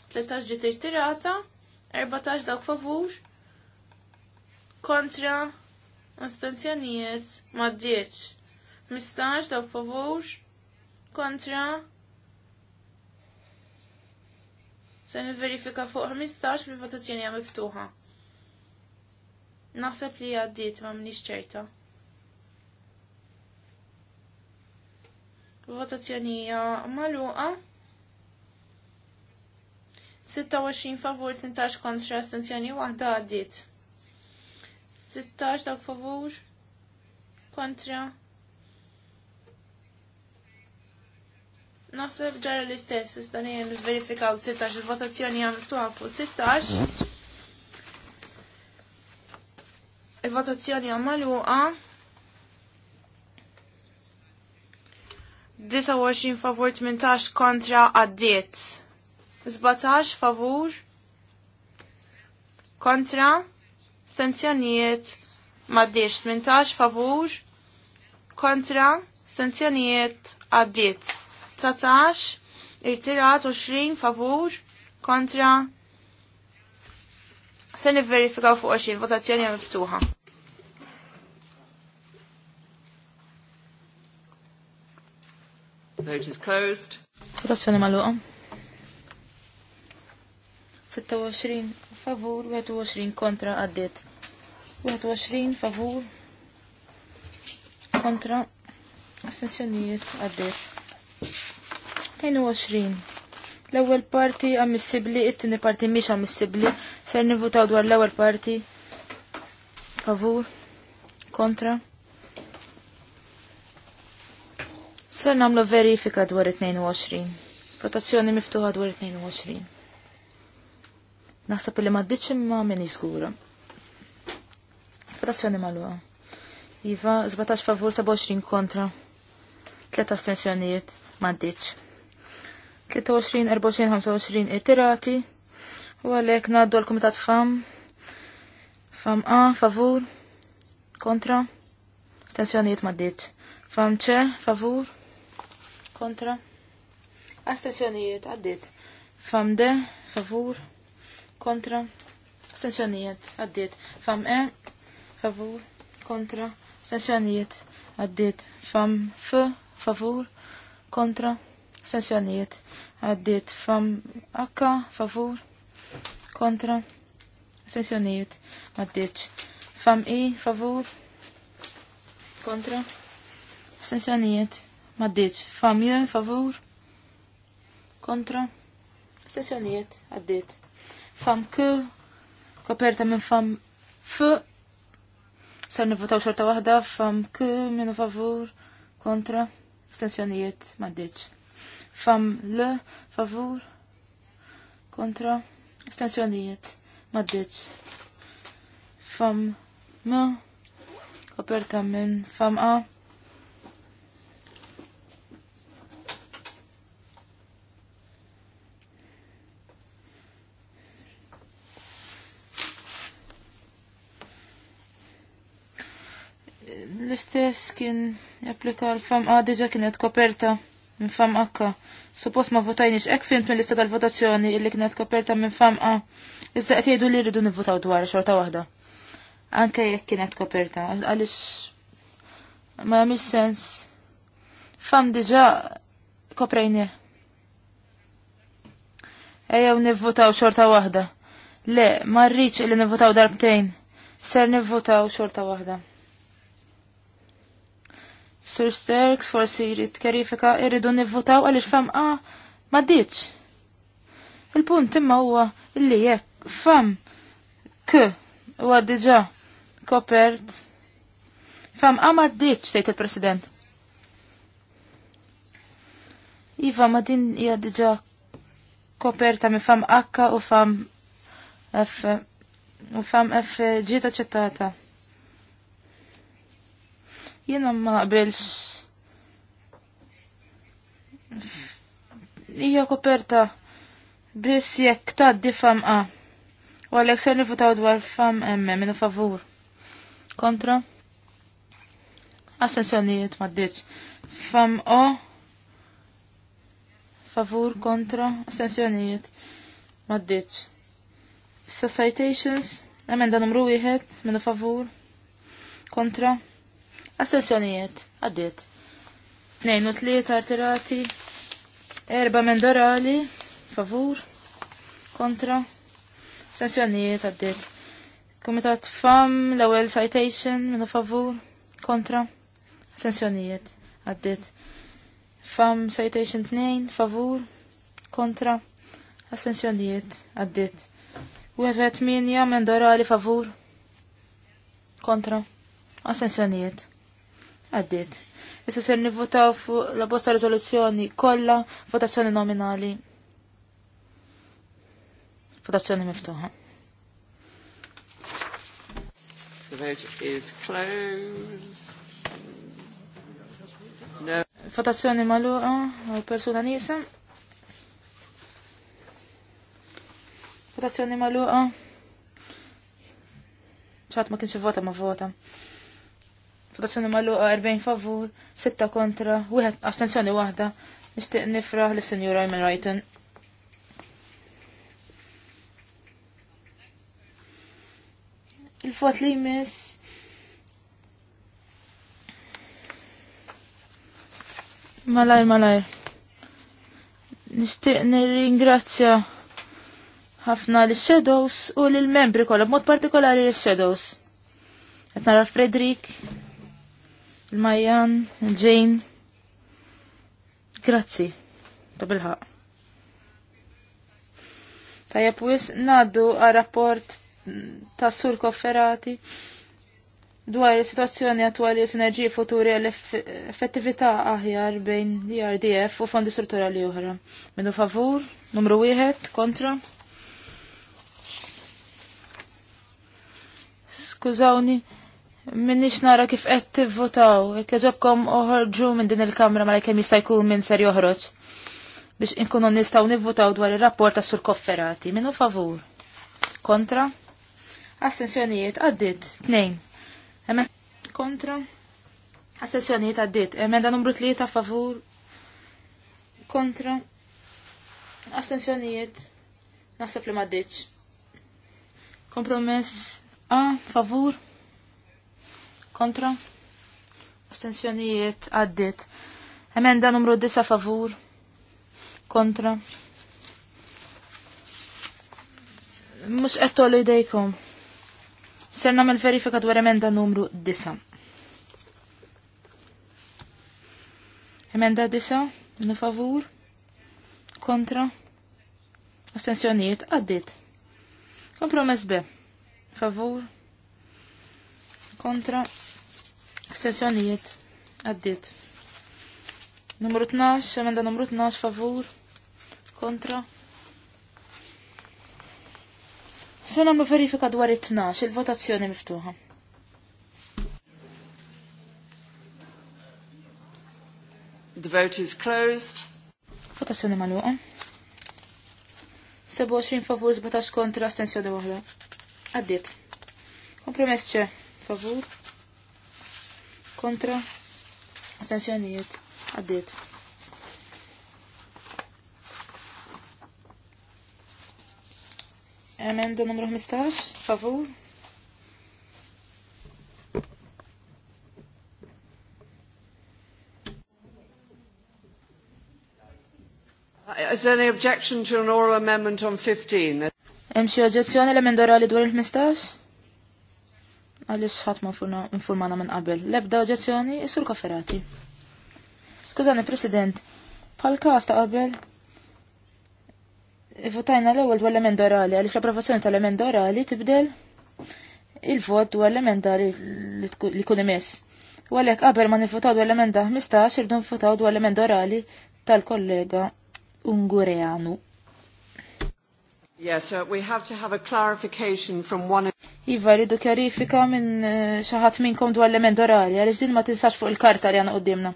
Tletax ġiet tirata erbatax dawk favur, kontra astenzjonijiet ma ddieċ. 15 dawk favur, kontra se verifika fuq 15 bil-votazzjoni miftuħa. Naħseb li għaddiet ma mniex ċerta. Votazzjonija maluqa. 26 favur, 18 kontra, astenzjoni wahda għaddit. 16 dak favur, kontra. Naħseb ġara l-istess, istan jen verifikaw 16, il-votazzjoni għam fuq 16. Il-votazzjoni għam maluqa. 29 favur 18 kontra għaddiet. 17 favur kontra sanzjonijiet maddiex 18 favur kontra sanzjonijiet għaddiet. 19 irtirat 20 favur kontra se nivverifikaw fuq 20 votazzjoni għamiftuħa. Vote is closed. Votazzjoni maluqa. 26 favur, 21 kontra għaddit. 21 favur, kontra astensjonijiet għaddit. 22. L-ewwel parti ammissibbli, it-tieni parti mhix ammissibbli. Ser nivutaw dwar l-ewwel parti favur, kontra Ser namlu verifika dwar 22. Votazzjoni miftuħa dwar 22. Naħseb li ma imma min iżgura. Votazzjoni magħluqa. Iva, 17 favur, 27 kontra. 3 astensjonijiet, ma 23, 24, 25 irtirati. U għalek naddu għal-Komitat FAM. FAM A, favur, kontra. stensjonijiet ma Fam C, favur, kontra astensjonijiet għaddit famde favur kontra astensjonijiet għaddit fam e favur kontra astensjonijiet għaddit fam f favur kontra astensjonijiet għaddit fam h favur kontra astensjonijiet għaddit fam i favur kontra astensjonijiet Maddiċ, famje, favur. Kontra. Stazzjonijiet, għaddit. Fam k, koperta minn fam f. Sar nivvotaw xorta wahda, fam k, minu favur. Kontra. Stazzjonijiet, maddiċ. Fam l, favur. Kontra. Stazzjonijiet, maddiċ. Fam m, koperta minn fam a. stess kien japplika l-famqa ah, diġa kienet koperta minn famqa. Suppost ma votajniex ek fimt mill-lista tal-votazzjoni illi kienet koperta minn famqa. Iżda qed jgħidu li rridu nivvotaw dwar xorta waħda. Anke jekk kienet koperta, għaliex ma jagħmilx sens. Fam diġa koprejni. Ejjew nivvotaw xorta waħda. Le, ma rridx illi nivvotaw darbtejn. Ser nivvotaw xorta waħda. Sir Sterks forsi jrid kerifika irridu nivvutaw għaliex famqa ah, ma ditx. Il-punt imma huwa illi jekk fam k huwa diġà kopert famqa ah, ma ditx tgħid il-President. Iva ma din hija diġà koperta minn fam akka u fam F u fam F ġiet aċċettata. Jiena ma naqbilx. Ija koperta biss jekk tgħaddi famqa. U għalhekk se nifutaw dwar fam emme minu favur. Kontra? Astensjonijiet ma ddiċ. Fam o? Favur kontra? Astensjonijiet ma ddiċ. Sa citations? Emenda numru wieħed minu favur? Kontra? Assessjonijiet, għaddit. Nejn u tliet artirati, erba' mendorali, favur, kontra, Assessjonijiet, għaddit. Komitat fam, l-ewel citation, minu favur, kontra, Assessjonijiet, għaddit. Fam citation 2, favur, kontra, Assessjonijiet, għaddit. U għet minja mendorali, favur, kontra, Assessjonijiet. Għaddit. Issa ser nivvotaw fuq la bosta rizoluzzjoni kollha votazzjoni nominali. Votazzjoni miftuħa. Votazzjoni maluqa għal persuna nisa. Votazzjoni maluqa. ċat ma kienx vota ma vota votazzjoni mal-luqa 40 favur, 6 kontra, wieħed astenzjoni waħda. Nixtieq nifra l sinjura Ayman Rajten. Il-fot li jmiss Malaj, malaj, Nishtiq nir ingrazzja ħafna l shadows u l-membri kollha b'mod partikolari l shadows Qed nara Fredrik, il-Majjan, il-Jane. Grazzi, ta' bilħaq. Tajja pwis naddu għal rapport ta' sur kofferati dwar situazzjoni attuali u sinerġiji futuri għall effettività aħjar bejn l-IRDF u fondi strutturali oħra. Minu favur, numru wieħed, kontra. Skużawni, Minnix nara kif qed tivvotaw, jekk ġobkom oħorġu minn din il-kamra ma mela kemm jista' jkun minn ser joħroġ biex inkunu nistgħu nivvotaw dwar ir-rapport tas sur kofferati. Minnu favur? Kontra? Astensjonijiet għaddit tnejn. Emen kontra? Astensjonijiet għaddit. Emenda numru tlieta favur? Kontra? Astensjonijiet? Naħseb li m'għaddiċ. Kompromess A favur? kontra, astensjonijiet għaddit. Emenda numru 9 favur, kontra. Mux għettolu idejkom. Ser namel verifika dwar emenda numru 9. Emenda 9, minu favur, kontra, astensjonijiet għaddit. Kompromess B, favur, kontra astensjonijiet għaddit. Numru 12, emenda numru 12 favur kontra. Se nagħmlu verifika dwar it-12, il-votazzjoni miftuħa. The vote is closed. Votazzjoni maluqa. 27 favur 17 kontra astensjoni wahda. Għaddit. Kompromess ċe favur kontra astensjonijiet għaddiet. Emenda numru 15, favur. Is there any objection to an oral amendment on 15? Hemm oġezzjoni l emendorali dwar il-15? għaliex ħadd ma informana minn qabel. Lebda oġezzjoni isur kafferati. Skużani, President, bħal każ ta' qabel votajna l-ewwel dwar l-emenda orali għaliex l-approvazzjoni tal-emenda orali tibdel il-vot dwar l-emenda li kun imess. U għalhekk qabel ma nifutaw dwar l-emenda 15 irdu nvotaw dwar l-emenda orali tal-kollega Ungureanu. Yes, yeah, so we have to have a clarification from one... Iva, ridu kjarifika minn eh, xaħat minnkom dwar l-emend orali, għalix din ma tinsax fuq il-karta li għana qoddimna.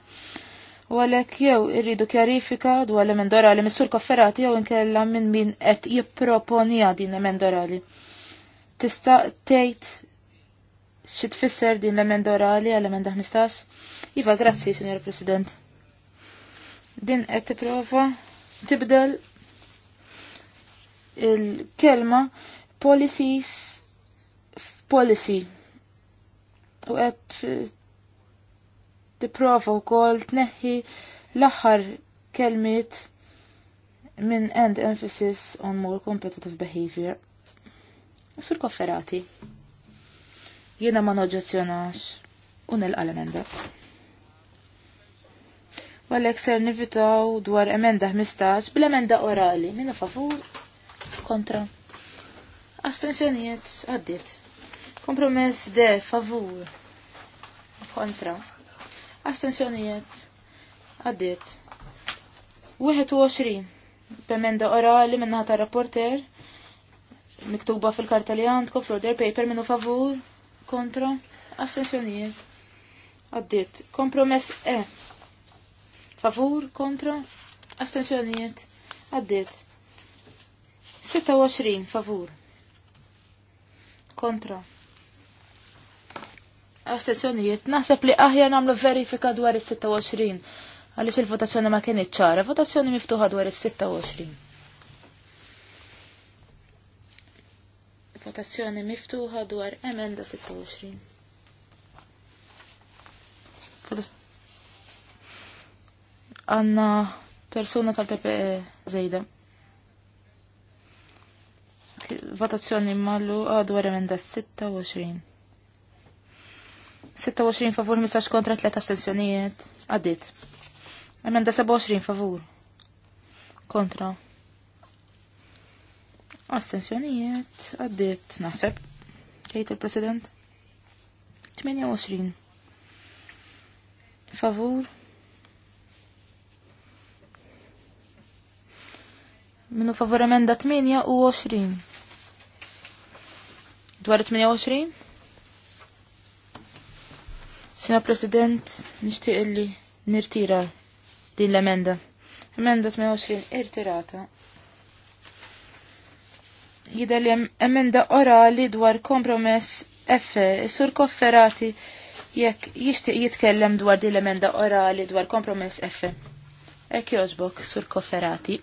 U għalek jew irridu kjarifika dwar l-emend orali missur kofferati jew inkella minn min qed jipproponija din l-emend orali. Tista' tgħid xi tfisser din l-emend orali għal emenda 15? Iva, grazzi, Signor President. Din qed tipprova tibdel il-kelma policies policy? U qed eh, tipprova wkoll tneħħi l-aħħar kelmiet minn end emphasis on more competitive behavior. Sur kofferati. Jiena ma noġazzjonax u il l-emenda. Għalek ser nivitaw dwar emenda 15 bil-emenda orali. Minu favur? kontra. Astensjonijiet għaddit. Kompromess de, favur kontra. Astensjonijiet għaddit. 21 Pemenda orali minna ta' rapporter miktuba fil-karta li għandkom fl-order paper minnu favur kontra astensjonijiet. Għaddit. Kompromess E. Favur kontra astensjonijiet. Għaddit. 26 favur. Kontra. Astenzjonijiet, naħseb li aħjar namlu verifika dwar is-26 għaliex il-votazzjoni ma kien ċara, votazzjoni miftuħa dwar is-26. Votazzjoni miftuħa dwar emenda 26. Għanna persona tal-PPE zejda. Votazzjoni mallu għadu minn emenda 26. 26 favur, 15 kontra, 3 astensjonijiet. Għaddit. Emenda 27 favur. Kontra. Astensjonijiet. Għaddit. Naseb. Kejt il-president. 28. Favur. Minu favor emenda 28 dwar 28? Sina President, nishtiq illi nirtira din l-emenda. Emenda 28 irtirata. Jida li emenda orali dwar kompromess F, sur kofferati jekk jishtiq jitkellem dwar din l-emenda orali dwar kompromess F. Ek joġbok sur kofferati.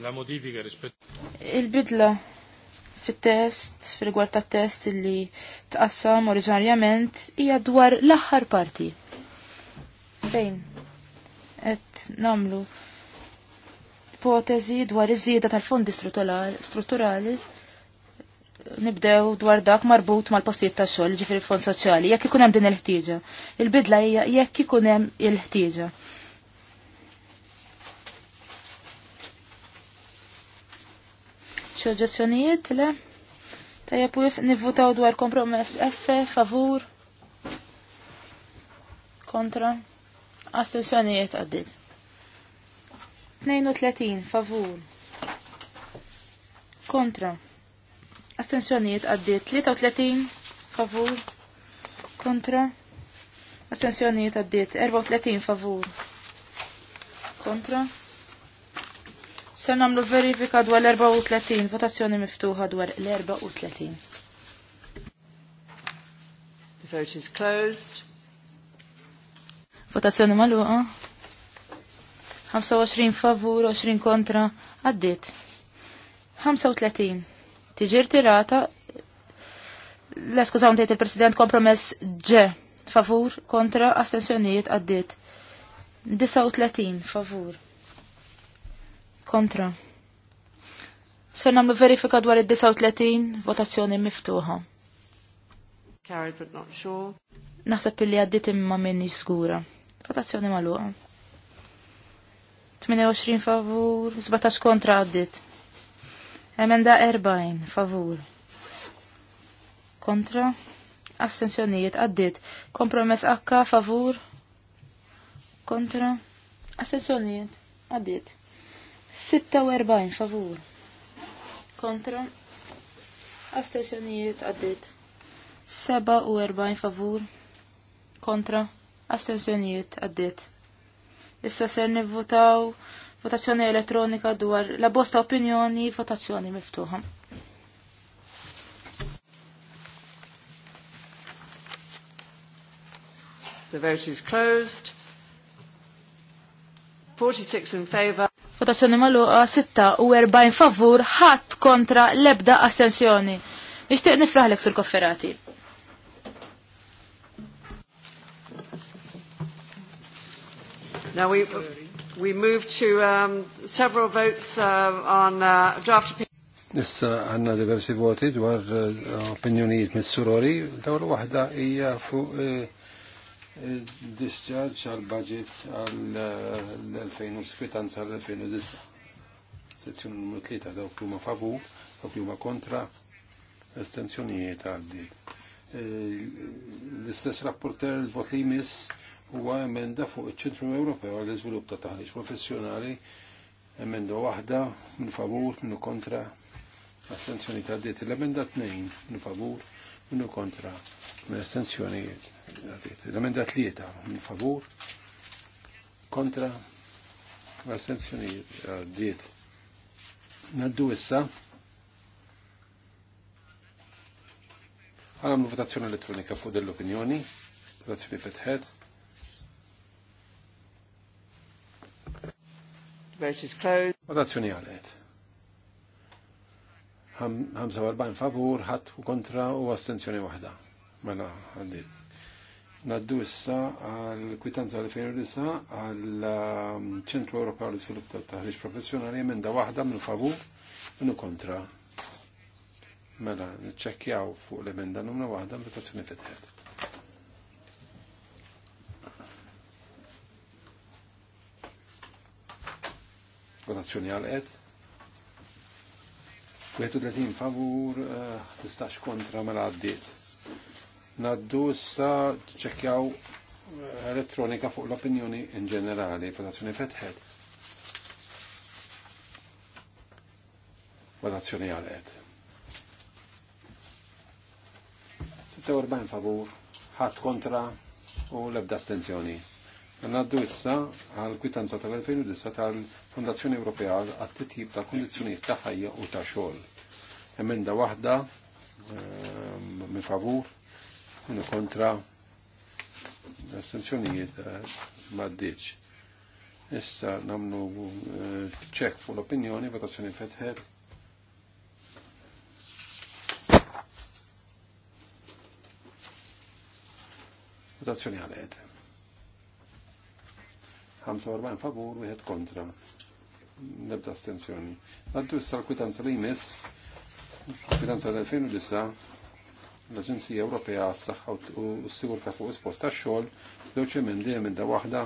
la modifica rispetto il-bidla fit-test fil-gwar ta' test li tqassam oriġinarjament hija dwar l-aħħar parti fejn qed namlu ipotezi dwar iż-żieda tal-fondi strutturali nibdew dwar dak marbut mal-postijiet ta' xogħol ġifieri fond soċjali jekk ikun hemm din il-ħtieġa. Il-bidla hija jekk ikun hemm il-ħtieġa. il ħtieġa Xi oġġezzjonijiet le? Tajjeb u nivvutaw dwar kompromess F favur kontra astensjonijiet għaddit. 32 favur kontra astensjonijiet għaddit. 33 favur kontra astensjonijiet għaddit. 34 favur kontra Sen namlu verifika dwar l-34, votazzjoni miftuħa dwar l-34. The vote is closed. Votazzjoni maluqa. 25 favur, 20 kontra, għaddit. 35. Tiġir tirata, l-eskużaw ntejt il-President kompromess ġe, favur, kontra, astensjoniet, għaddit. 39, favur, kontra. Se namlu verifika dwar id-39 votazzjoni miftuħa. Carried but not sure. Naħseb li għaddit imma minni skura. Votazzjoni maluqa. 28 favur, 17 kontra għaddit. Emenda 40 favur. Kontra. Astenzjonijiet għaddit. Kompromess akka favur. Kontra. Astenzjonijiet għaddit. 46 favur. Kontra. Astensjonijiet għaddit. 47 favur. Kontra. Astensjonijiet għaddit. Issa ser nivvotaw votazzjoni elettronika dwar la bosta opinjoni votazzjoni miftuħa. The vote is closed. 46 in favor. Votazzjoni maluqa 40 favur ħadd kontra lebda astensjoni. Nixtieq nifraħlek sur kofferati. Now we, we move to um, several votes uh, on uh, draft opinion. Issa għanna diversi voti dwar uh, opinjonijiet mis-surori, dawru waħda hija fuq uh, discharge għal budget għal-2017 għal-2009. Sezzjoni numru 3 dawk huma favu, dawk huma kontra, estensjonijiet għaddi. L-istess rapporter l vot li jmiss huwa emenda fuq iċ-Ċentru Ewropew għall-Iżvilupp ta' Taħriġ Professjonali emenda waħda minn favur, minn kontra, astenzjoni ta' diet l-emenda tnejn minn favur, minnu kontra mill-estensjonijiet. L-emenda tlieta minn favur kontra mill-estensjonijiet għaddiet. Naddu issa għalam votazzjoni elettronika fuq dell-opinjoni, votazzjoni fetħed. Votazzjoni għalet. 45 favur, ħadd kontra u astenzjoni waħda. Mela għaddit. Naddu issa għal kwitanza għal ferrisa um, għal ċentru Ewropew għal Svilupp tal-Taħriġ Professjonali emenda waħda minn favur minnu kontra. Mela, nċekkjaw fuq l-emenda numru waħda votazzjoni fetħed. Votazzjoni għal ed 31 favur, eh, tistax kontra mela għaddiet. Naddu sa ċekjaw eh, elettronika fuq l-opinjoni in ġenerali, votazzjoni fetħed. Votazzjoni għalet. 46 favur, ħadd kontra u l-ebda stenzjoni. Naddu issa għal-kwitanza tal-2009 tal-Fondazzjoni Ewropea għat-titjib ta' kondizjoniet ta' ħajja u ta' xogħol. Emenda waħda eh, minn favur, minn kontra estensjonijiet eh, maddiċ. Issa namnu ċek eh, fuq l-opinjoni, votazzjoni fetħed, votazzjoni għal-ed. 45 favur, wieħed kontra. Nebda astenzjoni. Għaddu issa l-kwitanza li jmiss, kwitanza l-2009, l-Aġenzija Ewropea għas saxħa u s-Sigurta fuq ispost tax-xogħol, żewġ emendi da' waħda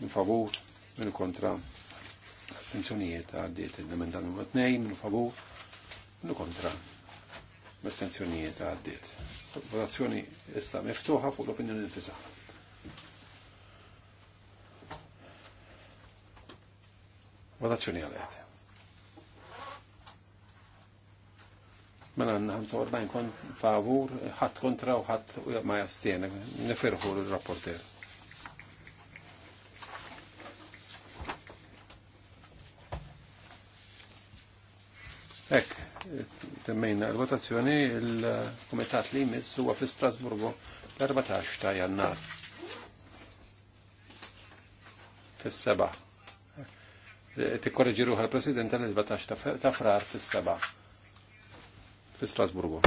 minn favur minn kontra astenzjonijiet għaddiet l-emenda numru 2 minn favur minn kontra astenzjonijiet għaddiet. Votazzjoni issa miftuħa fuq l-opinjoni n-fisaħ. Votazzjoni għalet. Mela għanna 45 kon favur, ħat kontra u ħadd ma jastiene, neferħu l-rapporter. Ek, temmejna l-votazzjoni, il-komitat li jmiss huwa fi Strasburgo l-14 ta' jannar. Fis-seba' tikkorreġi ruħa l-President tal-17 ta' frar fis-seba' fi Strasburgu.